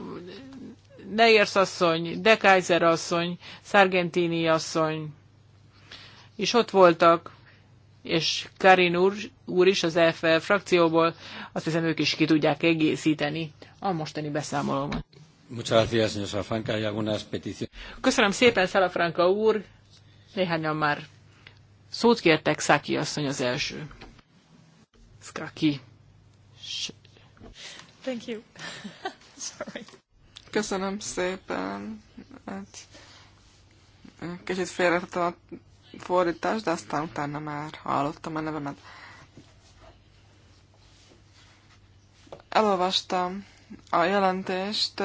Neyers asszony, De Kaiser asszony, Sargentini asszony, és ott voltak, és Karin úr, úr is az EFL frakcióból, azt hiszem ők is ki tudják egészíteni a mostani beszámolómat. Köszönöm szépen, Salafranca úr. Néhányan már szót kértek, Száki asszony az első. Szkaki. Thank you. *laughs* Sorry. Köszönöm szépen. Hát, kicsit félretettem a fordítást, de aztán utána már hallottam a nevemet. Elolvastam a jelentést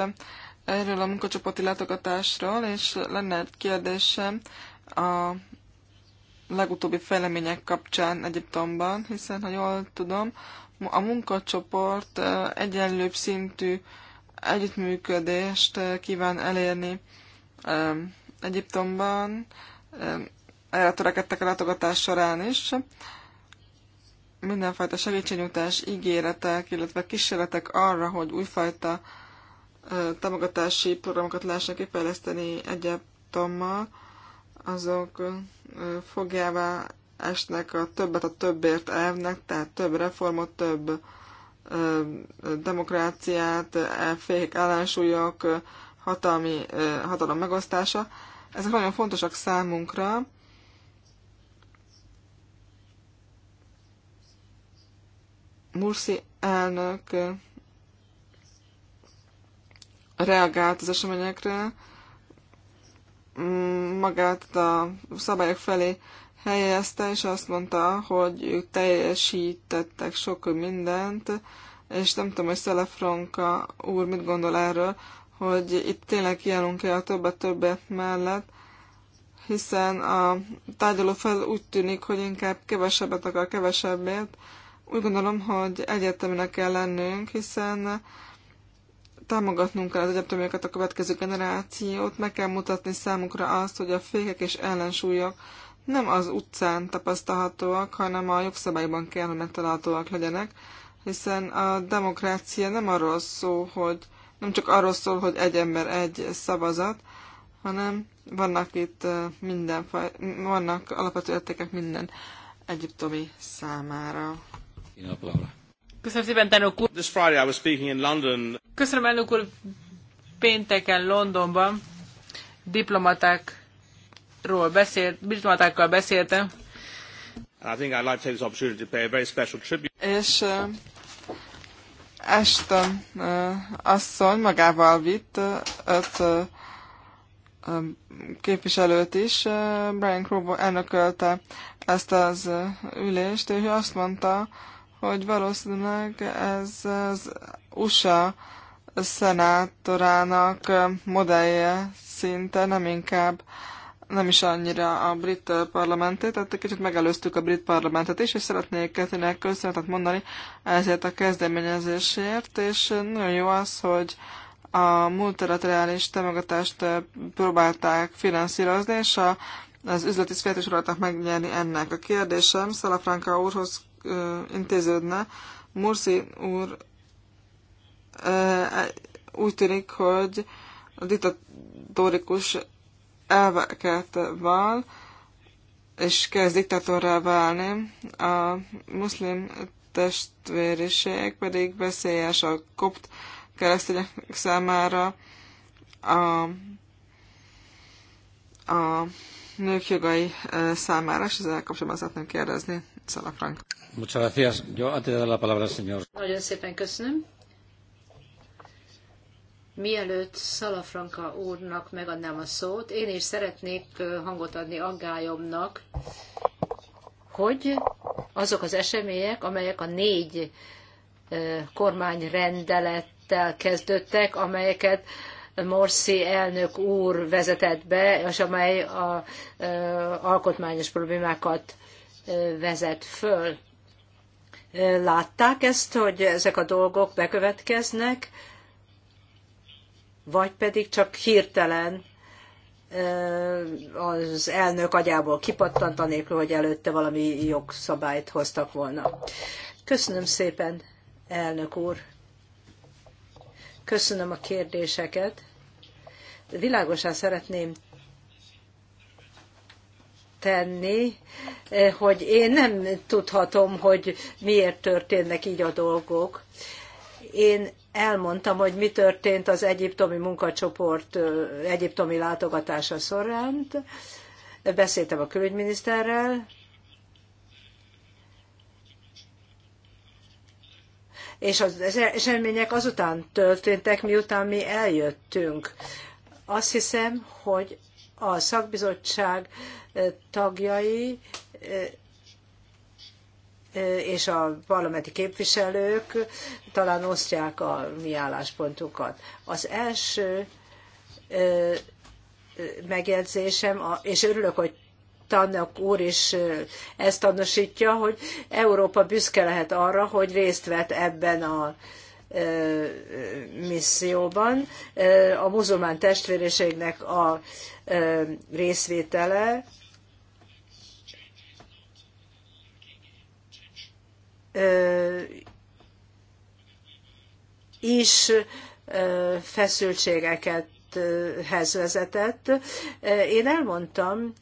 erről a munkacsoporti látogatásról, és lenne egy kérdésem a legutóbbi fejlemények kapcsán Egyiptomban, hiszen, ha jól tudom, a munkacsoport egyenlőbb szintű együttműködést kíván elérni Egyiptomban, erre törekedtek a látogatás során is mindenfajta segítségnyújtás, ígéretek, illetve kísérletek arra, hogy újfajta támogatási programokat lássák kifejleszteni Egyiptommal, azok fogjává esnek a többet a többért elvnek, tehát több reformot, több demokráciát, elfék, ellensúlyok, hatalmi, hatalom megosztása. Ezek nagyon fontosak számunkra, Mursi elnök reagált az eseményekre, mm, magát a szabályok felé helyezte, és azt mondta, hogy ők teljesítettek sok mindent, és nem tudom, hogy Szelefronka úr mit gondol erről, hogy itt tényleg kiállunk-e a többet többet mellett, hiszen a tárgyaló fel úgy tűnik, hogy inkább kevesebbet akar kevesebbért, úgy gondolom, hogy egyértelműnek kell lennünk, hiszen támogatnunk kell az egyetemeket a következő generációt, meg kell mutatni számukra azt, hogy a fékek és ellensúlyok nem az utcán tapasztalhatóak, hanem a jogszabályban kell, hogy megtalálhatóak legyenek, hiszen a demokrácia nem arról szól, hogy nem csak arról szól, hogy egy ember egy szavazat, hanem vannak itt minden, vannak alapvető értékek minden egyiptomi számára. Köszönöm szépen, elnök úr. This Friday I was speaking in London. Köszönöm, elnök úr. Pénteken Londonban diplomatákról beszélt, diplomatákkal beszéltem. I think I'd like to take this opportunity to pay a very special tribute. És uh, Ashton uh, asszony magával vitt uh, öt uh, képviselőt is, Brian Crowe elnökölte ezt az ülést, és ő azt mondta, hogy valószínűleg ez az USA szenátorának modellje szinte, nem inkább, nem is annyira a brit parlamentét, tehát kicsit megelőztük a brit parlamentet is, és szeretnék Ketinek köszönetet mondani ezért a kezdeményezésért, és nagyon jó az, hogy a multilaterális támogatást próbálták finanszírozni, és a, az üzleti szfélet is megnyerni ennek. A kérdésem Szalafranka úrhoz intéződne. Mursi úr úgy tűnik, hogy a diktatórikus elveket vál, és kezd diktatorrá válni. A muszlim testvériség pedig veszélyes a kopt keresztények számára, a, a nők jogai számára, és ezzel kapcsolatban szeretném kérdezni Salafranc. Muchas gracias. Yo antes de dar la palabra al señor. Nagyon szépen köszönöm. Mielőtt Salafranka úrnak megadnám a szót, én is szeretnék hangot adni aggályomnak, hogy azok az események, amelyek a négy kormányrendelettel kezdődtek, amelyeket Morsi elnök úr vezetett be, és amely a, a, alkotmányos problémákat vezet föl. Látták ezt, hogy ezek a dolgok bekövetkeznek, vagy pedig csak hirtelen az elnök agyából kipattant, anélkül, hogy előtte valami jogszabályt hoztak volna. Köszönöm szépen, elnök úr. Köszönöm a kérdéseket. Világosan szeretném tenni, eh, hogy én nem tudhatom, hogy miért történnek így a dolgok. Én elmondtam, hogy mi történt az egyiptomi munkacsoport eh, egyiptomi látogatása során. Beszéltem a külügyminiszterrel, és az események azután történtek, miután mi eljöttünk. Azt hiszem, hogy a szakbizottság tagjai e, és a parlamenti képviselők talán osztják a mi álláspontunkat. Az első e, megjegyzésem, és örülök, hogy Tannak úr is e, ezt tanúsítja, hogy Európa büszke lehet arra, hogy részt vett ebben a misszióban. A muzulmán testvériségnek a részvétele is feszültségeket hez vezetett. Én elmondtam,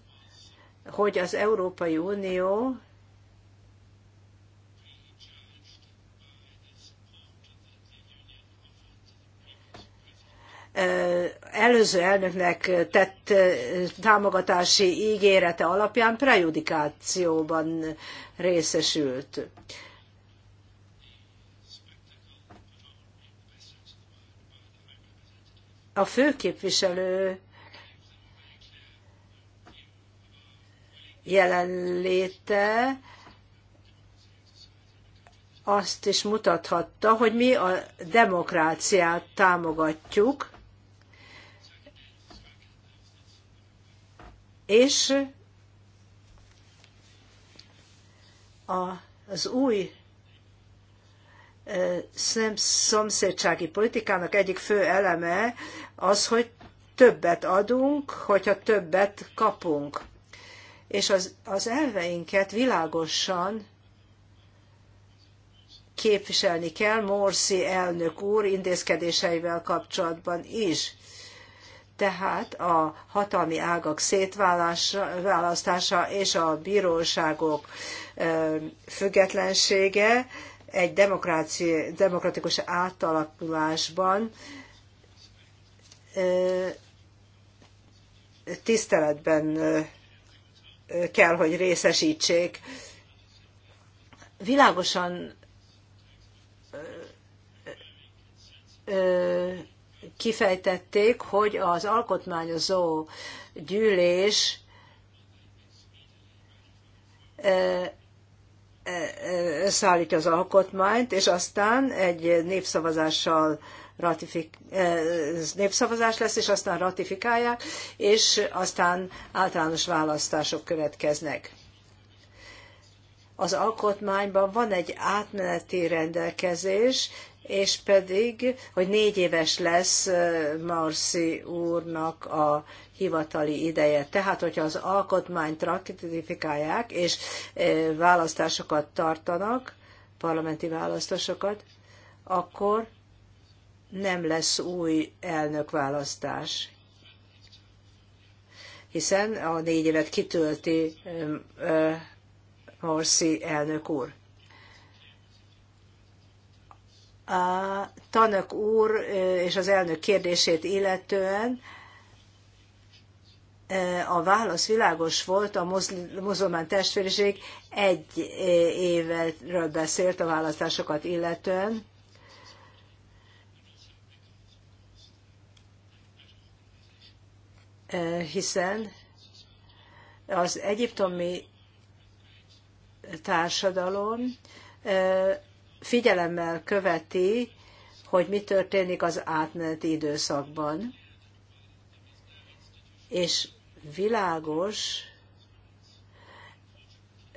hogy az Európai Unió előző elnöknek tett támogatási ígérete alapján prejudikációban részesült. A főképviselő jelenléte azt is mutathatta, hogy mi a demokráciát támogatjuk, és a, az új szomszédsági politikának egyik fő eleme az, hogy többet adunk, hogyha többet kapunk. És az, az elveinket világosan képviselni kell Morsi elnök úr intézkedéseivel kapcsolatban is tehát a hatalmi ágak szétválasztása és a bíróságok függetlensége egy demokratikus átalakulásban tiszteletben kell, hogy részesítsék. Világosan kifejtették, hogy az alkotmányozó gyűlés összeállítja az alkotmányt, és aztán egy népszavazással ratifik, népszavazás lesz, és aztán ratifikálják, és aztán általános választások következnek az alkotmányban van egy átmeneti rendelkezés, és pedig, hogy négy éves lesz Marci úrnak a hivatali ideje. Tehát, hogyha az alkotmányt ratifikálják, és választásokat tartanak, parlamenti választásokat, akkor nem lesz új elnökválasztás hiszen a négy évet kitölti Morsi elnök úr. A tanök úr és az elnök kérdését illetően a válasz világos volt, a muzulmán testvériség egy évről beszélt a választásokat illetően. Hiszen az egyiptomi társadalom figyelemmel követi, hogy mi történik az átmeneti időszakban, és világos,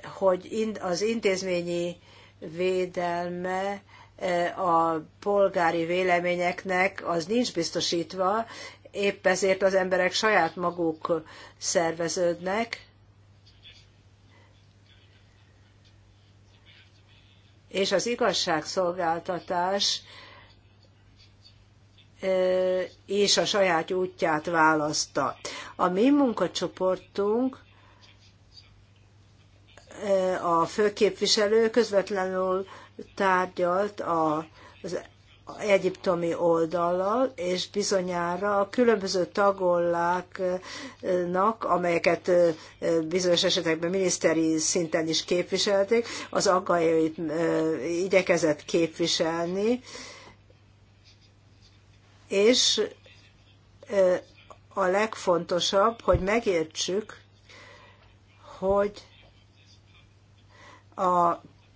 hogy az intézményi védelme a polgári véleményeknek az nincs biztosítva, épp ezért az emberek saját maguk szerveződnek, és az igazságszolgáltatás és a saját útját választa. A mi munkacsoportunk a főképviselő közvetlenül tárgyalt a, az egyiptomi oldallal, és bizonyára a különböző tagolláknak, amelyeket bizonyos esetekben miniszteri szinten is képviselték, az aggájait igyekezett képviselni, és a legfontosabb, hogy megértsük, hogy a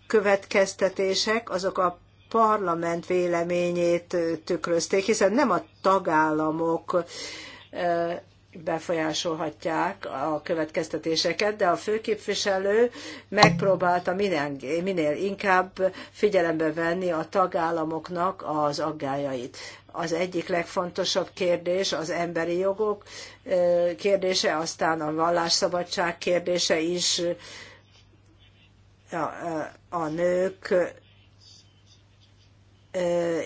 következtetések azok a parlament véleményét tükrözték, hiszen nem a tagállamok befolyásolhatják a következtetéseket, de a főképviselő megpróbálta minél, minél inkább figyelembe venni a tagállamoknak az aggájait. Az egyik legfontosabb kérdés az emberi jogok kérdése, aztán a vallásszabadság kérdése is a, a nők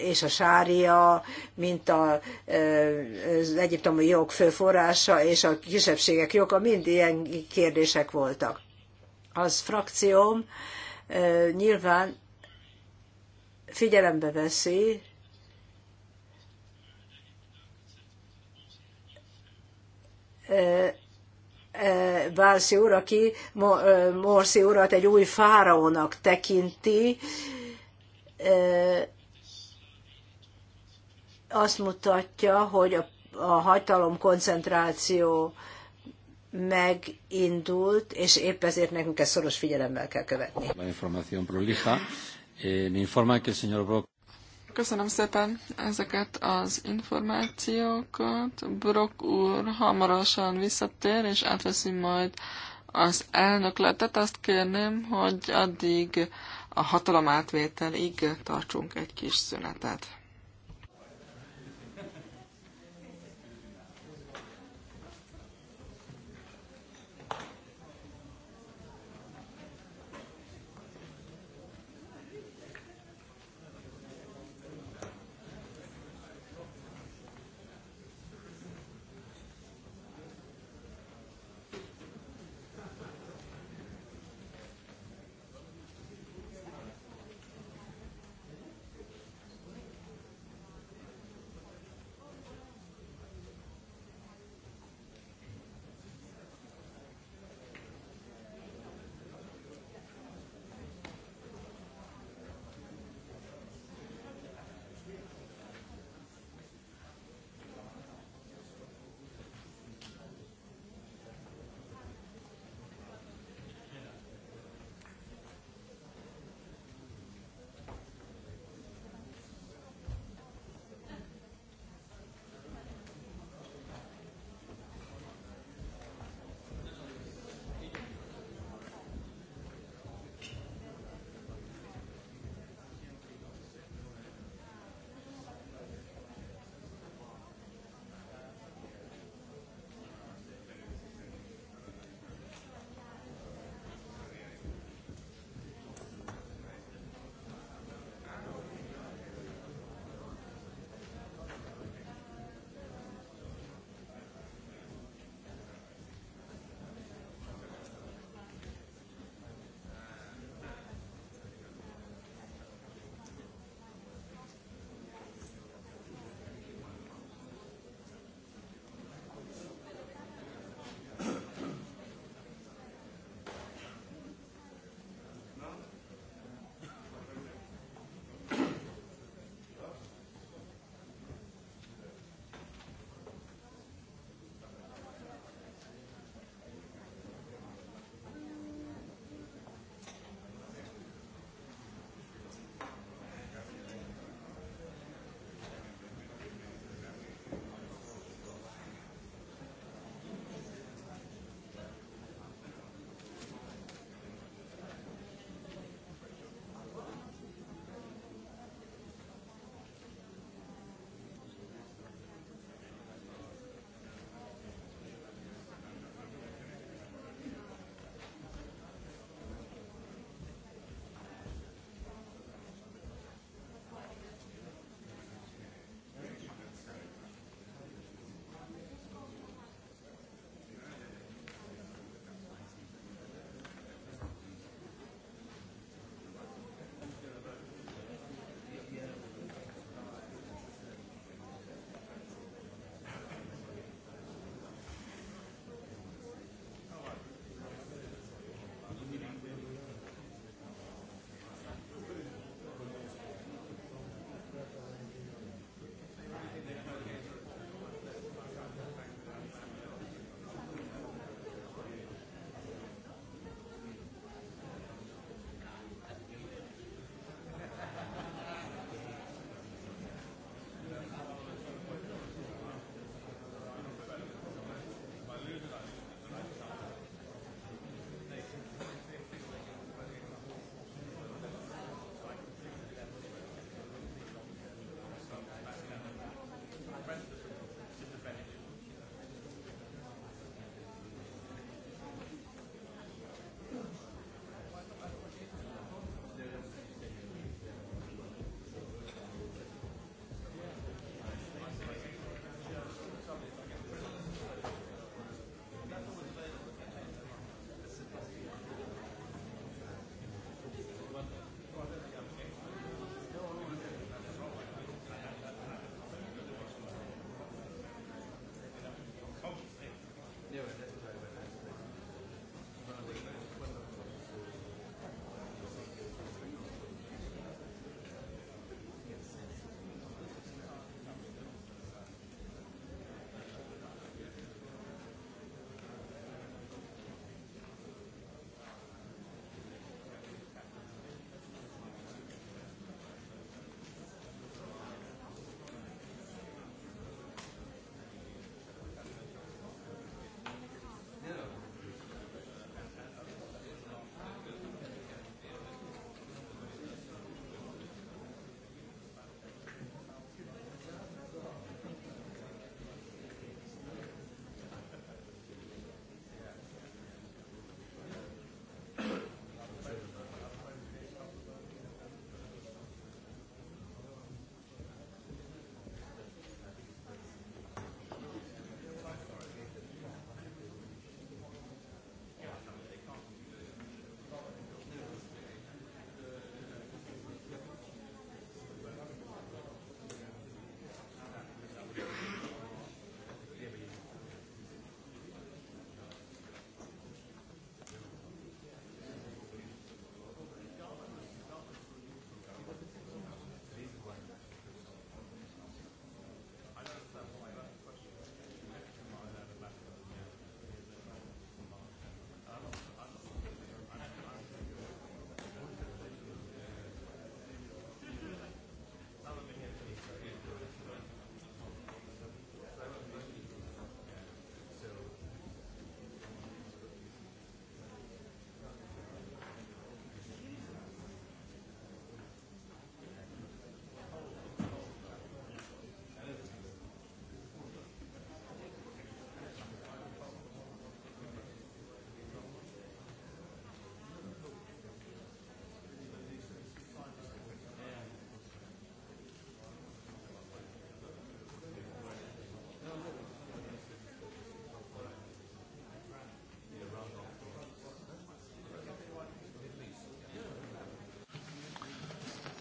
és a sária, mint az egyiptomi jog fő forrása, és a kisebbségek joga, mind ilyen kérdések voltak. Az frakcióm nyilván figyelembe veszi, Válszi úr, aki Morszi urat egy új fáraónak tekinti, azt mutatja, hogy a, a hatalom koncentráció megindult, és épp ezért nekünk ezt szoros figyelemmel kell követni. Eh, Köszönöm szépen ezeket az információkat. Brok úr hamarosan visszatér, és átveszi majd az elnökletet. Azt kérném, hogy addig a átvételig tartsunk egy kis szünetet.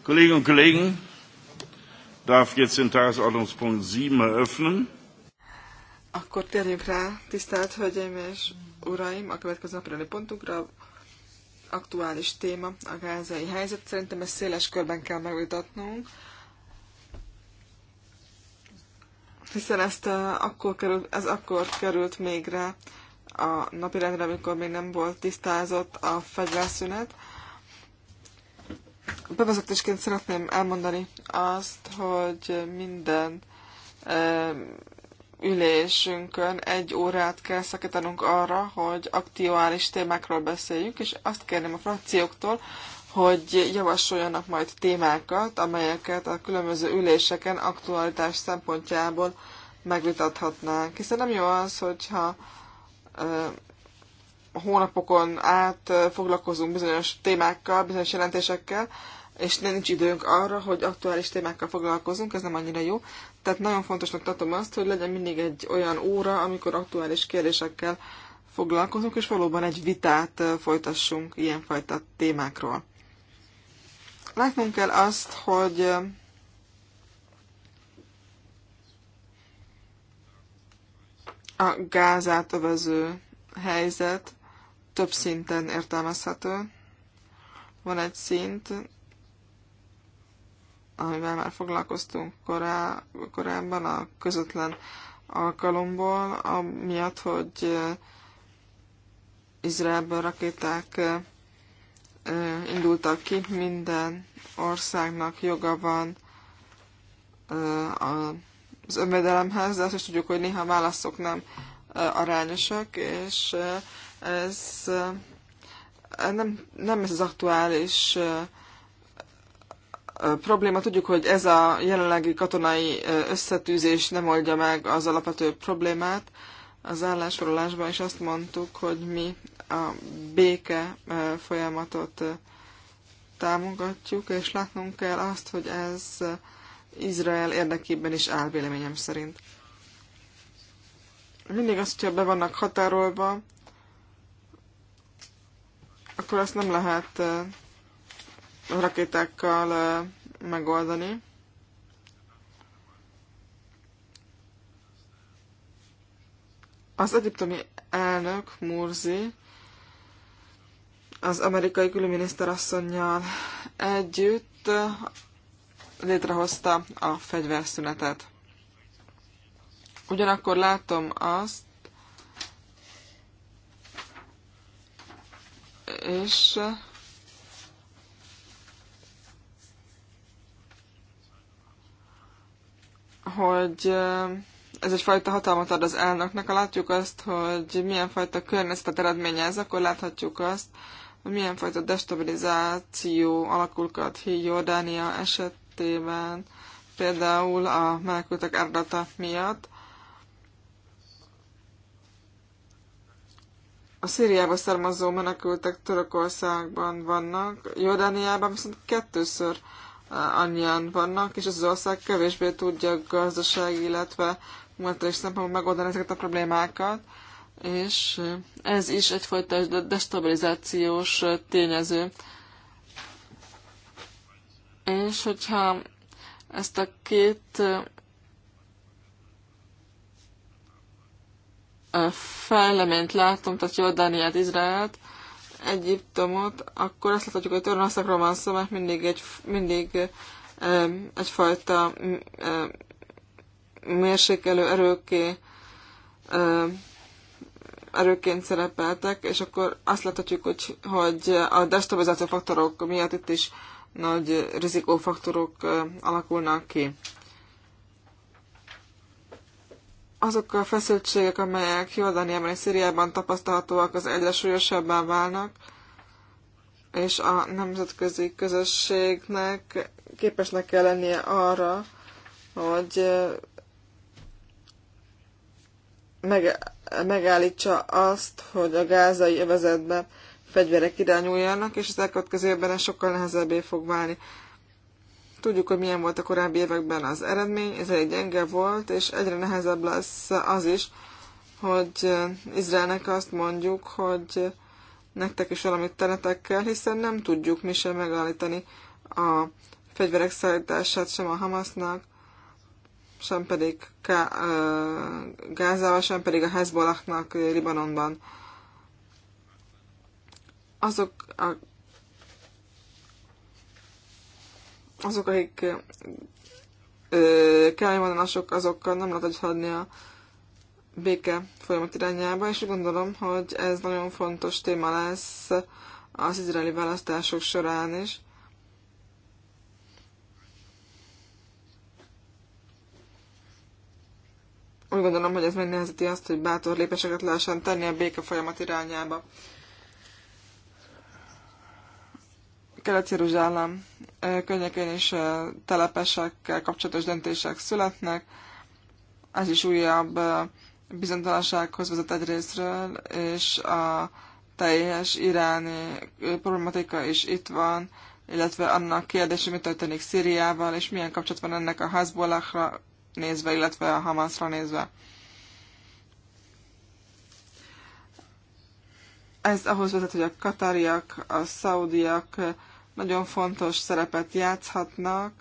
Kolleginnen und Kollegen, darf jetzt den Tagesordnungspunkt 7 eröffnen. Akkor térjünk rá, tisztelt Hölgyeim és Uraim, a következő napi pontunkra aktuális téma a gázai helyzet. Szerintem ezt széles körben kell megvitatnunk, hiszen ezt eh, akkor került, ez akkor került még rá a napirendre, amikor még nem volt tisztázott a fegyverszünet bevezetésként szeretném elmondani azt, hogy minden ülésünkön egy órát kell szakítanunk arra, hogy aktuális témákról beszéljünk, és azt kérném a frakcióktól, hogy javasoljanak majd témákat, amelyeket a különböző üléseken aktualitás szempontjából megvitathatnánk. Hiszen nem jó az, hogyha hónapokon át foglalkozunk bizonyos témákkal, bizonyos jelentésekkel, és nincs időnk arra, hogy aktuális témákkal foglalkozunk, ez nem annyira jó. Tehát nagyon fontosnak tartom azt, hogy legyen mindig egy olyan óra, amikor aktuális kérdésekkel foglalkozunk, és valóban egy vitát folytassunk ilyenfajta témákról. Látnunk kell azt, hogy a gázát övező helyzet több szinten értelmezhető. Van egy szint, amivel már foglalkoztunk korá, korábban a közvetlen alkalomból, amiatt, hogy Izraelből rakéták indultak ki, minden országnak joga van az önvédelemhez, de azt is tudjuk, hogy néha válaszok nem arányosak, és ez nem, nem ez az aktuális probléma. Tudjuk, hogy ez a jelenlegi katonai összetűzés nem oldja meg az alapvető problémát. Az állásorolásban, is azt mondtuk, hogy mi a béke folyamatot támogatjuk, és látnunk kell azt, hogy ez Izrael érdekében is áll véleményem szerint. Mindig azt hogyha be vannak határolva, akkor azt nem lehet rakétákkal megoldani. Az egyiptomi elnök Murzi az amerikai külügyminiszterasszonynal együtt létrehozta a fegyverszünetet. Ugyanakkor látom azt, és hogy ez egyfajta hatalmat ad az elnöknek. Ha látjuk azt, hogy milyen fajta környezetet eredményez, akkor láthatjuk azt, hogy milyen fajta destabilizáció alakulkat ki Jordánia esetében, például a menekültek áradata miatt. A Szíriába származó menekültek Törökországban vannak, Jordániában viszont kettőször annyian vannak, és ez az ország kevésbé tudja gazdasági, illetve monetáris szempontból megoldani ezeket a problémákat, és ez is egyfajta destabilizációs tényező. És hogyha ezt a két fejleményt látom, tehát Jordániát, Izraelt, Egyiptomot, akkor azt láthatjuk, hogy Törnországról van szó, mert mindig, egy, mindig um, egyfajta um, mérsékelő erőké um, erőként szerepeltek, és akkor azt láthatjuk, hogy, hogy a destabilizáció faktorok miatt itt is nagy rizikófaktorok alakulnak ki azok a feszültségek, amelyek Jordániában és Szíriában tapasztalhatóak, az egyre súlyosabbá válnak, és a nemzetközi közösségnek képesnek kell lennie arra, hogy megállítsa azt, hogy a gázai övezetben fegyverek irányuljanak, és az elkövetkező évben ez sokkal nehezebbé fog válni. Tudjuk, hogy milyen volt a korábbi években az eredmény, ez egy gyenge volt, és egyre nehezebb lesz az is, hogy eh, Izraelnek azt mondjuk, hogy nektek is valamit tenetek kell, hiszen nem tudjuk mi sem megállítani a fegyverek szállítását sem a Hamasnak, sem pedig eh, Gázával, sem pedig a Hezbollahnak Libanonban. Azok a azok, akik kemény vonalások, azokkal nem lehet hagyni a béke folyamat irányába, és úgy gondolom, hogy ez nagyon fontos téma lesz az izraeli választások során is. Úgy gondolom, hogy ez megnehezeti azt, hogy bátor lépéseket lehessen tenni a béke folyamat irányába. Kelet-Jeruzsálem környékén is telepesekkel kapcsolatos döntések születnek. Ez is újabb bizonytalansághoz vezet egyrésztről, és a teljes iráni problematika is itt van, illetve annak kérdése, mi történik Szíriával, és milyen kapcsolat van ennek a Hezbollahra nézve, illetve a Hamasra nézve. Ez ahhoz vezet, hogy a katariak, a szaudiak, nagyon fontos szerepet játszhatnak,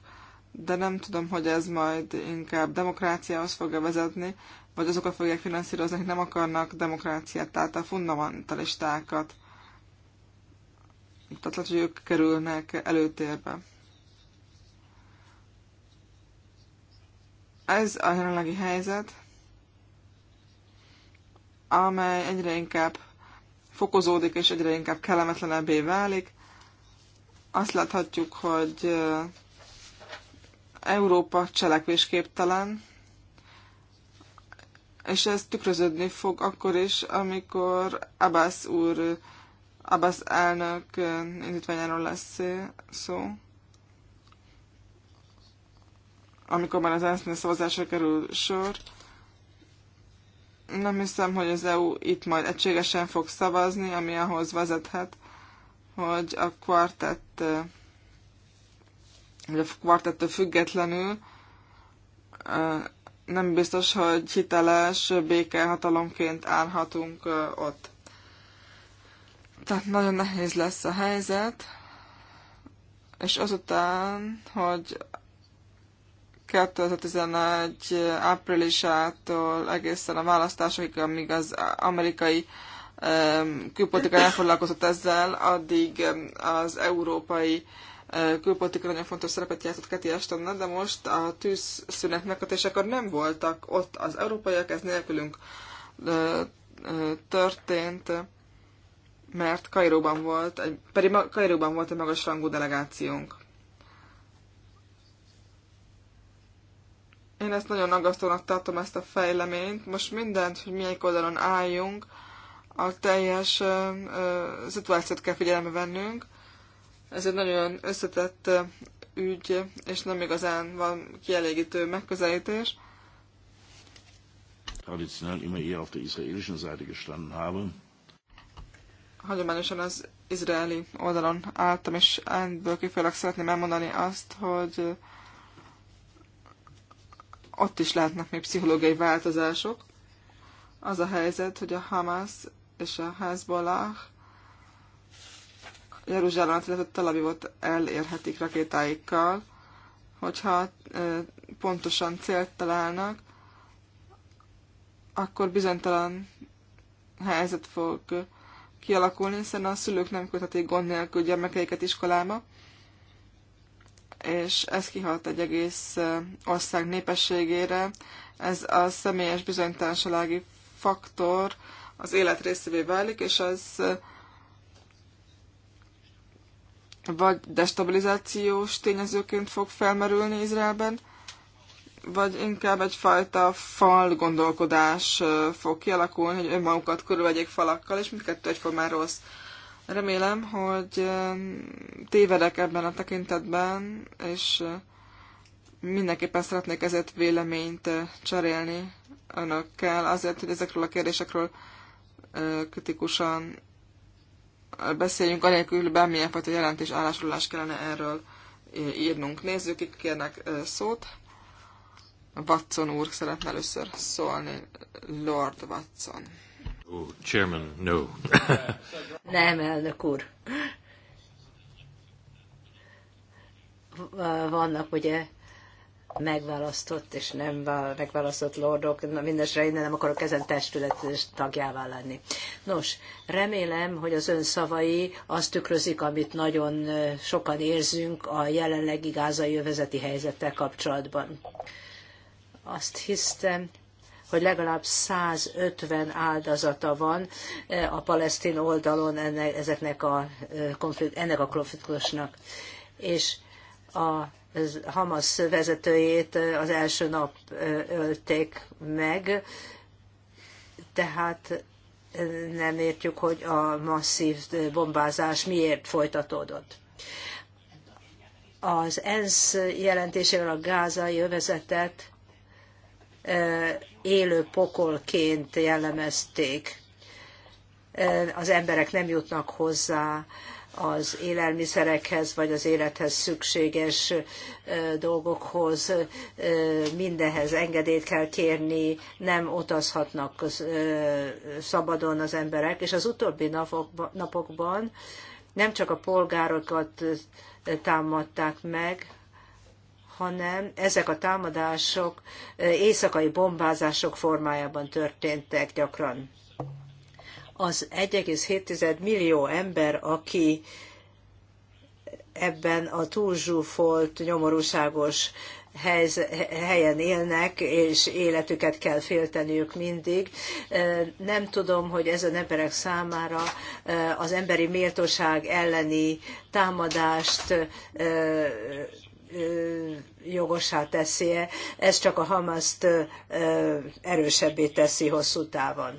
de nem tudom, hogy ez majd inkább demokráciához fog vezetni, vagy azokat fogják finanszírozni, akik nem akarnak demokráciát, tehát a fundamentalistákat. Tehát lehet, hogy ők kerülnek előtérbe. Ez a jelenlegi helyzet, amely egyre inkább fokozódik és egyre inkább kellemetlenebbé válik azt láthatjuk, hogy Európa cselekvésképtelen, és ez tükröződni fog akkor is, amikor Abbas úr, Abbas elnök indítványáról lesz szó. Amikor már az ENSZ szavazásra kerül sor. Nem hiszem, hogy az EU itt majd egységesen fog szavazni, ami ahhoz vezethet, hogy a kvartett, hogy a kvartettől függetlenül nem biztos, hogy hiteles békehatalomként állhatunk ott. Tehát nagyon nehéz lesz a helyzet, és azután, hogy 2011 áprilisától egészen a választásokig, amíg az amerikai uh, külpolitikáján elfoglalkozott ezzel, addig az európai külpolitika nagyon fontos szerepet játszott Keti Estonna, de most a tűzszünet megkötésekor nem voltak ott az európaiak, ez nélkülünk történt, mert Kairóban volt, pedig Kairóban volt egy magas rangú delegációnk. Én ezt nagyon aggasztónak tartom, ezt a fejleményt. Most mindent, hogy melyik oldalon álljunk, a teljes ö, ö, szituációt kell figyelembe vennünk. Ez egy nagyon összetett ügy, és nem igazán van kielégítő megközelítés. Traditionell immer eher auf der israelischen Seite gestanden habe. Hagyományosan az izraeli oldalon álltam, és ebből kifejezőleg szeretném elmondani azt, hogy ott is lehetnek még pszichológiai változások. Az a helyzet, hogy a Hamas és a Hezbollah Jeruzsálemet, illetve Tel Avivot elérhetik rakétáikkal, hogyha pontosan célt találnak, akkor bizonytalan helyzet fog kialakulni, hiszen a szülők nem köthetik gond nélkül gyermekeiket iskolába, és ez kihat egy egész ország népességére. Ez a személyes bizonytársalági faktor az élet részévé válik, és az eh, vagy destabilizációs tényezőként fog felmerülni Izraelben, vagy inkább egyfajta fal gondolkodás eh, fog kialakulni, hogy önmagukat körülvegyék falakkal, és mindkettő egyformán rossz. Remélem, hogy eh, tévedek ebben a tekintetben, és mindenképpen szeretnék ezért véleményt cserélni önökkel, azért, hogy ezekről a kérdésekről kritikusan beszéljünk, anélkül bármilyen fajta jelentés állásolás kellene erről írnunk. Nézzük, kik kérnek szót. Watson úr szeretne először szólni. Lord Watson. Oh, chairman, no. *laughs* Nem, elnök úr. Vannak ugye megválasztott és nem megválasztott lordok, na mindesre innen nem akarok ezen testület tagjává lenni. Nos, remélem, hogy az ön szavai azt tükrözik, amit nagyon sokan érzünk a jelenlegi gázai övezeti helyzettel kapcsolatban. Azt hiszem, hogy legalább 150 áldozata van a palesztin oldalon ennek, ezeknek a, ennek a konfliktusnak. És a Hamas vezetőjét az első nap ölték meg, tehát nem értjük, hogy a masszív bombázás miért folytatódott. Az ENSZ jelentésével a gázai övezetet élő pokolként jellemezték. Az emberek nem jutnak hozzá az élelmiszerekhez, vagy az élethez szükséges dolgokhoz, mindehez engedélyt kell kérni, nem utazhatnak szabadon az emberek, és az utóbbi napokban nem csak a polgárokat támadták meg, hanem ezek a támadások éjszakai bombázások formájában történtek gyakran az 1,7 millió ember, aki ebben a túlzsúfolt, nyomorúságos helyz, helyen élnek, és életüket kell félteniük mindig. Nem tudom, hogy ezen emberek számára az emberi méltóság elleni támadást jogosá teszi -e. Ez csak a Hamaszt erősebbé teszi hosszú távon.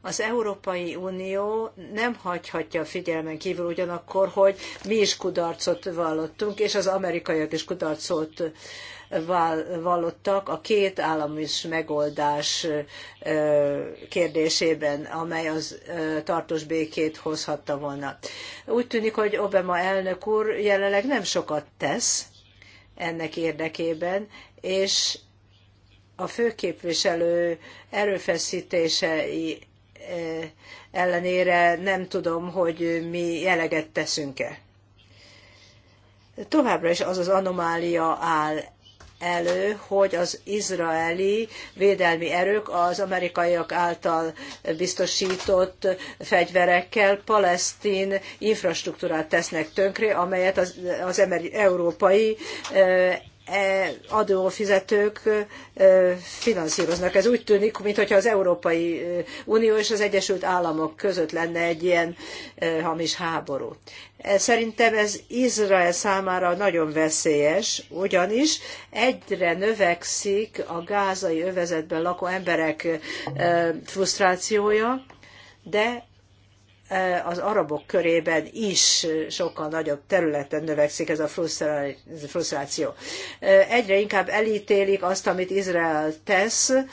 Az Európai Unió nem hagyhatja figyelmen kívül ugyanakkor, hogy mi is kudarcot vallottunk, és az amerikaiak is kudarcot vallottak a két államos megoldás kérdésében, amely az tartós békét hozhatta volna. Úgy tűnik, hogy Obama elnök úr jelenleg nem sokat tesz ennek érdekében, és a főképviselő erőfeszítései ellenére nem tudom, hogy mi jeleget teszünk-e. Továbbra is az az anomália áll elő, hogy az izraeli védelmi erők az amerikaiak által biztosított fegyverekkel palesztin infrastruktúrát tesznek tönkre, amelyet az, az európai E, adófizetők e, finanszíroznak. Ez úgy tűnik, mintha az Európai Unió és az Egyesült Államok között lenne egy ilyen e, hamis háború. Szerintem ez Izrael számára nagyon veszélyes, ugyanis egyre növekszik a gázai övezetben lakó emberek frusztrációja, de Eh, az arabok körében is sokkal nagyobb területen növekszik ez a frusztráció. Eh, egyre inkább elítélik azt, amit Izrael tesz, eh,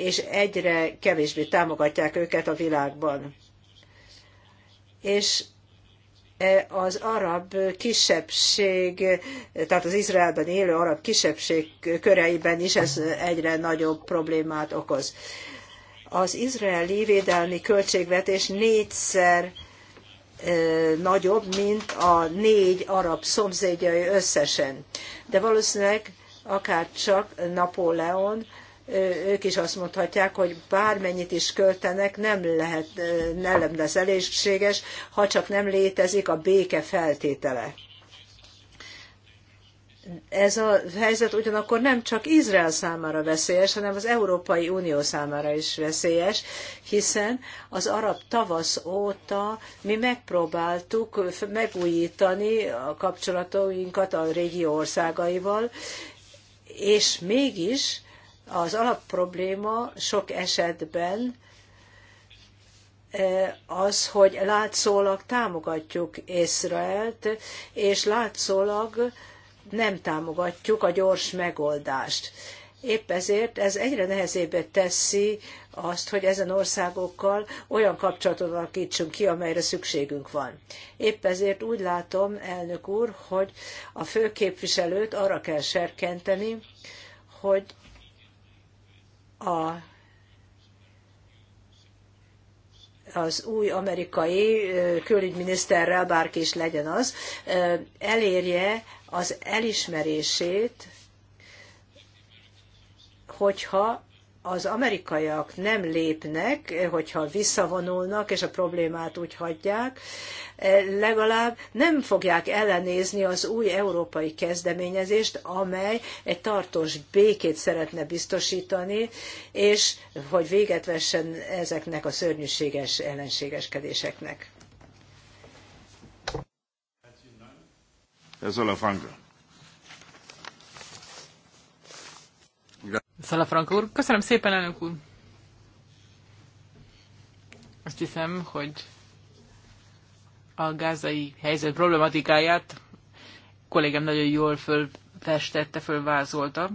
és egyre kevésbé támogatják őket a világban. És az arab kisebbség, tehát az Izraelben élő arab kisebbség köreiben is ez egyre nagyobb problémát okoz az izraeli védelmi költségvetés négyszer nagyobb, mint a négy arab szomszédjai összesen. De valószínűleg akár csak Napóleon, ők is azt mondhatják, hogy bármennyit is költenek, nem, lehet, nem lesz elégséges, ha csak nem létezik a béke feltétele ez a helyzet ugyanakkor nem csak Izrael számára veszélyes, hanem az Európai Unió számára is veszélyes, hiszen az arab tavasz óta mi megpróbáltuk megújítani a kapcsolatainkat a régió országaival, és mégis az alapprobléma sok esetben eh, az, hogy látszólag támogatjuk Izraelt, és látszólag nem támogatjuk a gyors megoldást. Épp ezért ez egyre nehezébbé teszi azt, hogy ezen országokkal olyan kapcsolatot alakítsunk ki, amelyre szükségünk van. Épp ezért úgy látom, elnök úr, hogy a főképviselőt arra kell serkenteni, hogy a az új amerikai külügyminiszterrel, bárki is legyen az, elérje az elismerését, hogyha az amerikaiak nem lépnek, hogyha visszavonulnak, és a problémát úgy hagyják, eh, legalább nem fogják ellenézni az új európai kezdeményezést, amely egy tartós békét szeretne biztosítani, és hogy véget vessen ezeknek a szörnyűséges ellenségeskedéseknek. Herr Salafranca. Salafranca úr, köszönöm szépen, elnök úr. Azt hiszem, hogy a gázai helyzet problematikáját kollégám nagyon jól fölfestette, fölvázolta.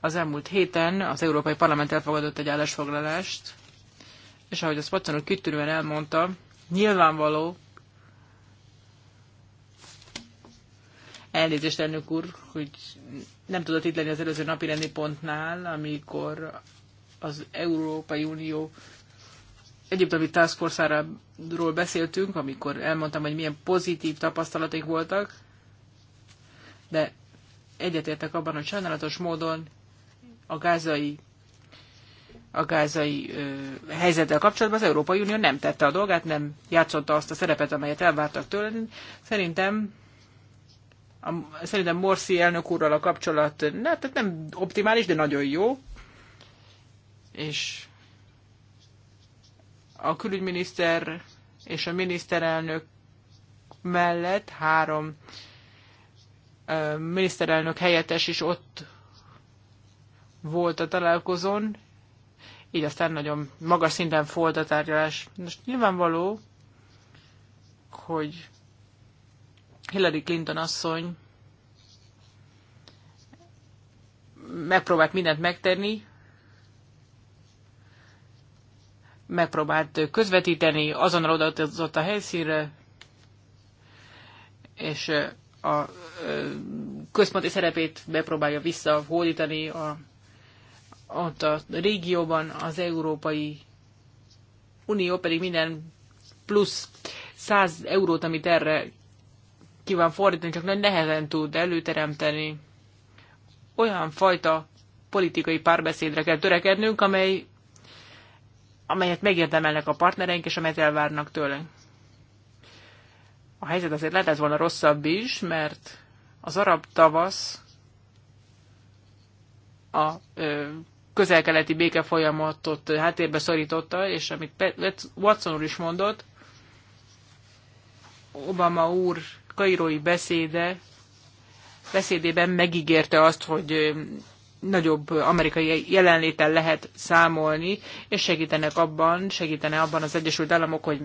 Az elmúlt héten az Európai Parlament elfogadott egy állásfoglalást, és ahogy a Watson kitűnően elmondta, nyilvánvaló, Elnézést, elnök úr, hogy nem tudott itt lenni az előző napi rendi pontnál, amikor az Európai Unió egyiptomi Task Force-áról beszéltünk, amikor elmondtam, hogy milyen pozitív tapasztalataik voltak, de egyetértek abban, hogy sajnálatos módon a gázai a gázai ö, helyzettel kapcsolatban az Európai Unió nem tette a dolgát, nem játszotta azt a szerepet, amelyet elvártak tőle. Szerintem a, szerintem Morsi elnök úrral a kapcsolat ne, tehát nem optimális, de nagyon jó. És a külügyminiszter és a miniszterelnök mellett három ö, miniszterelnök helyettes is ott volt a találkozón, így aztán nagyon magas szinten folyt a tárgyalás. Most nyilvánvaló, hogy Hillary Clinton asszony megpróbált mindent megtenni, megpróbált közvetíteni, azonnal odaadott a helyszínre, és a központi szerepét bepróbálja visszahódítani a, ott a régióban, az Európai Unió pedig minden plusz 100 eurót, amit erre ki van fordítani, csak nagyon nehezen tud előteremteni. Olyan fajta politikai párbeszédre kell törekednünk, amely, amelyet megérdemelnek a partnereink, és amelyet elvárnak tőlünk. A helyzet azért ez volna rosszabb is, mert az arab tavasz a ö, közel-keleti folyamatot háttérbe szorította, és amit Watson úr is mondott, Obama úr kairói beszéde, beszédében megígérte azt, hogy nagyobb amerikai jelenléten lehet számolni, és segítenek abban, segítene abban az Egyesült Államok, hogy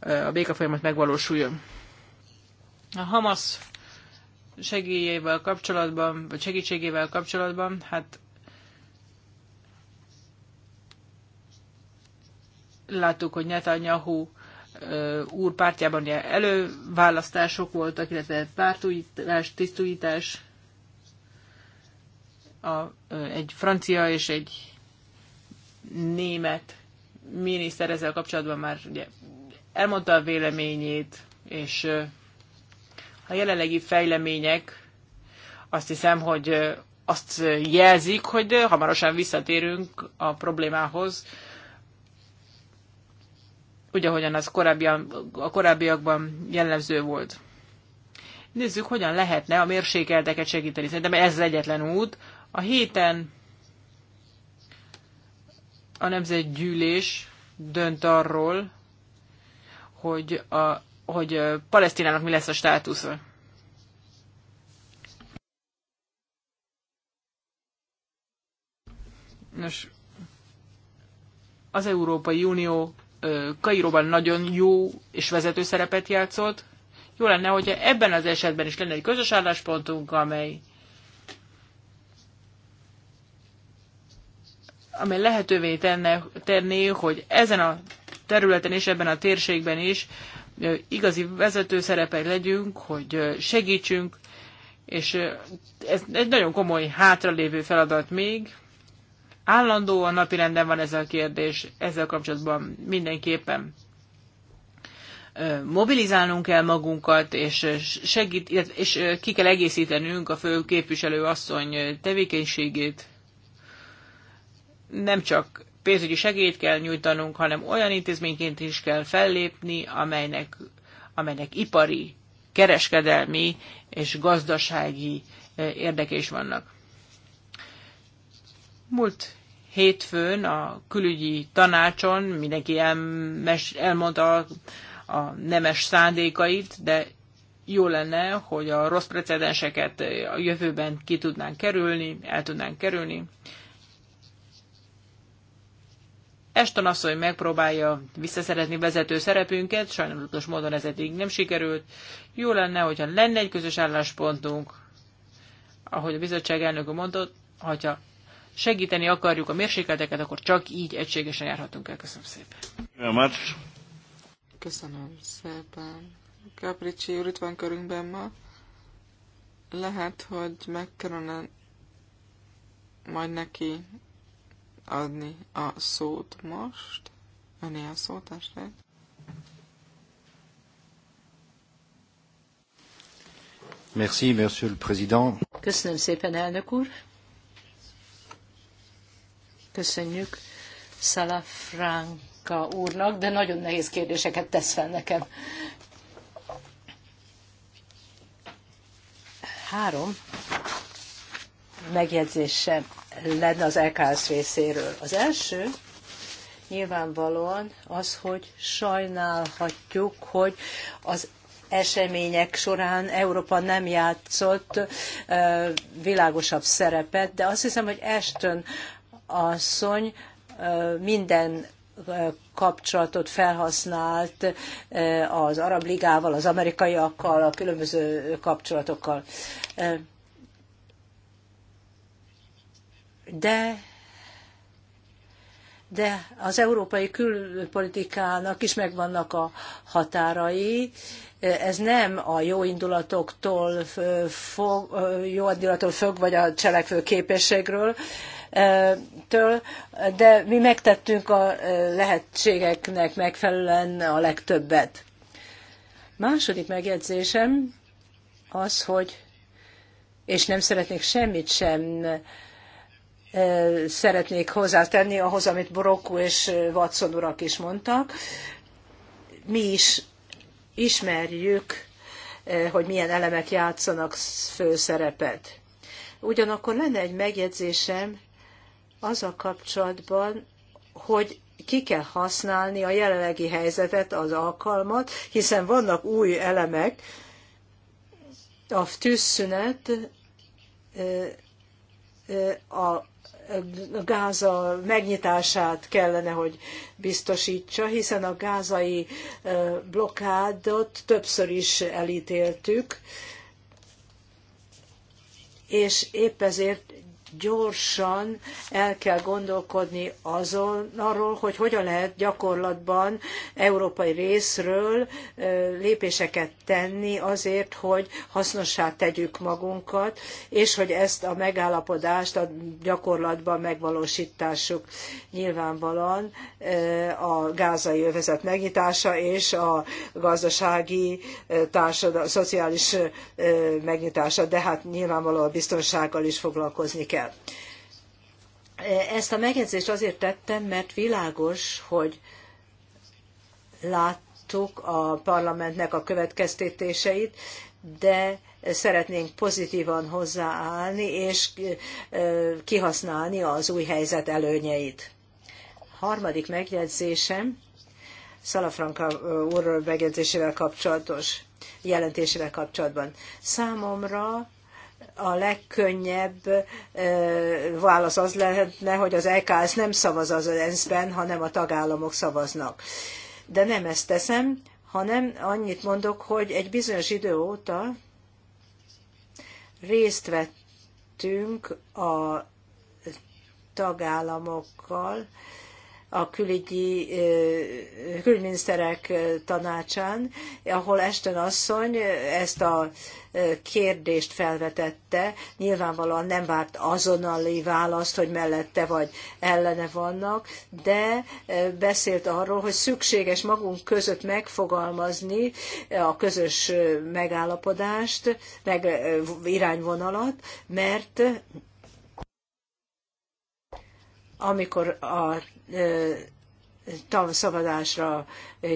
a békafolyamat megvalósuljon. A Hamas segélyével kapcsolatban, vagy segítségével kapcsolatban, hát láttuk, hogy Netanyahu úr pártjában ilyen előválasztások voltak, illetve pártújítás, tisztújítás, a, egy francia és egy német miniszter ezzel kapcsolatban már ugye elmondta a véleményét, és a jelenlegi fejlemények azt hiszem, hogy azt jelzik, hogy hamarosan visszatérünk a problémához, úgy, ahogyan az korábbi, a korábbiakban jellemző volt. Nézzük, hogyan lehetne a mérsékelteket segíteni. Szerintem ez az egyetlen út. A héten a nemzetgyűlés dönt arról, hogy, a, hogy Palesztinának mi lesz a státusza. Nos, az Európai Unió Kairóban nagyon jó és vezető szerepet játszott. Jó lenne, hogyha ebben az esetben is lenne egy közös álláspontunk, amely, amely lehetővé tenne, tenné, hogy ezen a területen és ebben a térségben is igazi vezető szerepek legyünk, hogy segítsünk, és ez egy nagyon komoly hátralévő feladat még, állandóan napirenden van ez a kérdés, ezzel kapcsolatban mindenképpen mobilizálnunk kell magunkat, és, segít, és ki kell egészítenünk a fő képviselő asszony tevékenységét. Nem csak pénzügyi segélyt kell nyújtanunk, hanem olyan intézményként is kell fellépni, amelynek, amelynek ipari, kereskedelmi és gazdasági érdeke is vannak. Múlt hétfőn a külügyi tanácson mindenki elmes, elmondta a, a nemes szándékait, de jó lenne, hogy a rossz precedenseket a jövőben ki tudnánk kerülni, el tudnánk kerülni. Eston asszony megpróbálja visszaszeretni vezető szerepünket, sajnálatos módon ez eddig nem sikerült. Jó lenne, hogyha lenne egy közös álláspontunk, ahogy a bizottság elnöke mondott, hogyha segíteni akarjuk a mérsékelteket, akkor csak így egységesen járhatunk el. Köszönöm szépen. Köszönöm szépen. Capricci úr itt van körünkben ma. Lehet, hogy meg kellene majd neki adni a szót most. Öné a szót, esetleg. Merci, monsieur le président. Köszönöm szépen, elnök úr. Köszönjük Szalafránka úrnak, de nagyon nehéz kérdéseket tesz fel nekem. Három megjegyzésem lenne az LKS részéről. Az első nyilvánvalóan az, hogy sajnálhatjuk, hogy az események során Európa nem játszott világosabb szerepet, de azt hiszem, hogy Ashton asszony minden kapcsolatot felhasznált az Arab Ligával, az amerikaiakkal, a különböző kapcsolatokkal. De de az európai külpolitikának is megvannak a határai. Ez nem a jó indulatoktól fog, jó indulatoktól fog, vagy a cselekvő képességről, től, de mi megtettünk a lehetségeknek megfelelően a legtöbbet. Második megjegyzésem az, hogy, és nem szeretnék semmit sem szeretnék hozzátenni ahhoz, amit Borokku és Watson urak is mondtak. Mi is ismerjük, hogy milyen elemek játszanak főszerepet. Ugyanakkor lenne egy megjegyzésem az a kapcsolatban, hogy ki kell használni a jelenlegi helyzetet, az alkalmat, hiszen vannak új elemek, a tűzszünet, a Gáza megnyitását kellene, hogy biztosítsa, hiszen a gázai blokkádot többször is elítéltük, és épp ezért gyorsan el kell gondolkodni azon, arról, hogy hogyan lehet gyakorlatban európai részről lépéseket tenni azért, hogy hasznossá tegyük magunkat, és hogy ezt a megállapodást a gyakorlatban megvalósítássuk. Nyilvánvalóan a gázai övezet megnyitása és a gazdasági, társadal, szociális megnyitása, de hát nyilvánvalóan a biztonsággal is foglalkozni kell kell. Ezt a megjegyzést azért tettem, mert világos, hogy láttuk a parlamentnek a következtetéseit, de szeretnénk pozitívan hozzáállni és kihasználni az új helyzet előnyeit. Harmadik megjegyzésem Szalafranka úr megjegyzésével kapcsolatos, jelentésével kapcsolatban. Számomra a legkönnyebb válasz az lehetne, hogy az EKS nem szavaz az ENSZ-ben, hanem a tagállamok szavaznak. De nem ezt teszem, hanem annyit mondok, hogy egy bizonyos idő óta részt vettünk a tagállamokkal, a külügyi, külügyminiszterek tanácsán, ahol Esten asszony ezt a kérdést felvetette, nyilvánvalóan nem várt azonnali választ, hogy mellette vagy ellene vannak, de beszélt arról, hogy szükséges magunk között megfogalmazni a közös megállapodást, meg irányvonalat, mert amikor a tanszavazásra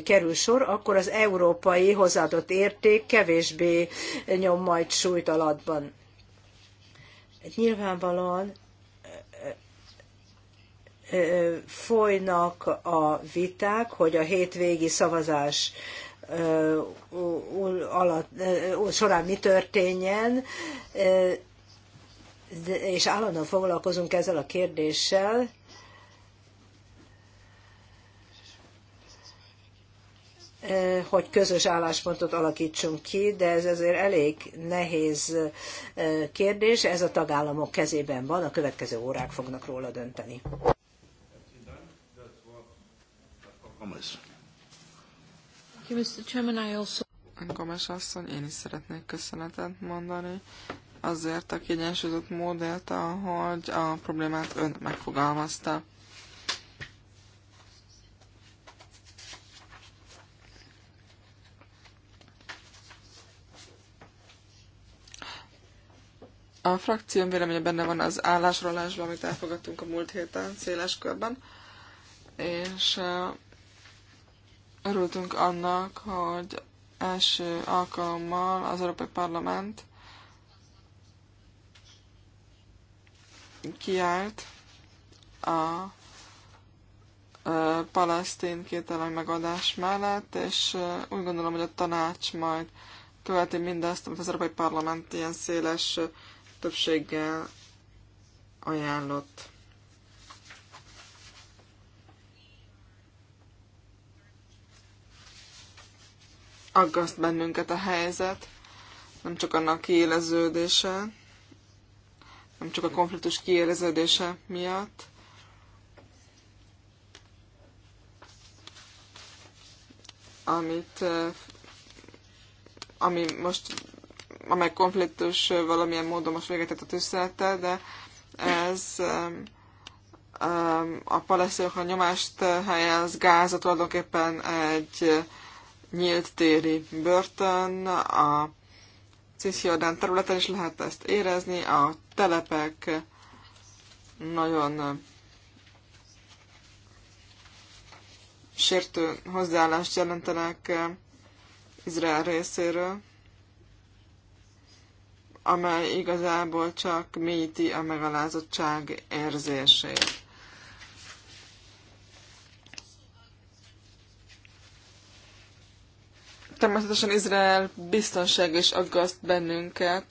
kerül sor, akkor az európai hozzáadott érték kevésbé nyom majd súlyt alatban. Nyilvánvalóan folynak a viták, hogy a hétvégi szavazás alatt, során mi történjen, és állandóan foglalkozunk ezzel a kérdéssel, e, hogy közös álláspontot alakítsunk ki, de ez azért elég nehéz e, kérdés, ez a tagállamok kezében van, a következő órák fognak róla dönteni. Gomes asszony, én is szeretnék köszönetet mondani azért a kiegyensúlyozott modellt, ahogy a problémát ön megfogalmazta. A frakcióm véleménye benne van az állásrólásban, amit elfogadtunk a múlt héten széles körben, és örültünk annak, hogy első alkalommal az Európai Parlament kiállt a palesztin kételem megadás mellett, és úgy gondolom, hogy a tanács majd követi mindazt, amit az Európai Parlament ilyen széles többséggel ajánlott. Aggaszt bennünket a helyzet, nem csak annak kiéleződése, nem csak a konfliktus kiéleződése miatt. Amit, ami most, amely konfliktus valamilyen módon most véget ért a tűzszelettel, de ez a a nyomást helyez, gázat tulajdonképpen egy nyílt téri börtön, a Cisziordán területen is lehet ezt érezni, a telepek nagyon sértő hozzáállást jelentenek Izrael részéről, amely igazából csak mélyíti a megalázottság érzését. Természetesen Izrael biztonság is aggaszt bennünket.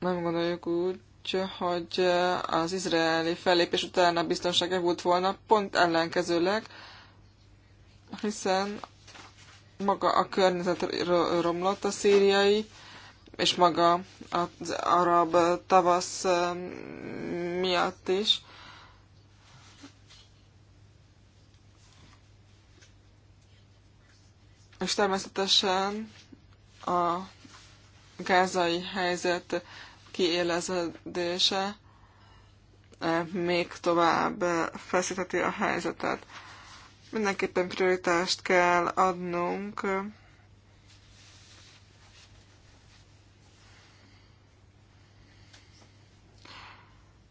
Nem gondoljuk úgy, hogy az izraeli fellépés után a biztonság volt volna, pont ellenkezőleg, hiszen maga a környezet romlott a szíriai, és maga az arab tavasz miatt is. És természetesen a gázai helyzet kiélezedése e, még tovább e, feszítheti a helyzetet. Mindenképpen prioritást kell adnunk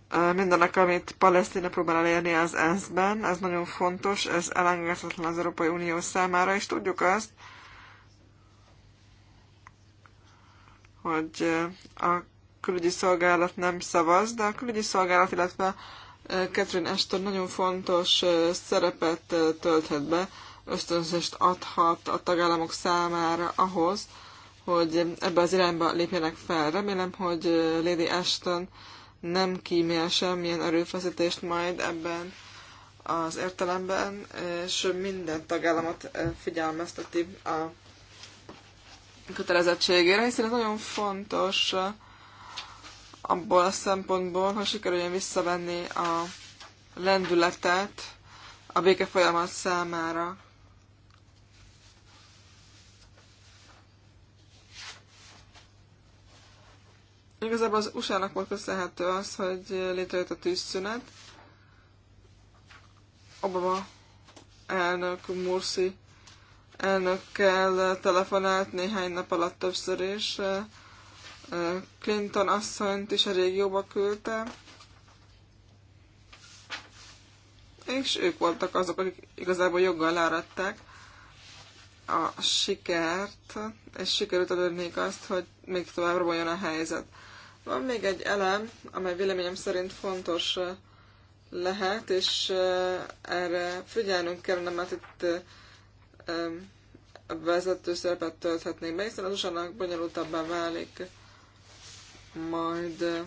e, mindenek, amit Palesztina próbál elérni az ENSZ-ben, ez nagyon fontos, ez elengedhetetlen az Európai Unió számára, és tudjuk azt, hogy eh, a külügyi szolgálat nem szavaz, de a külügyi szolgálat, illetve eh, Catherine Ashton nagyon fontos eh, szerepet tölthet be, ösztönzést adhat a tagállamok számára ahhoz, hogy ebbe az irányba lépjenek fel. Remélem, hogy Lady Ashton nem kímél semmilyen erőfeszítést majd ebben az értelemben, és minden tagállamot figyelmezteti a kötelezettségére, hiszen ez nagyon fontos uh, abból a szempontból, hogy sikerüljön visszavenni a lendületet a béke folyamat számára. Igazából az USA-nak volt köszönhető az, hogy létrejött a tűzszünet. Obama elnök Mursi elnökkel telefonált néhány nap alatt többször is. Clinton asszonyt is a régióba küldte. És ők voltak azok, akik igazából joggal áradták a sikert, és sikerült elérnék azt, hogy még tovább romoljon a helyzet. Van még egy elem, amely véleményem szerint fontos lehet, és erre figyelnünk kellene, mert itt vezető szerepet tölthetnék be, hiszen az usa bonyolultabbá válik majd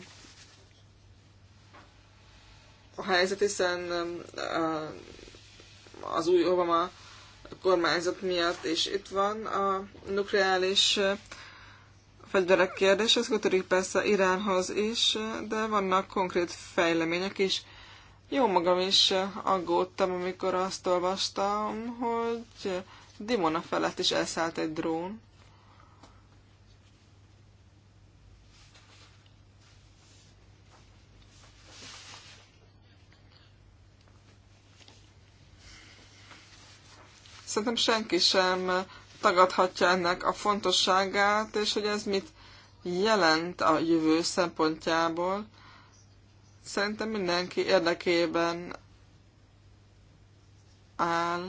a helyzet, hiszen az új Obama kormányzat miatt, és itt van a nukleális fegyverek kérdése, ez kötődik persze Iránhoz is, de vannak konkrét fejlemények is. Jó magam is aggódtam, amikor azt olvastam, hogy Dimona felett is elszállt egy drón. Szerintem senki sem tagadhatja ennek a fontosságát, és hogy ez mit jelent a jövő szempontjából Szerintem mindenki érdekében áll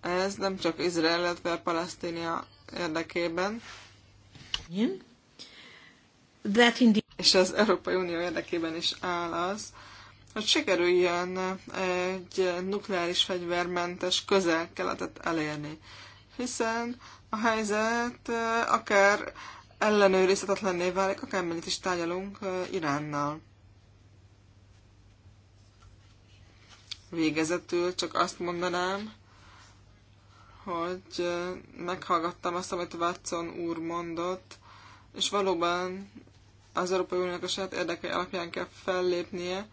ez, nem csak Izrael, illetve Palesztinia érdekében. Yeah. És az Európai Unió érdekében is áll az, hogy sikerüljön egy nukleáris fegyvermentes közel-keletet elérni. Hiszen a helyzet eh, akár ellenőrizhetetlenné válik, akármennyit is tárgyalunk eh, Iránnal. Végezetül csak azt mondanám, hogy meghallgattam azt, amit Watson úr mondott, és valóban az Európai Uniónak a saját érdekei alapján kell fellépnie,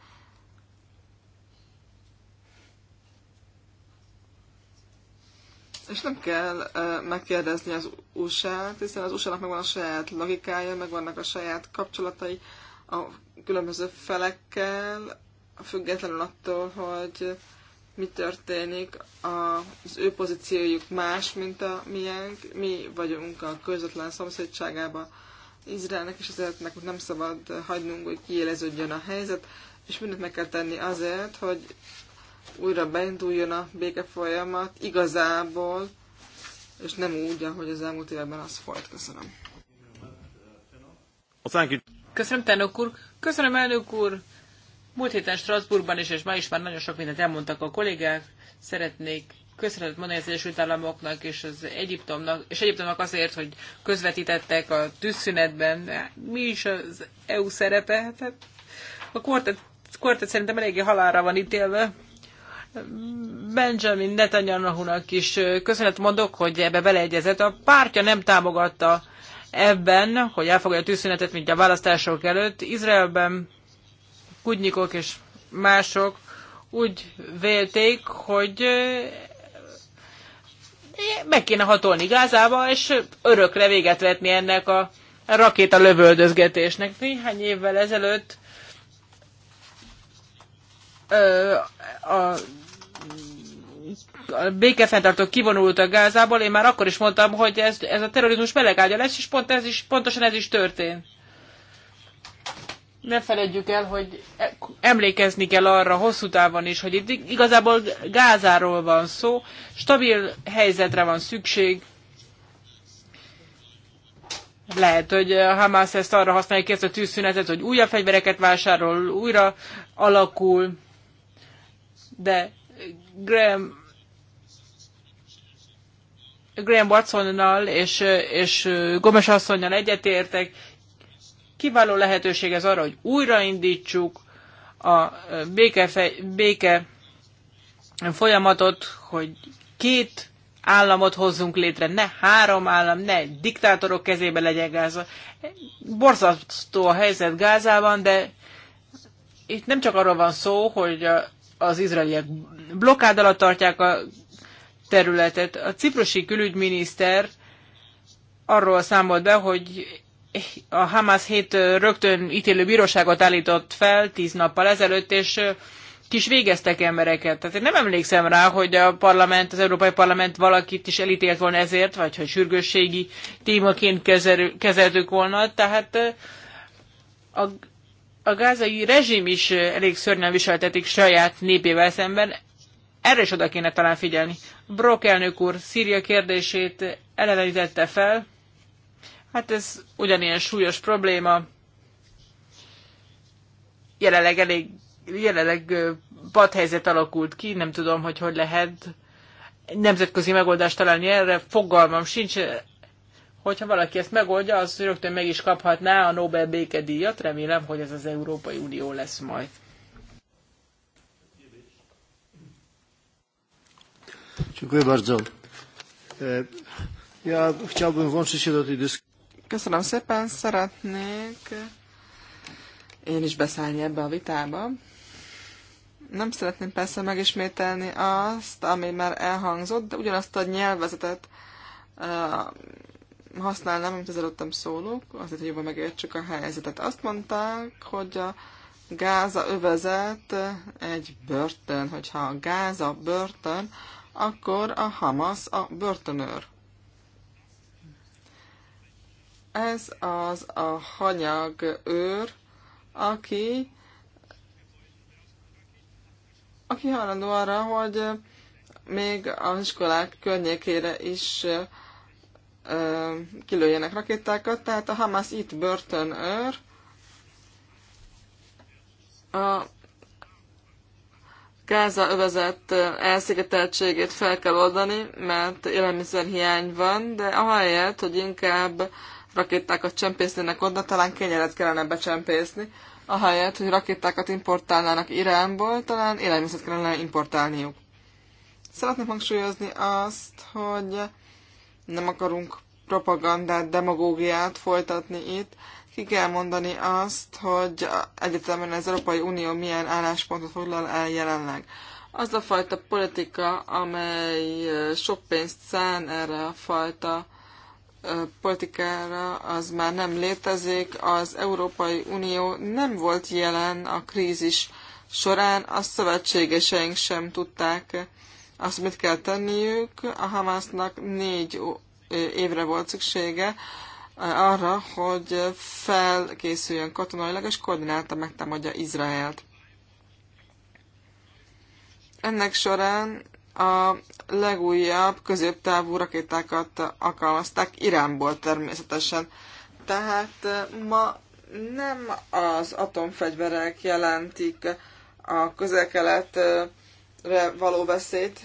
És nem kell uh, megkérdezni az USA-t, hiszen az USA-nak megvan a saját logikája, megvannak a saját kapcsolatai a különböző felekkel, függetlenül attól, hogy mi történik, az ő pozíciójuk más, mint a miénk. Mi vagyunk a közvetlen szomszédságában Izraelnek, és ezért nekünk nem szabad hagynunk, hogy kiéleződjön a helyzet, és mindent meg kell tenni azért, hogy újra beinduljon a béke folyamat igazából, és nem úgy, ahogy az elmúlt években az folyt. Köszönöm. Köszönöm, Tenok úr. Köszönöm, elnök úr. Múlt héten Strasbourgban is, és ma is már nagyon sok mindent elmondtak a kollégák. Szeretnék köszönetet mondani az Egyesült Államoknak és az Egyiptomnak, és Egyiptomnak azért, hogy közvetítettek a tűzszünetben. Mi is az EU szerepe? Tehát hát a kortet, kortet szerintem eléggé halára van ítélve. Benjamin Netanyahu-nak is köszönet mondok, hogy ebbe beleegyezett. A pártja nem támogatta ebben, hogy elfogadja a tűzszünetet, mint a választások előtt. Izraelben Kudnyikok és mások úgy vélték, hogy meg kéne hatolni Gázába, és örökre véget vetni ennek a rakéta lövöldözgetésnek. Néhány évvel ezelőtt a a békefenntartók kivonultak Gázából, én már akkor is mondtam, hogy ez, ez a terrorizmus melegágya lesz, és pont ez is, pontosan ez is történt ne feledjük el, hogy e- emlékezni kell arra hosszú távon is, hogy itt igazából Gázáról van szó, stabil helyzetre van szükség. Lehet, hogy Hamas ezt arra használja ki ezt a tűzszünetet, hogy újabb fegyvereket vásárol, újra alakul, de Graham Graham Watsonnal és, és Gomes asszonynal egyetértek, kiváló lehetőség ez arra, hogy újraindítsuk a béke, béke folyamatot, hogy két államot hozzunk létre, ne három állam, ne diktátorok kezébe legyen Gáza. Borzasztó a helyzet Gázában, de itt nem csak arról van szó, hogy az izraeliek blokkád alatt tartják a területet. A ciprusi külügyminiszter arról számolt be, hogy a Hamas hét rögtön ítélő bíróságot állított fel tíz nappal ezelőtt, és kis végeztek embereket. Tehát én nem emlékszem rá, hogy a parlament, az Európai Parlament valakit is elítélt volna ezért, vagy hogy sürgősségi témaként kezel, kezeltük volna. Tehát a, a gázai rezsim is elég szörnyen viseltetik saját népével szemben. Erre is oda kéne talán figyelni. Brock elnök úr Szíria kérdését elevenítette fel. Hát ez ugyanilyen súlyos probléma. Jelenleg elég, jelenleg padhelyzet alakult ki, nem tudom, hogy hogy lehet nemzetközi megoldást találni erre, fogalmam sincs. Hogyha valaki ezt megoldja, az rögtön meg is kaphatná a Nobel békedíjat. Remélem, hogy ez az Európai Unió lesz majd. Dziękuję bardzo. E, ja chciałbym włączyć się do tej dyskusji. Köszönöm szépen, szeretnék én is beszállni ebbe a vitába. Nem szeretném persze megismételni azt, ami már elhangzott, de ugyanazt a nyelvezetet uh, használnám, amit az előttem szólók, azért, hogy jobban megértsük a helyzetet. Azt mondták, hogy a Gáza övezet egy börtön, hogyha a Gáza börtön, akkor a Hamas a börtönőr. Ez az a hanyag őr, aki, aki hajlandó arra, hogy még az iskolák környékére is ö, kilőjenek rakétákat, tehát a Hamas itt őr. A Gáza övezett elszigeteltségét fel kell oldani, mert élelmiszerhiány van, de ahelyett, hogy inkább rakétákat csempésznének oda, talán kenyeret kellene becsempészni, ahelyett, hogy rakétákat importálnának Iránból, talán élelmiszert kellene importálniuk. Szeretném hangsúlyozni azt, hogy nem akarunk propagandát, demagógiát folytatni itt. Ki kell mondani azt, hogy egyetemben az Európai Unió milyen álláspontot foglal el jelenleg. Az a fajta politika, amely sok pénzt szán erre a fajta politikára az már nem létezik. Az Európai Unió nem volt jelen a krízis során, a szövetségeseink sem tudták azt, mit kell tenniük. A Hamásznak négy évre volt szüksége arra, hogy felkészüljön katonailag és koordinálta megtámadja Izraelt. Ennek során a legújabb középtávú rakétákat alkalmazták Iránból természetesen. Tehát eh, ma nem az atomfegyverek jelentik a közel-keletre való veszélyt,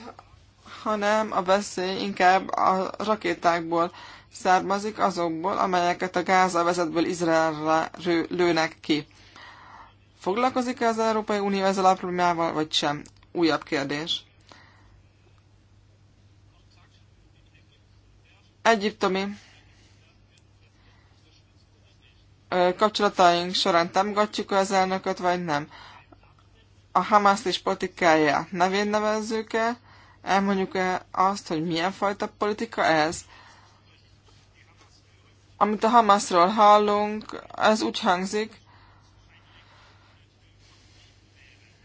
hanem a veszély inkább a rakétákból származik, azokból, amelyeket a vezetből Izraelre lőnek ki. Foglalkozik-e az Európai Unió ezzel a problémával, vagy sem? Újabb kérdés. egyiptomi kapcsolataink során támogatjuk az elnököt, vagy nem. A Hamas és politikáját nevén nevezzük-e, elmondjuk-e azt, hogy milyen fajta politika ez. Amit a Hamasról hallunk, ez úgy hangzik,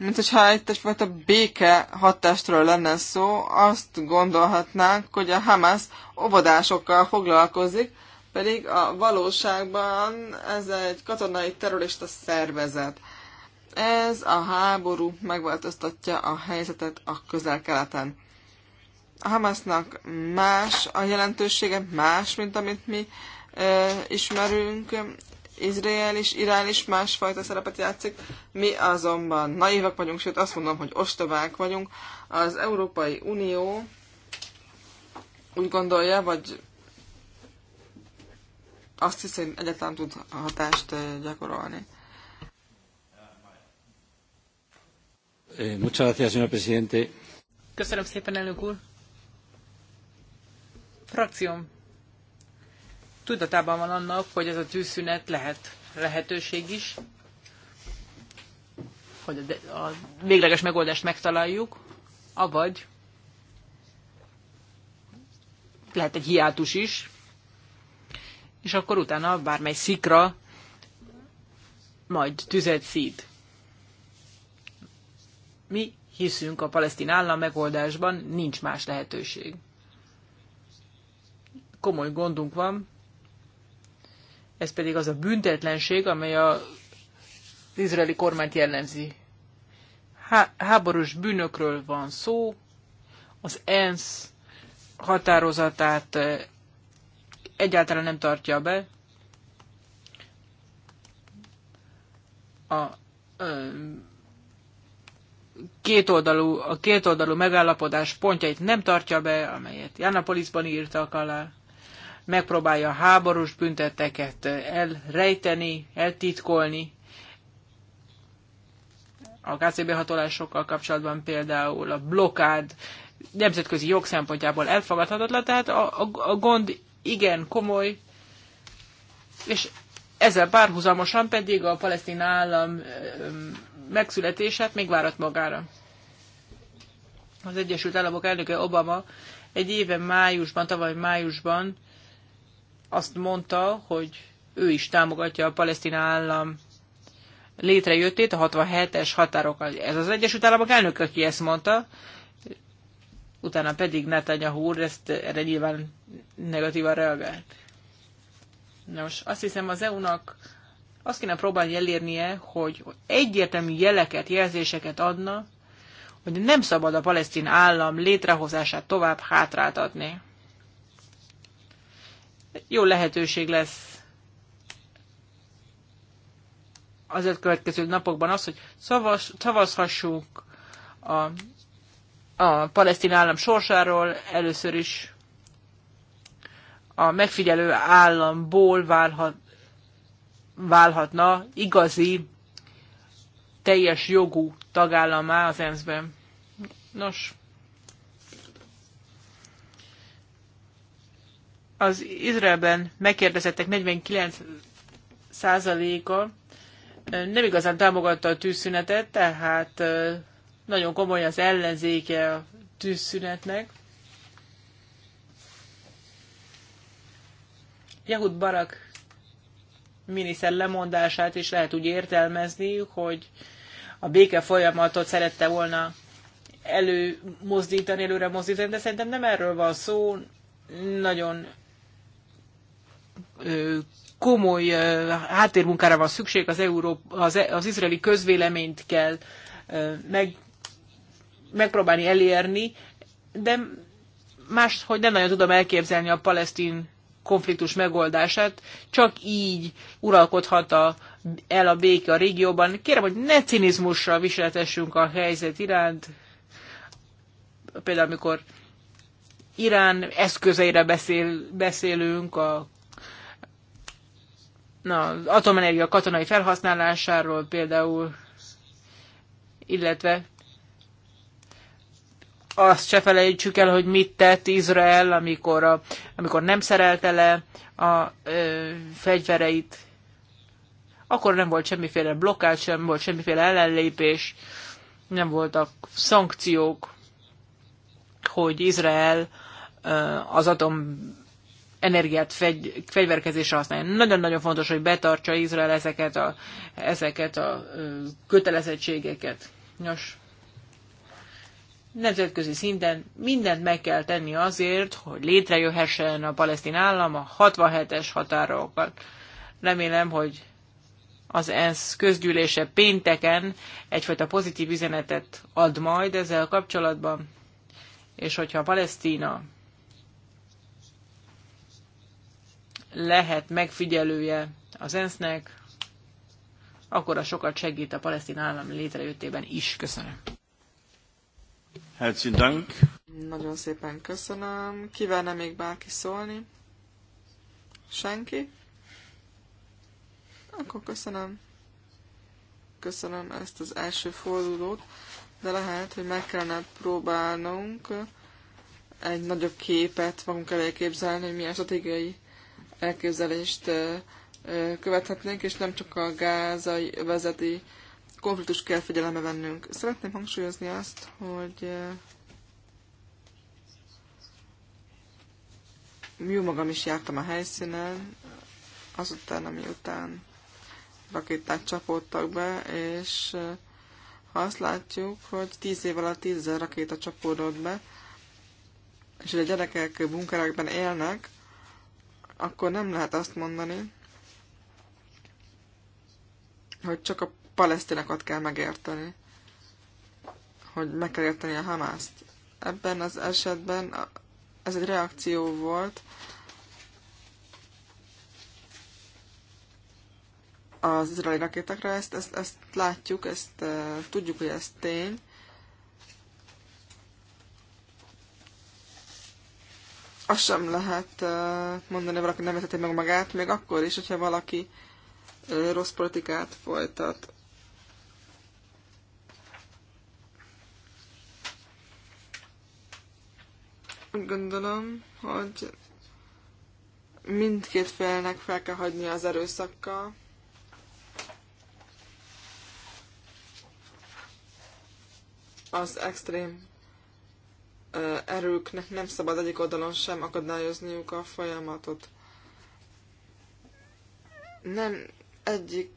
mint hogyha itt egyfajta béke hatástról lenne szó, azt gondolhatnánk, hogy a Hamas óvodásokkal foglalkozik, pedig a valóságban ez egy katonai terrorista szervezet. Ez a háború megváltoztatja a helyzetet a közel-keleten. A Hamasnak más a jelentősége, más, mint amit mi e, ismerünk. Izrael is, Irán is másfajta szerepet játszik, mi azonban naívak vagyunk, sőt azt mondom, hogy ostobák vagyunk. Az Európai Unió úgy gondolja, vagy azt hiszi, hogy egyáltalán tud hatást gyakorolni. Eh, Köszönöm szépen, elnök úr! Frakcióm tudatában van annak, hogy ez a tűzszünet lehet lehetőség is, hogy a, a végleges megoldást megtaláljuk, avagy lehet egy hiátus is, és akkor utána bármely szikra majd tüzet szít. Mi hiszünk a palesztin állam megoldásban, nincs más lehetőség. Komoly gondunk van, ez pedig az a büntetlenség, amely a az izraeli kormányt jellemzi. Há- háborús bűnökről van szó, az ENSZ határozatát eh, egyáltalán nem tartja be. A eh, kétoldalú, a kétoldalú megállapodás pontjait nem tartja be, amelyet Janapolisban írtak alá megpróbálja a háborús bünteteket eh, elrejteni, eltitkolni. A KCB hatolásokkal kapcsolatban például a blokád nemzetközi jog szempontjából elfogadhatatlan, tehát a, a, a gond igen komoly, és ezzel párhuzamosan pedig a palesztin állam eh, megszületését még várat magára. Az Egyesült Államok elnöke Obama egy éve májusban, tavaly májusban azt mondta, hogy ő is támogatja a palesztina állam létrejöttét, a 67-es határokat. Ez az Egyesült Államok elnök, aki ezt mondta, utána pedig Netanyahu úr ezt erre nyilván negatívan reagált. Nos, azt hiszem az EU-nak azt kéne próbálni elérnie, hogy egyértelmű jeleket, jelzéseket adna, hogy nem szabad a palesztin állam létrehozását tovább hátráltatni. Jó lehetőség lesz az következő napokban az, hogy szavaz, szavazhassunk a, a palesztin állam sorsáról. Először is a megfigyelő államból válhat, válhatna igazi, teljes jogú tagállamá az ENSZ-ben. Nos, Az Izraelben megkérdezettek 49%-a nem igazán támogatta a tűzszünetet, tehát nagyon komoly az ellenzéke a tűzszünetnek. Jehud Barak miniszter lemondását is lehet úgy értelmezni, hogy a béke folyamatot szerette volna előmozdítani, előre mozdítani, de szerintem nem erről van szó, nagyon komoly háttérmunkára van szükség, az, Európa, az, e, az izraeli közvéleményt kell meg, megpróbálni elérni, de más, hogy nem nagyon tudom elképzelni a palesztin konfliktus megoldását, csak így uralkodhat a, el a béke a régióban. Kérem, hogy ne cinizmussal viseletessünk a helyzet iránt, például amikor Irán eszközeire beszél, beszélünk, a na, atomenergia katonai felhasználásáról például, illetve azt se felejtsük el, hogy mit tett Izrael, amikor, a, amikor nem szerelte le a ö, fegyvereit. Akkor nem volt semmiféle blokkád, sem volt semmiféle ellenlépés, nem voltak szankciók, hogy Izrael ö, az atom energiát fegy, fegyverkezésre használja. Nagyon-nagyon fontos, hogy betartsa Izrael ezeket a, ezeket a kötelezettségeket. Nos, nemzetközi szinten mindent meg kell tenni azért, hogy létrejöhessen a palesztin állam a 67-es határokat. Remélem, hogy az ENSZ közgyűlése pénteken egyfajta pozitív üzenetet ad majd ezzel kapcsolatban, és hogyha a Palesztina lehet megfigyelője az ENSZ-nek, akkor a sokat segít a palesztin állam létrejöttében is. Köszönöm. Herzlichen Dank. Nagyon szépen köszönöm. Kívánna még bárki szólni? Senki? Akkor köszönöm. Köszönöm ezt az első fordulót, de lehet, hogy meg kellene próbálnunk egy nagyobb képet magunk elé képzelni, hogy milyen stratégiai elképzelést követhetnénk, és nem csak a gázai vezeti konfliktus kell figyelembe vennünk. Szeretném hangsúlyozni azt, hogy jó magam is jártam a helyszínen, azután, ami után rakétát csapódtak be, és ha azt látjuk, hogy tíz év alatt tízezer rakéta csapódott be, és hogy a gyerekek bunkerekben élnek, akkor nem lehet azt mondani, hogy csak a palesztinakat kell megérteni, hogy meg kell érteni a Hamászt. Ebben az esetben ez egy reakció volt az izraeli rakétákra, ezt, ezt, ezt látjuk, ezt e, tudjuk, hogy ez tény, azt sem lehet mondani, hogy valaki nem vezeti meg magát, még akkor is, hogyha valaki rossz politikát folytat. Gondolom, hogy mindkét félnek fel kell hagyni az erőszakkal. Az extrém erőknek nem szabad egyik oldalon sem akadályozniuk a folyamatot. Nem egyik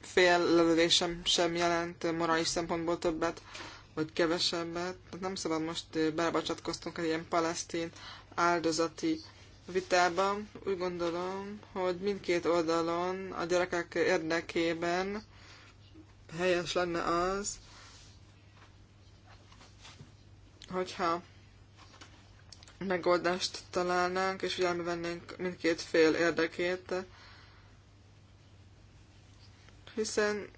fél lelövésem sem jelent morális szempontból többet, vagy kevesebbet. Nem szabad most belebacsatkoztunk egy ilyen palesztin áldozati vitában úgy gondolom, hogy mindkét oldalon a gyerekek érdekében helyes lenne az, hogyha megoldást találnánk, és figyelme vennénk mindkét fél érdekét, hiszen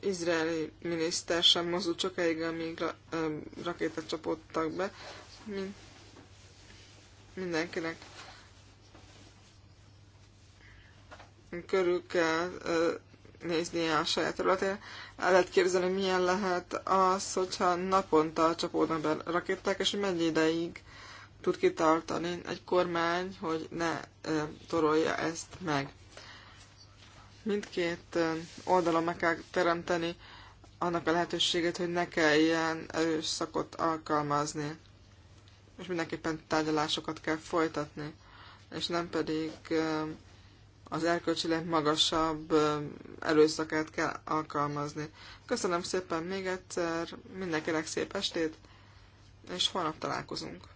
izraeli miniszter sem mozdult elég, amíg rakétát csapottak be. mint mindenkinek körül kell nézni a saját területén. El lehet képzelni, milyen lehet az, hogyha naponta csapódnak be rakéták, és hogy mennyi ideig tud kitartani egy kormány, hogy ne e, torolja ezt meg. Mindkét oldalon meg kell teremteni annak a lehetőséget, hogy ne kelljen erős szakot alkalmazni. És mindenképpen tárgyalásokat kell folytatni, és nem pedig e, az erkölcsileg magasabb erőszakát kell alkalmazni. Köszönöm szépen még egyszer, mindenkinek szép estét, és holnap találkozunk.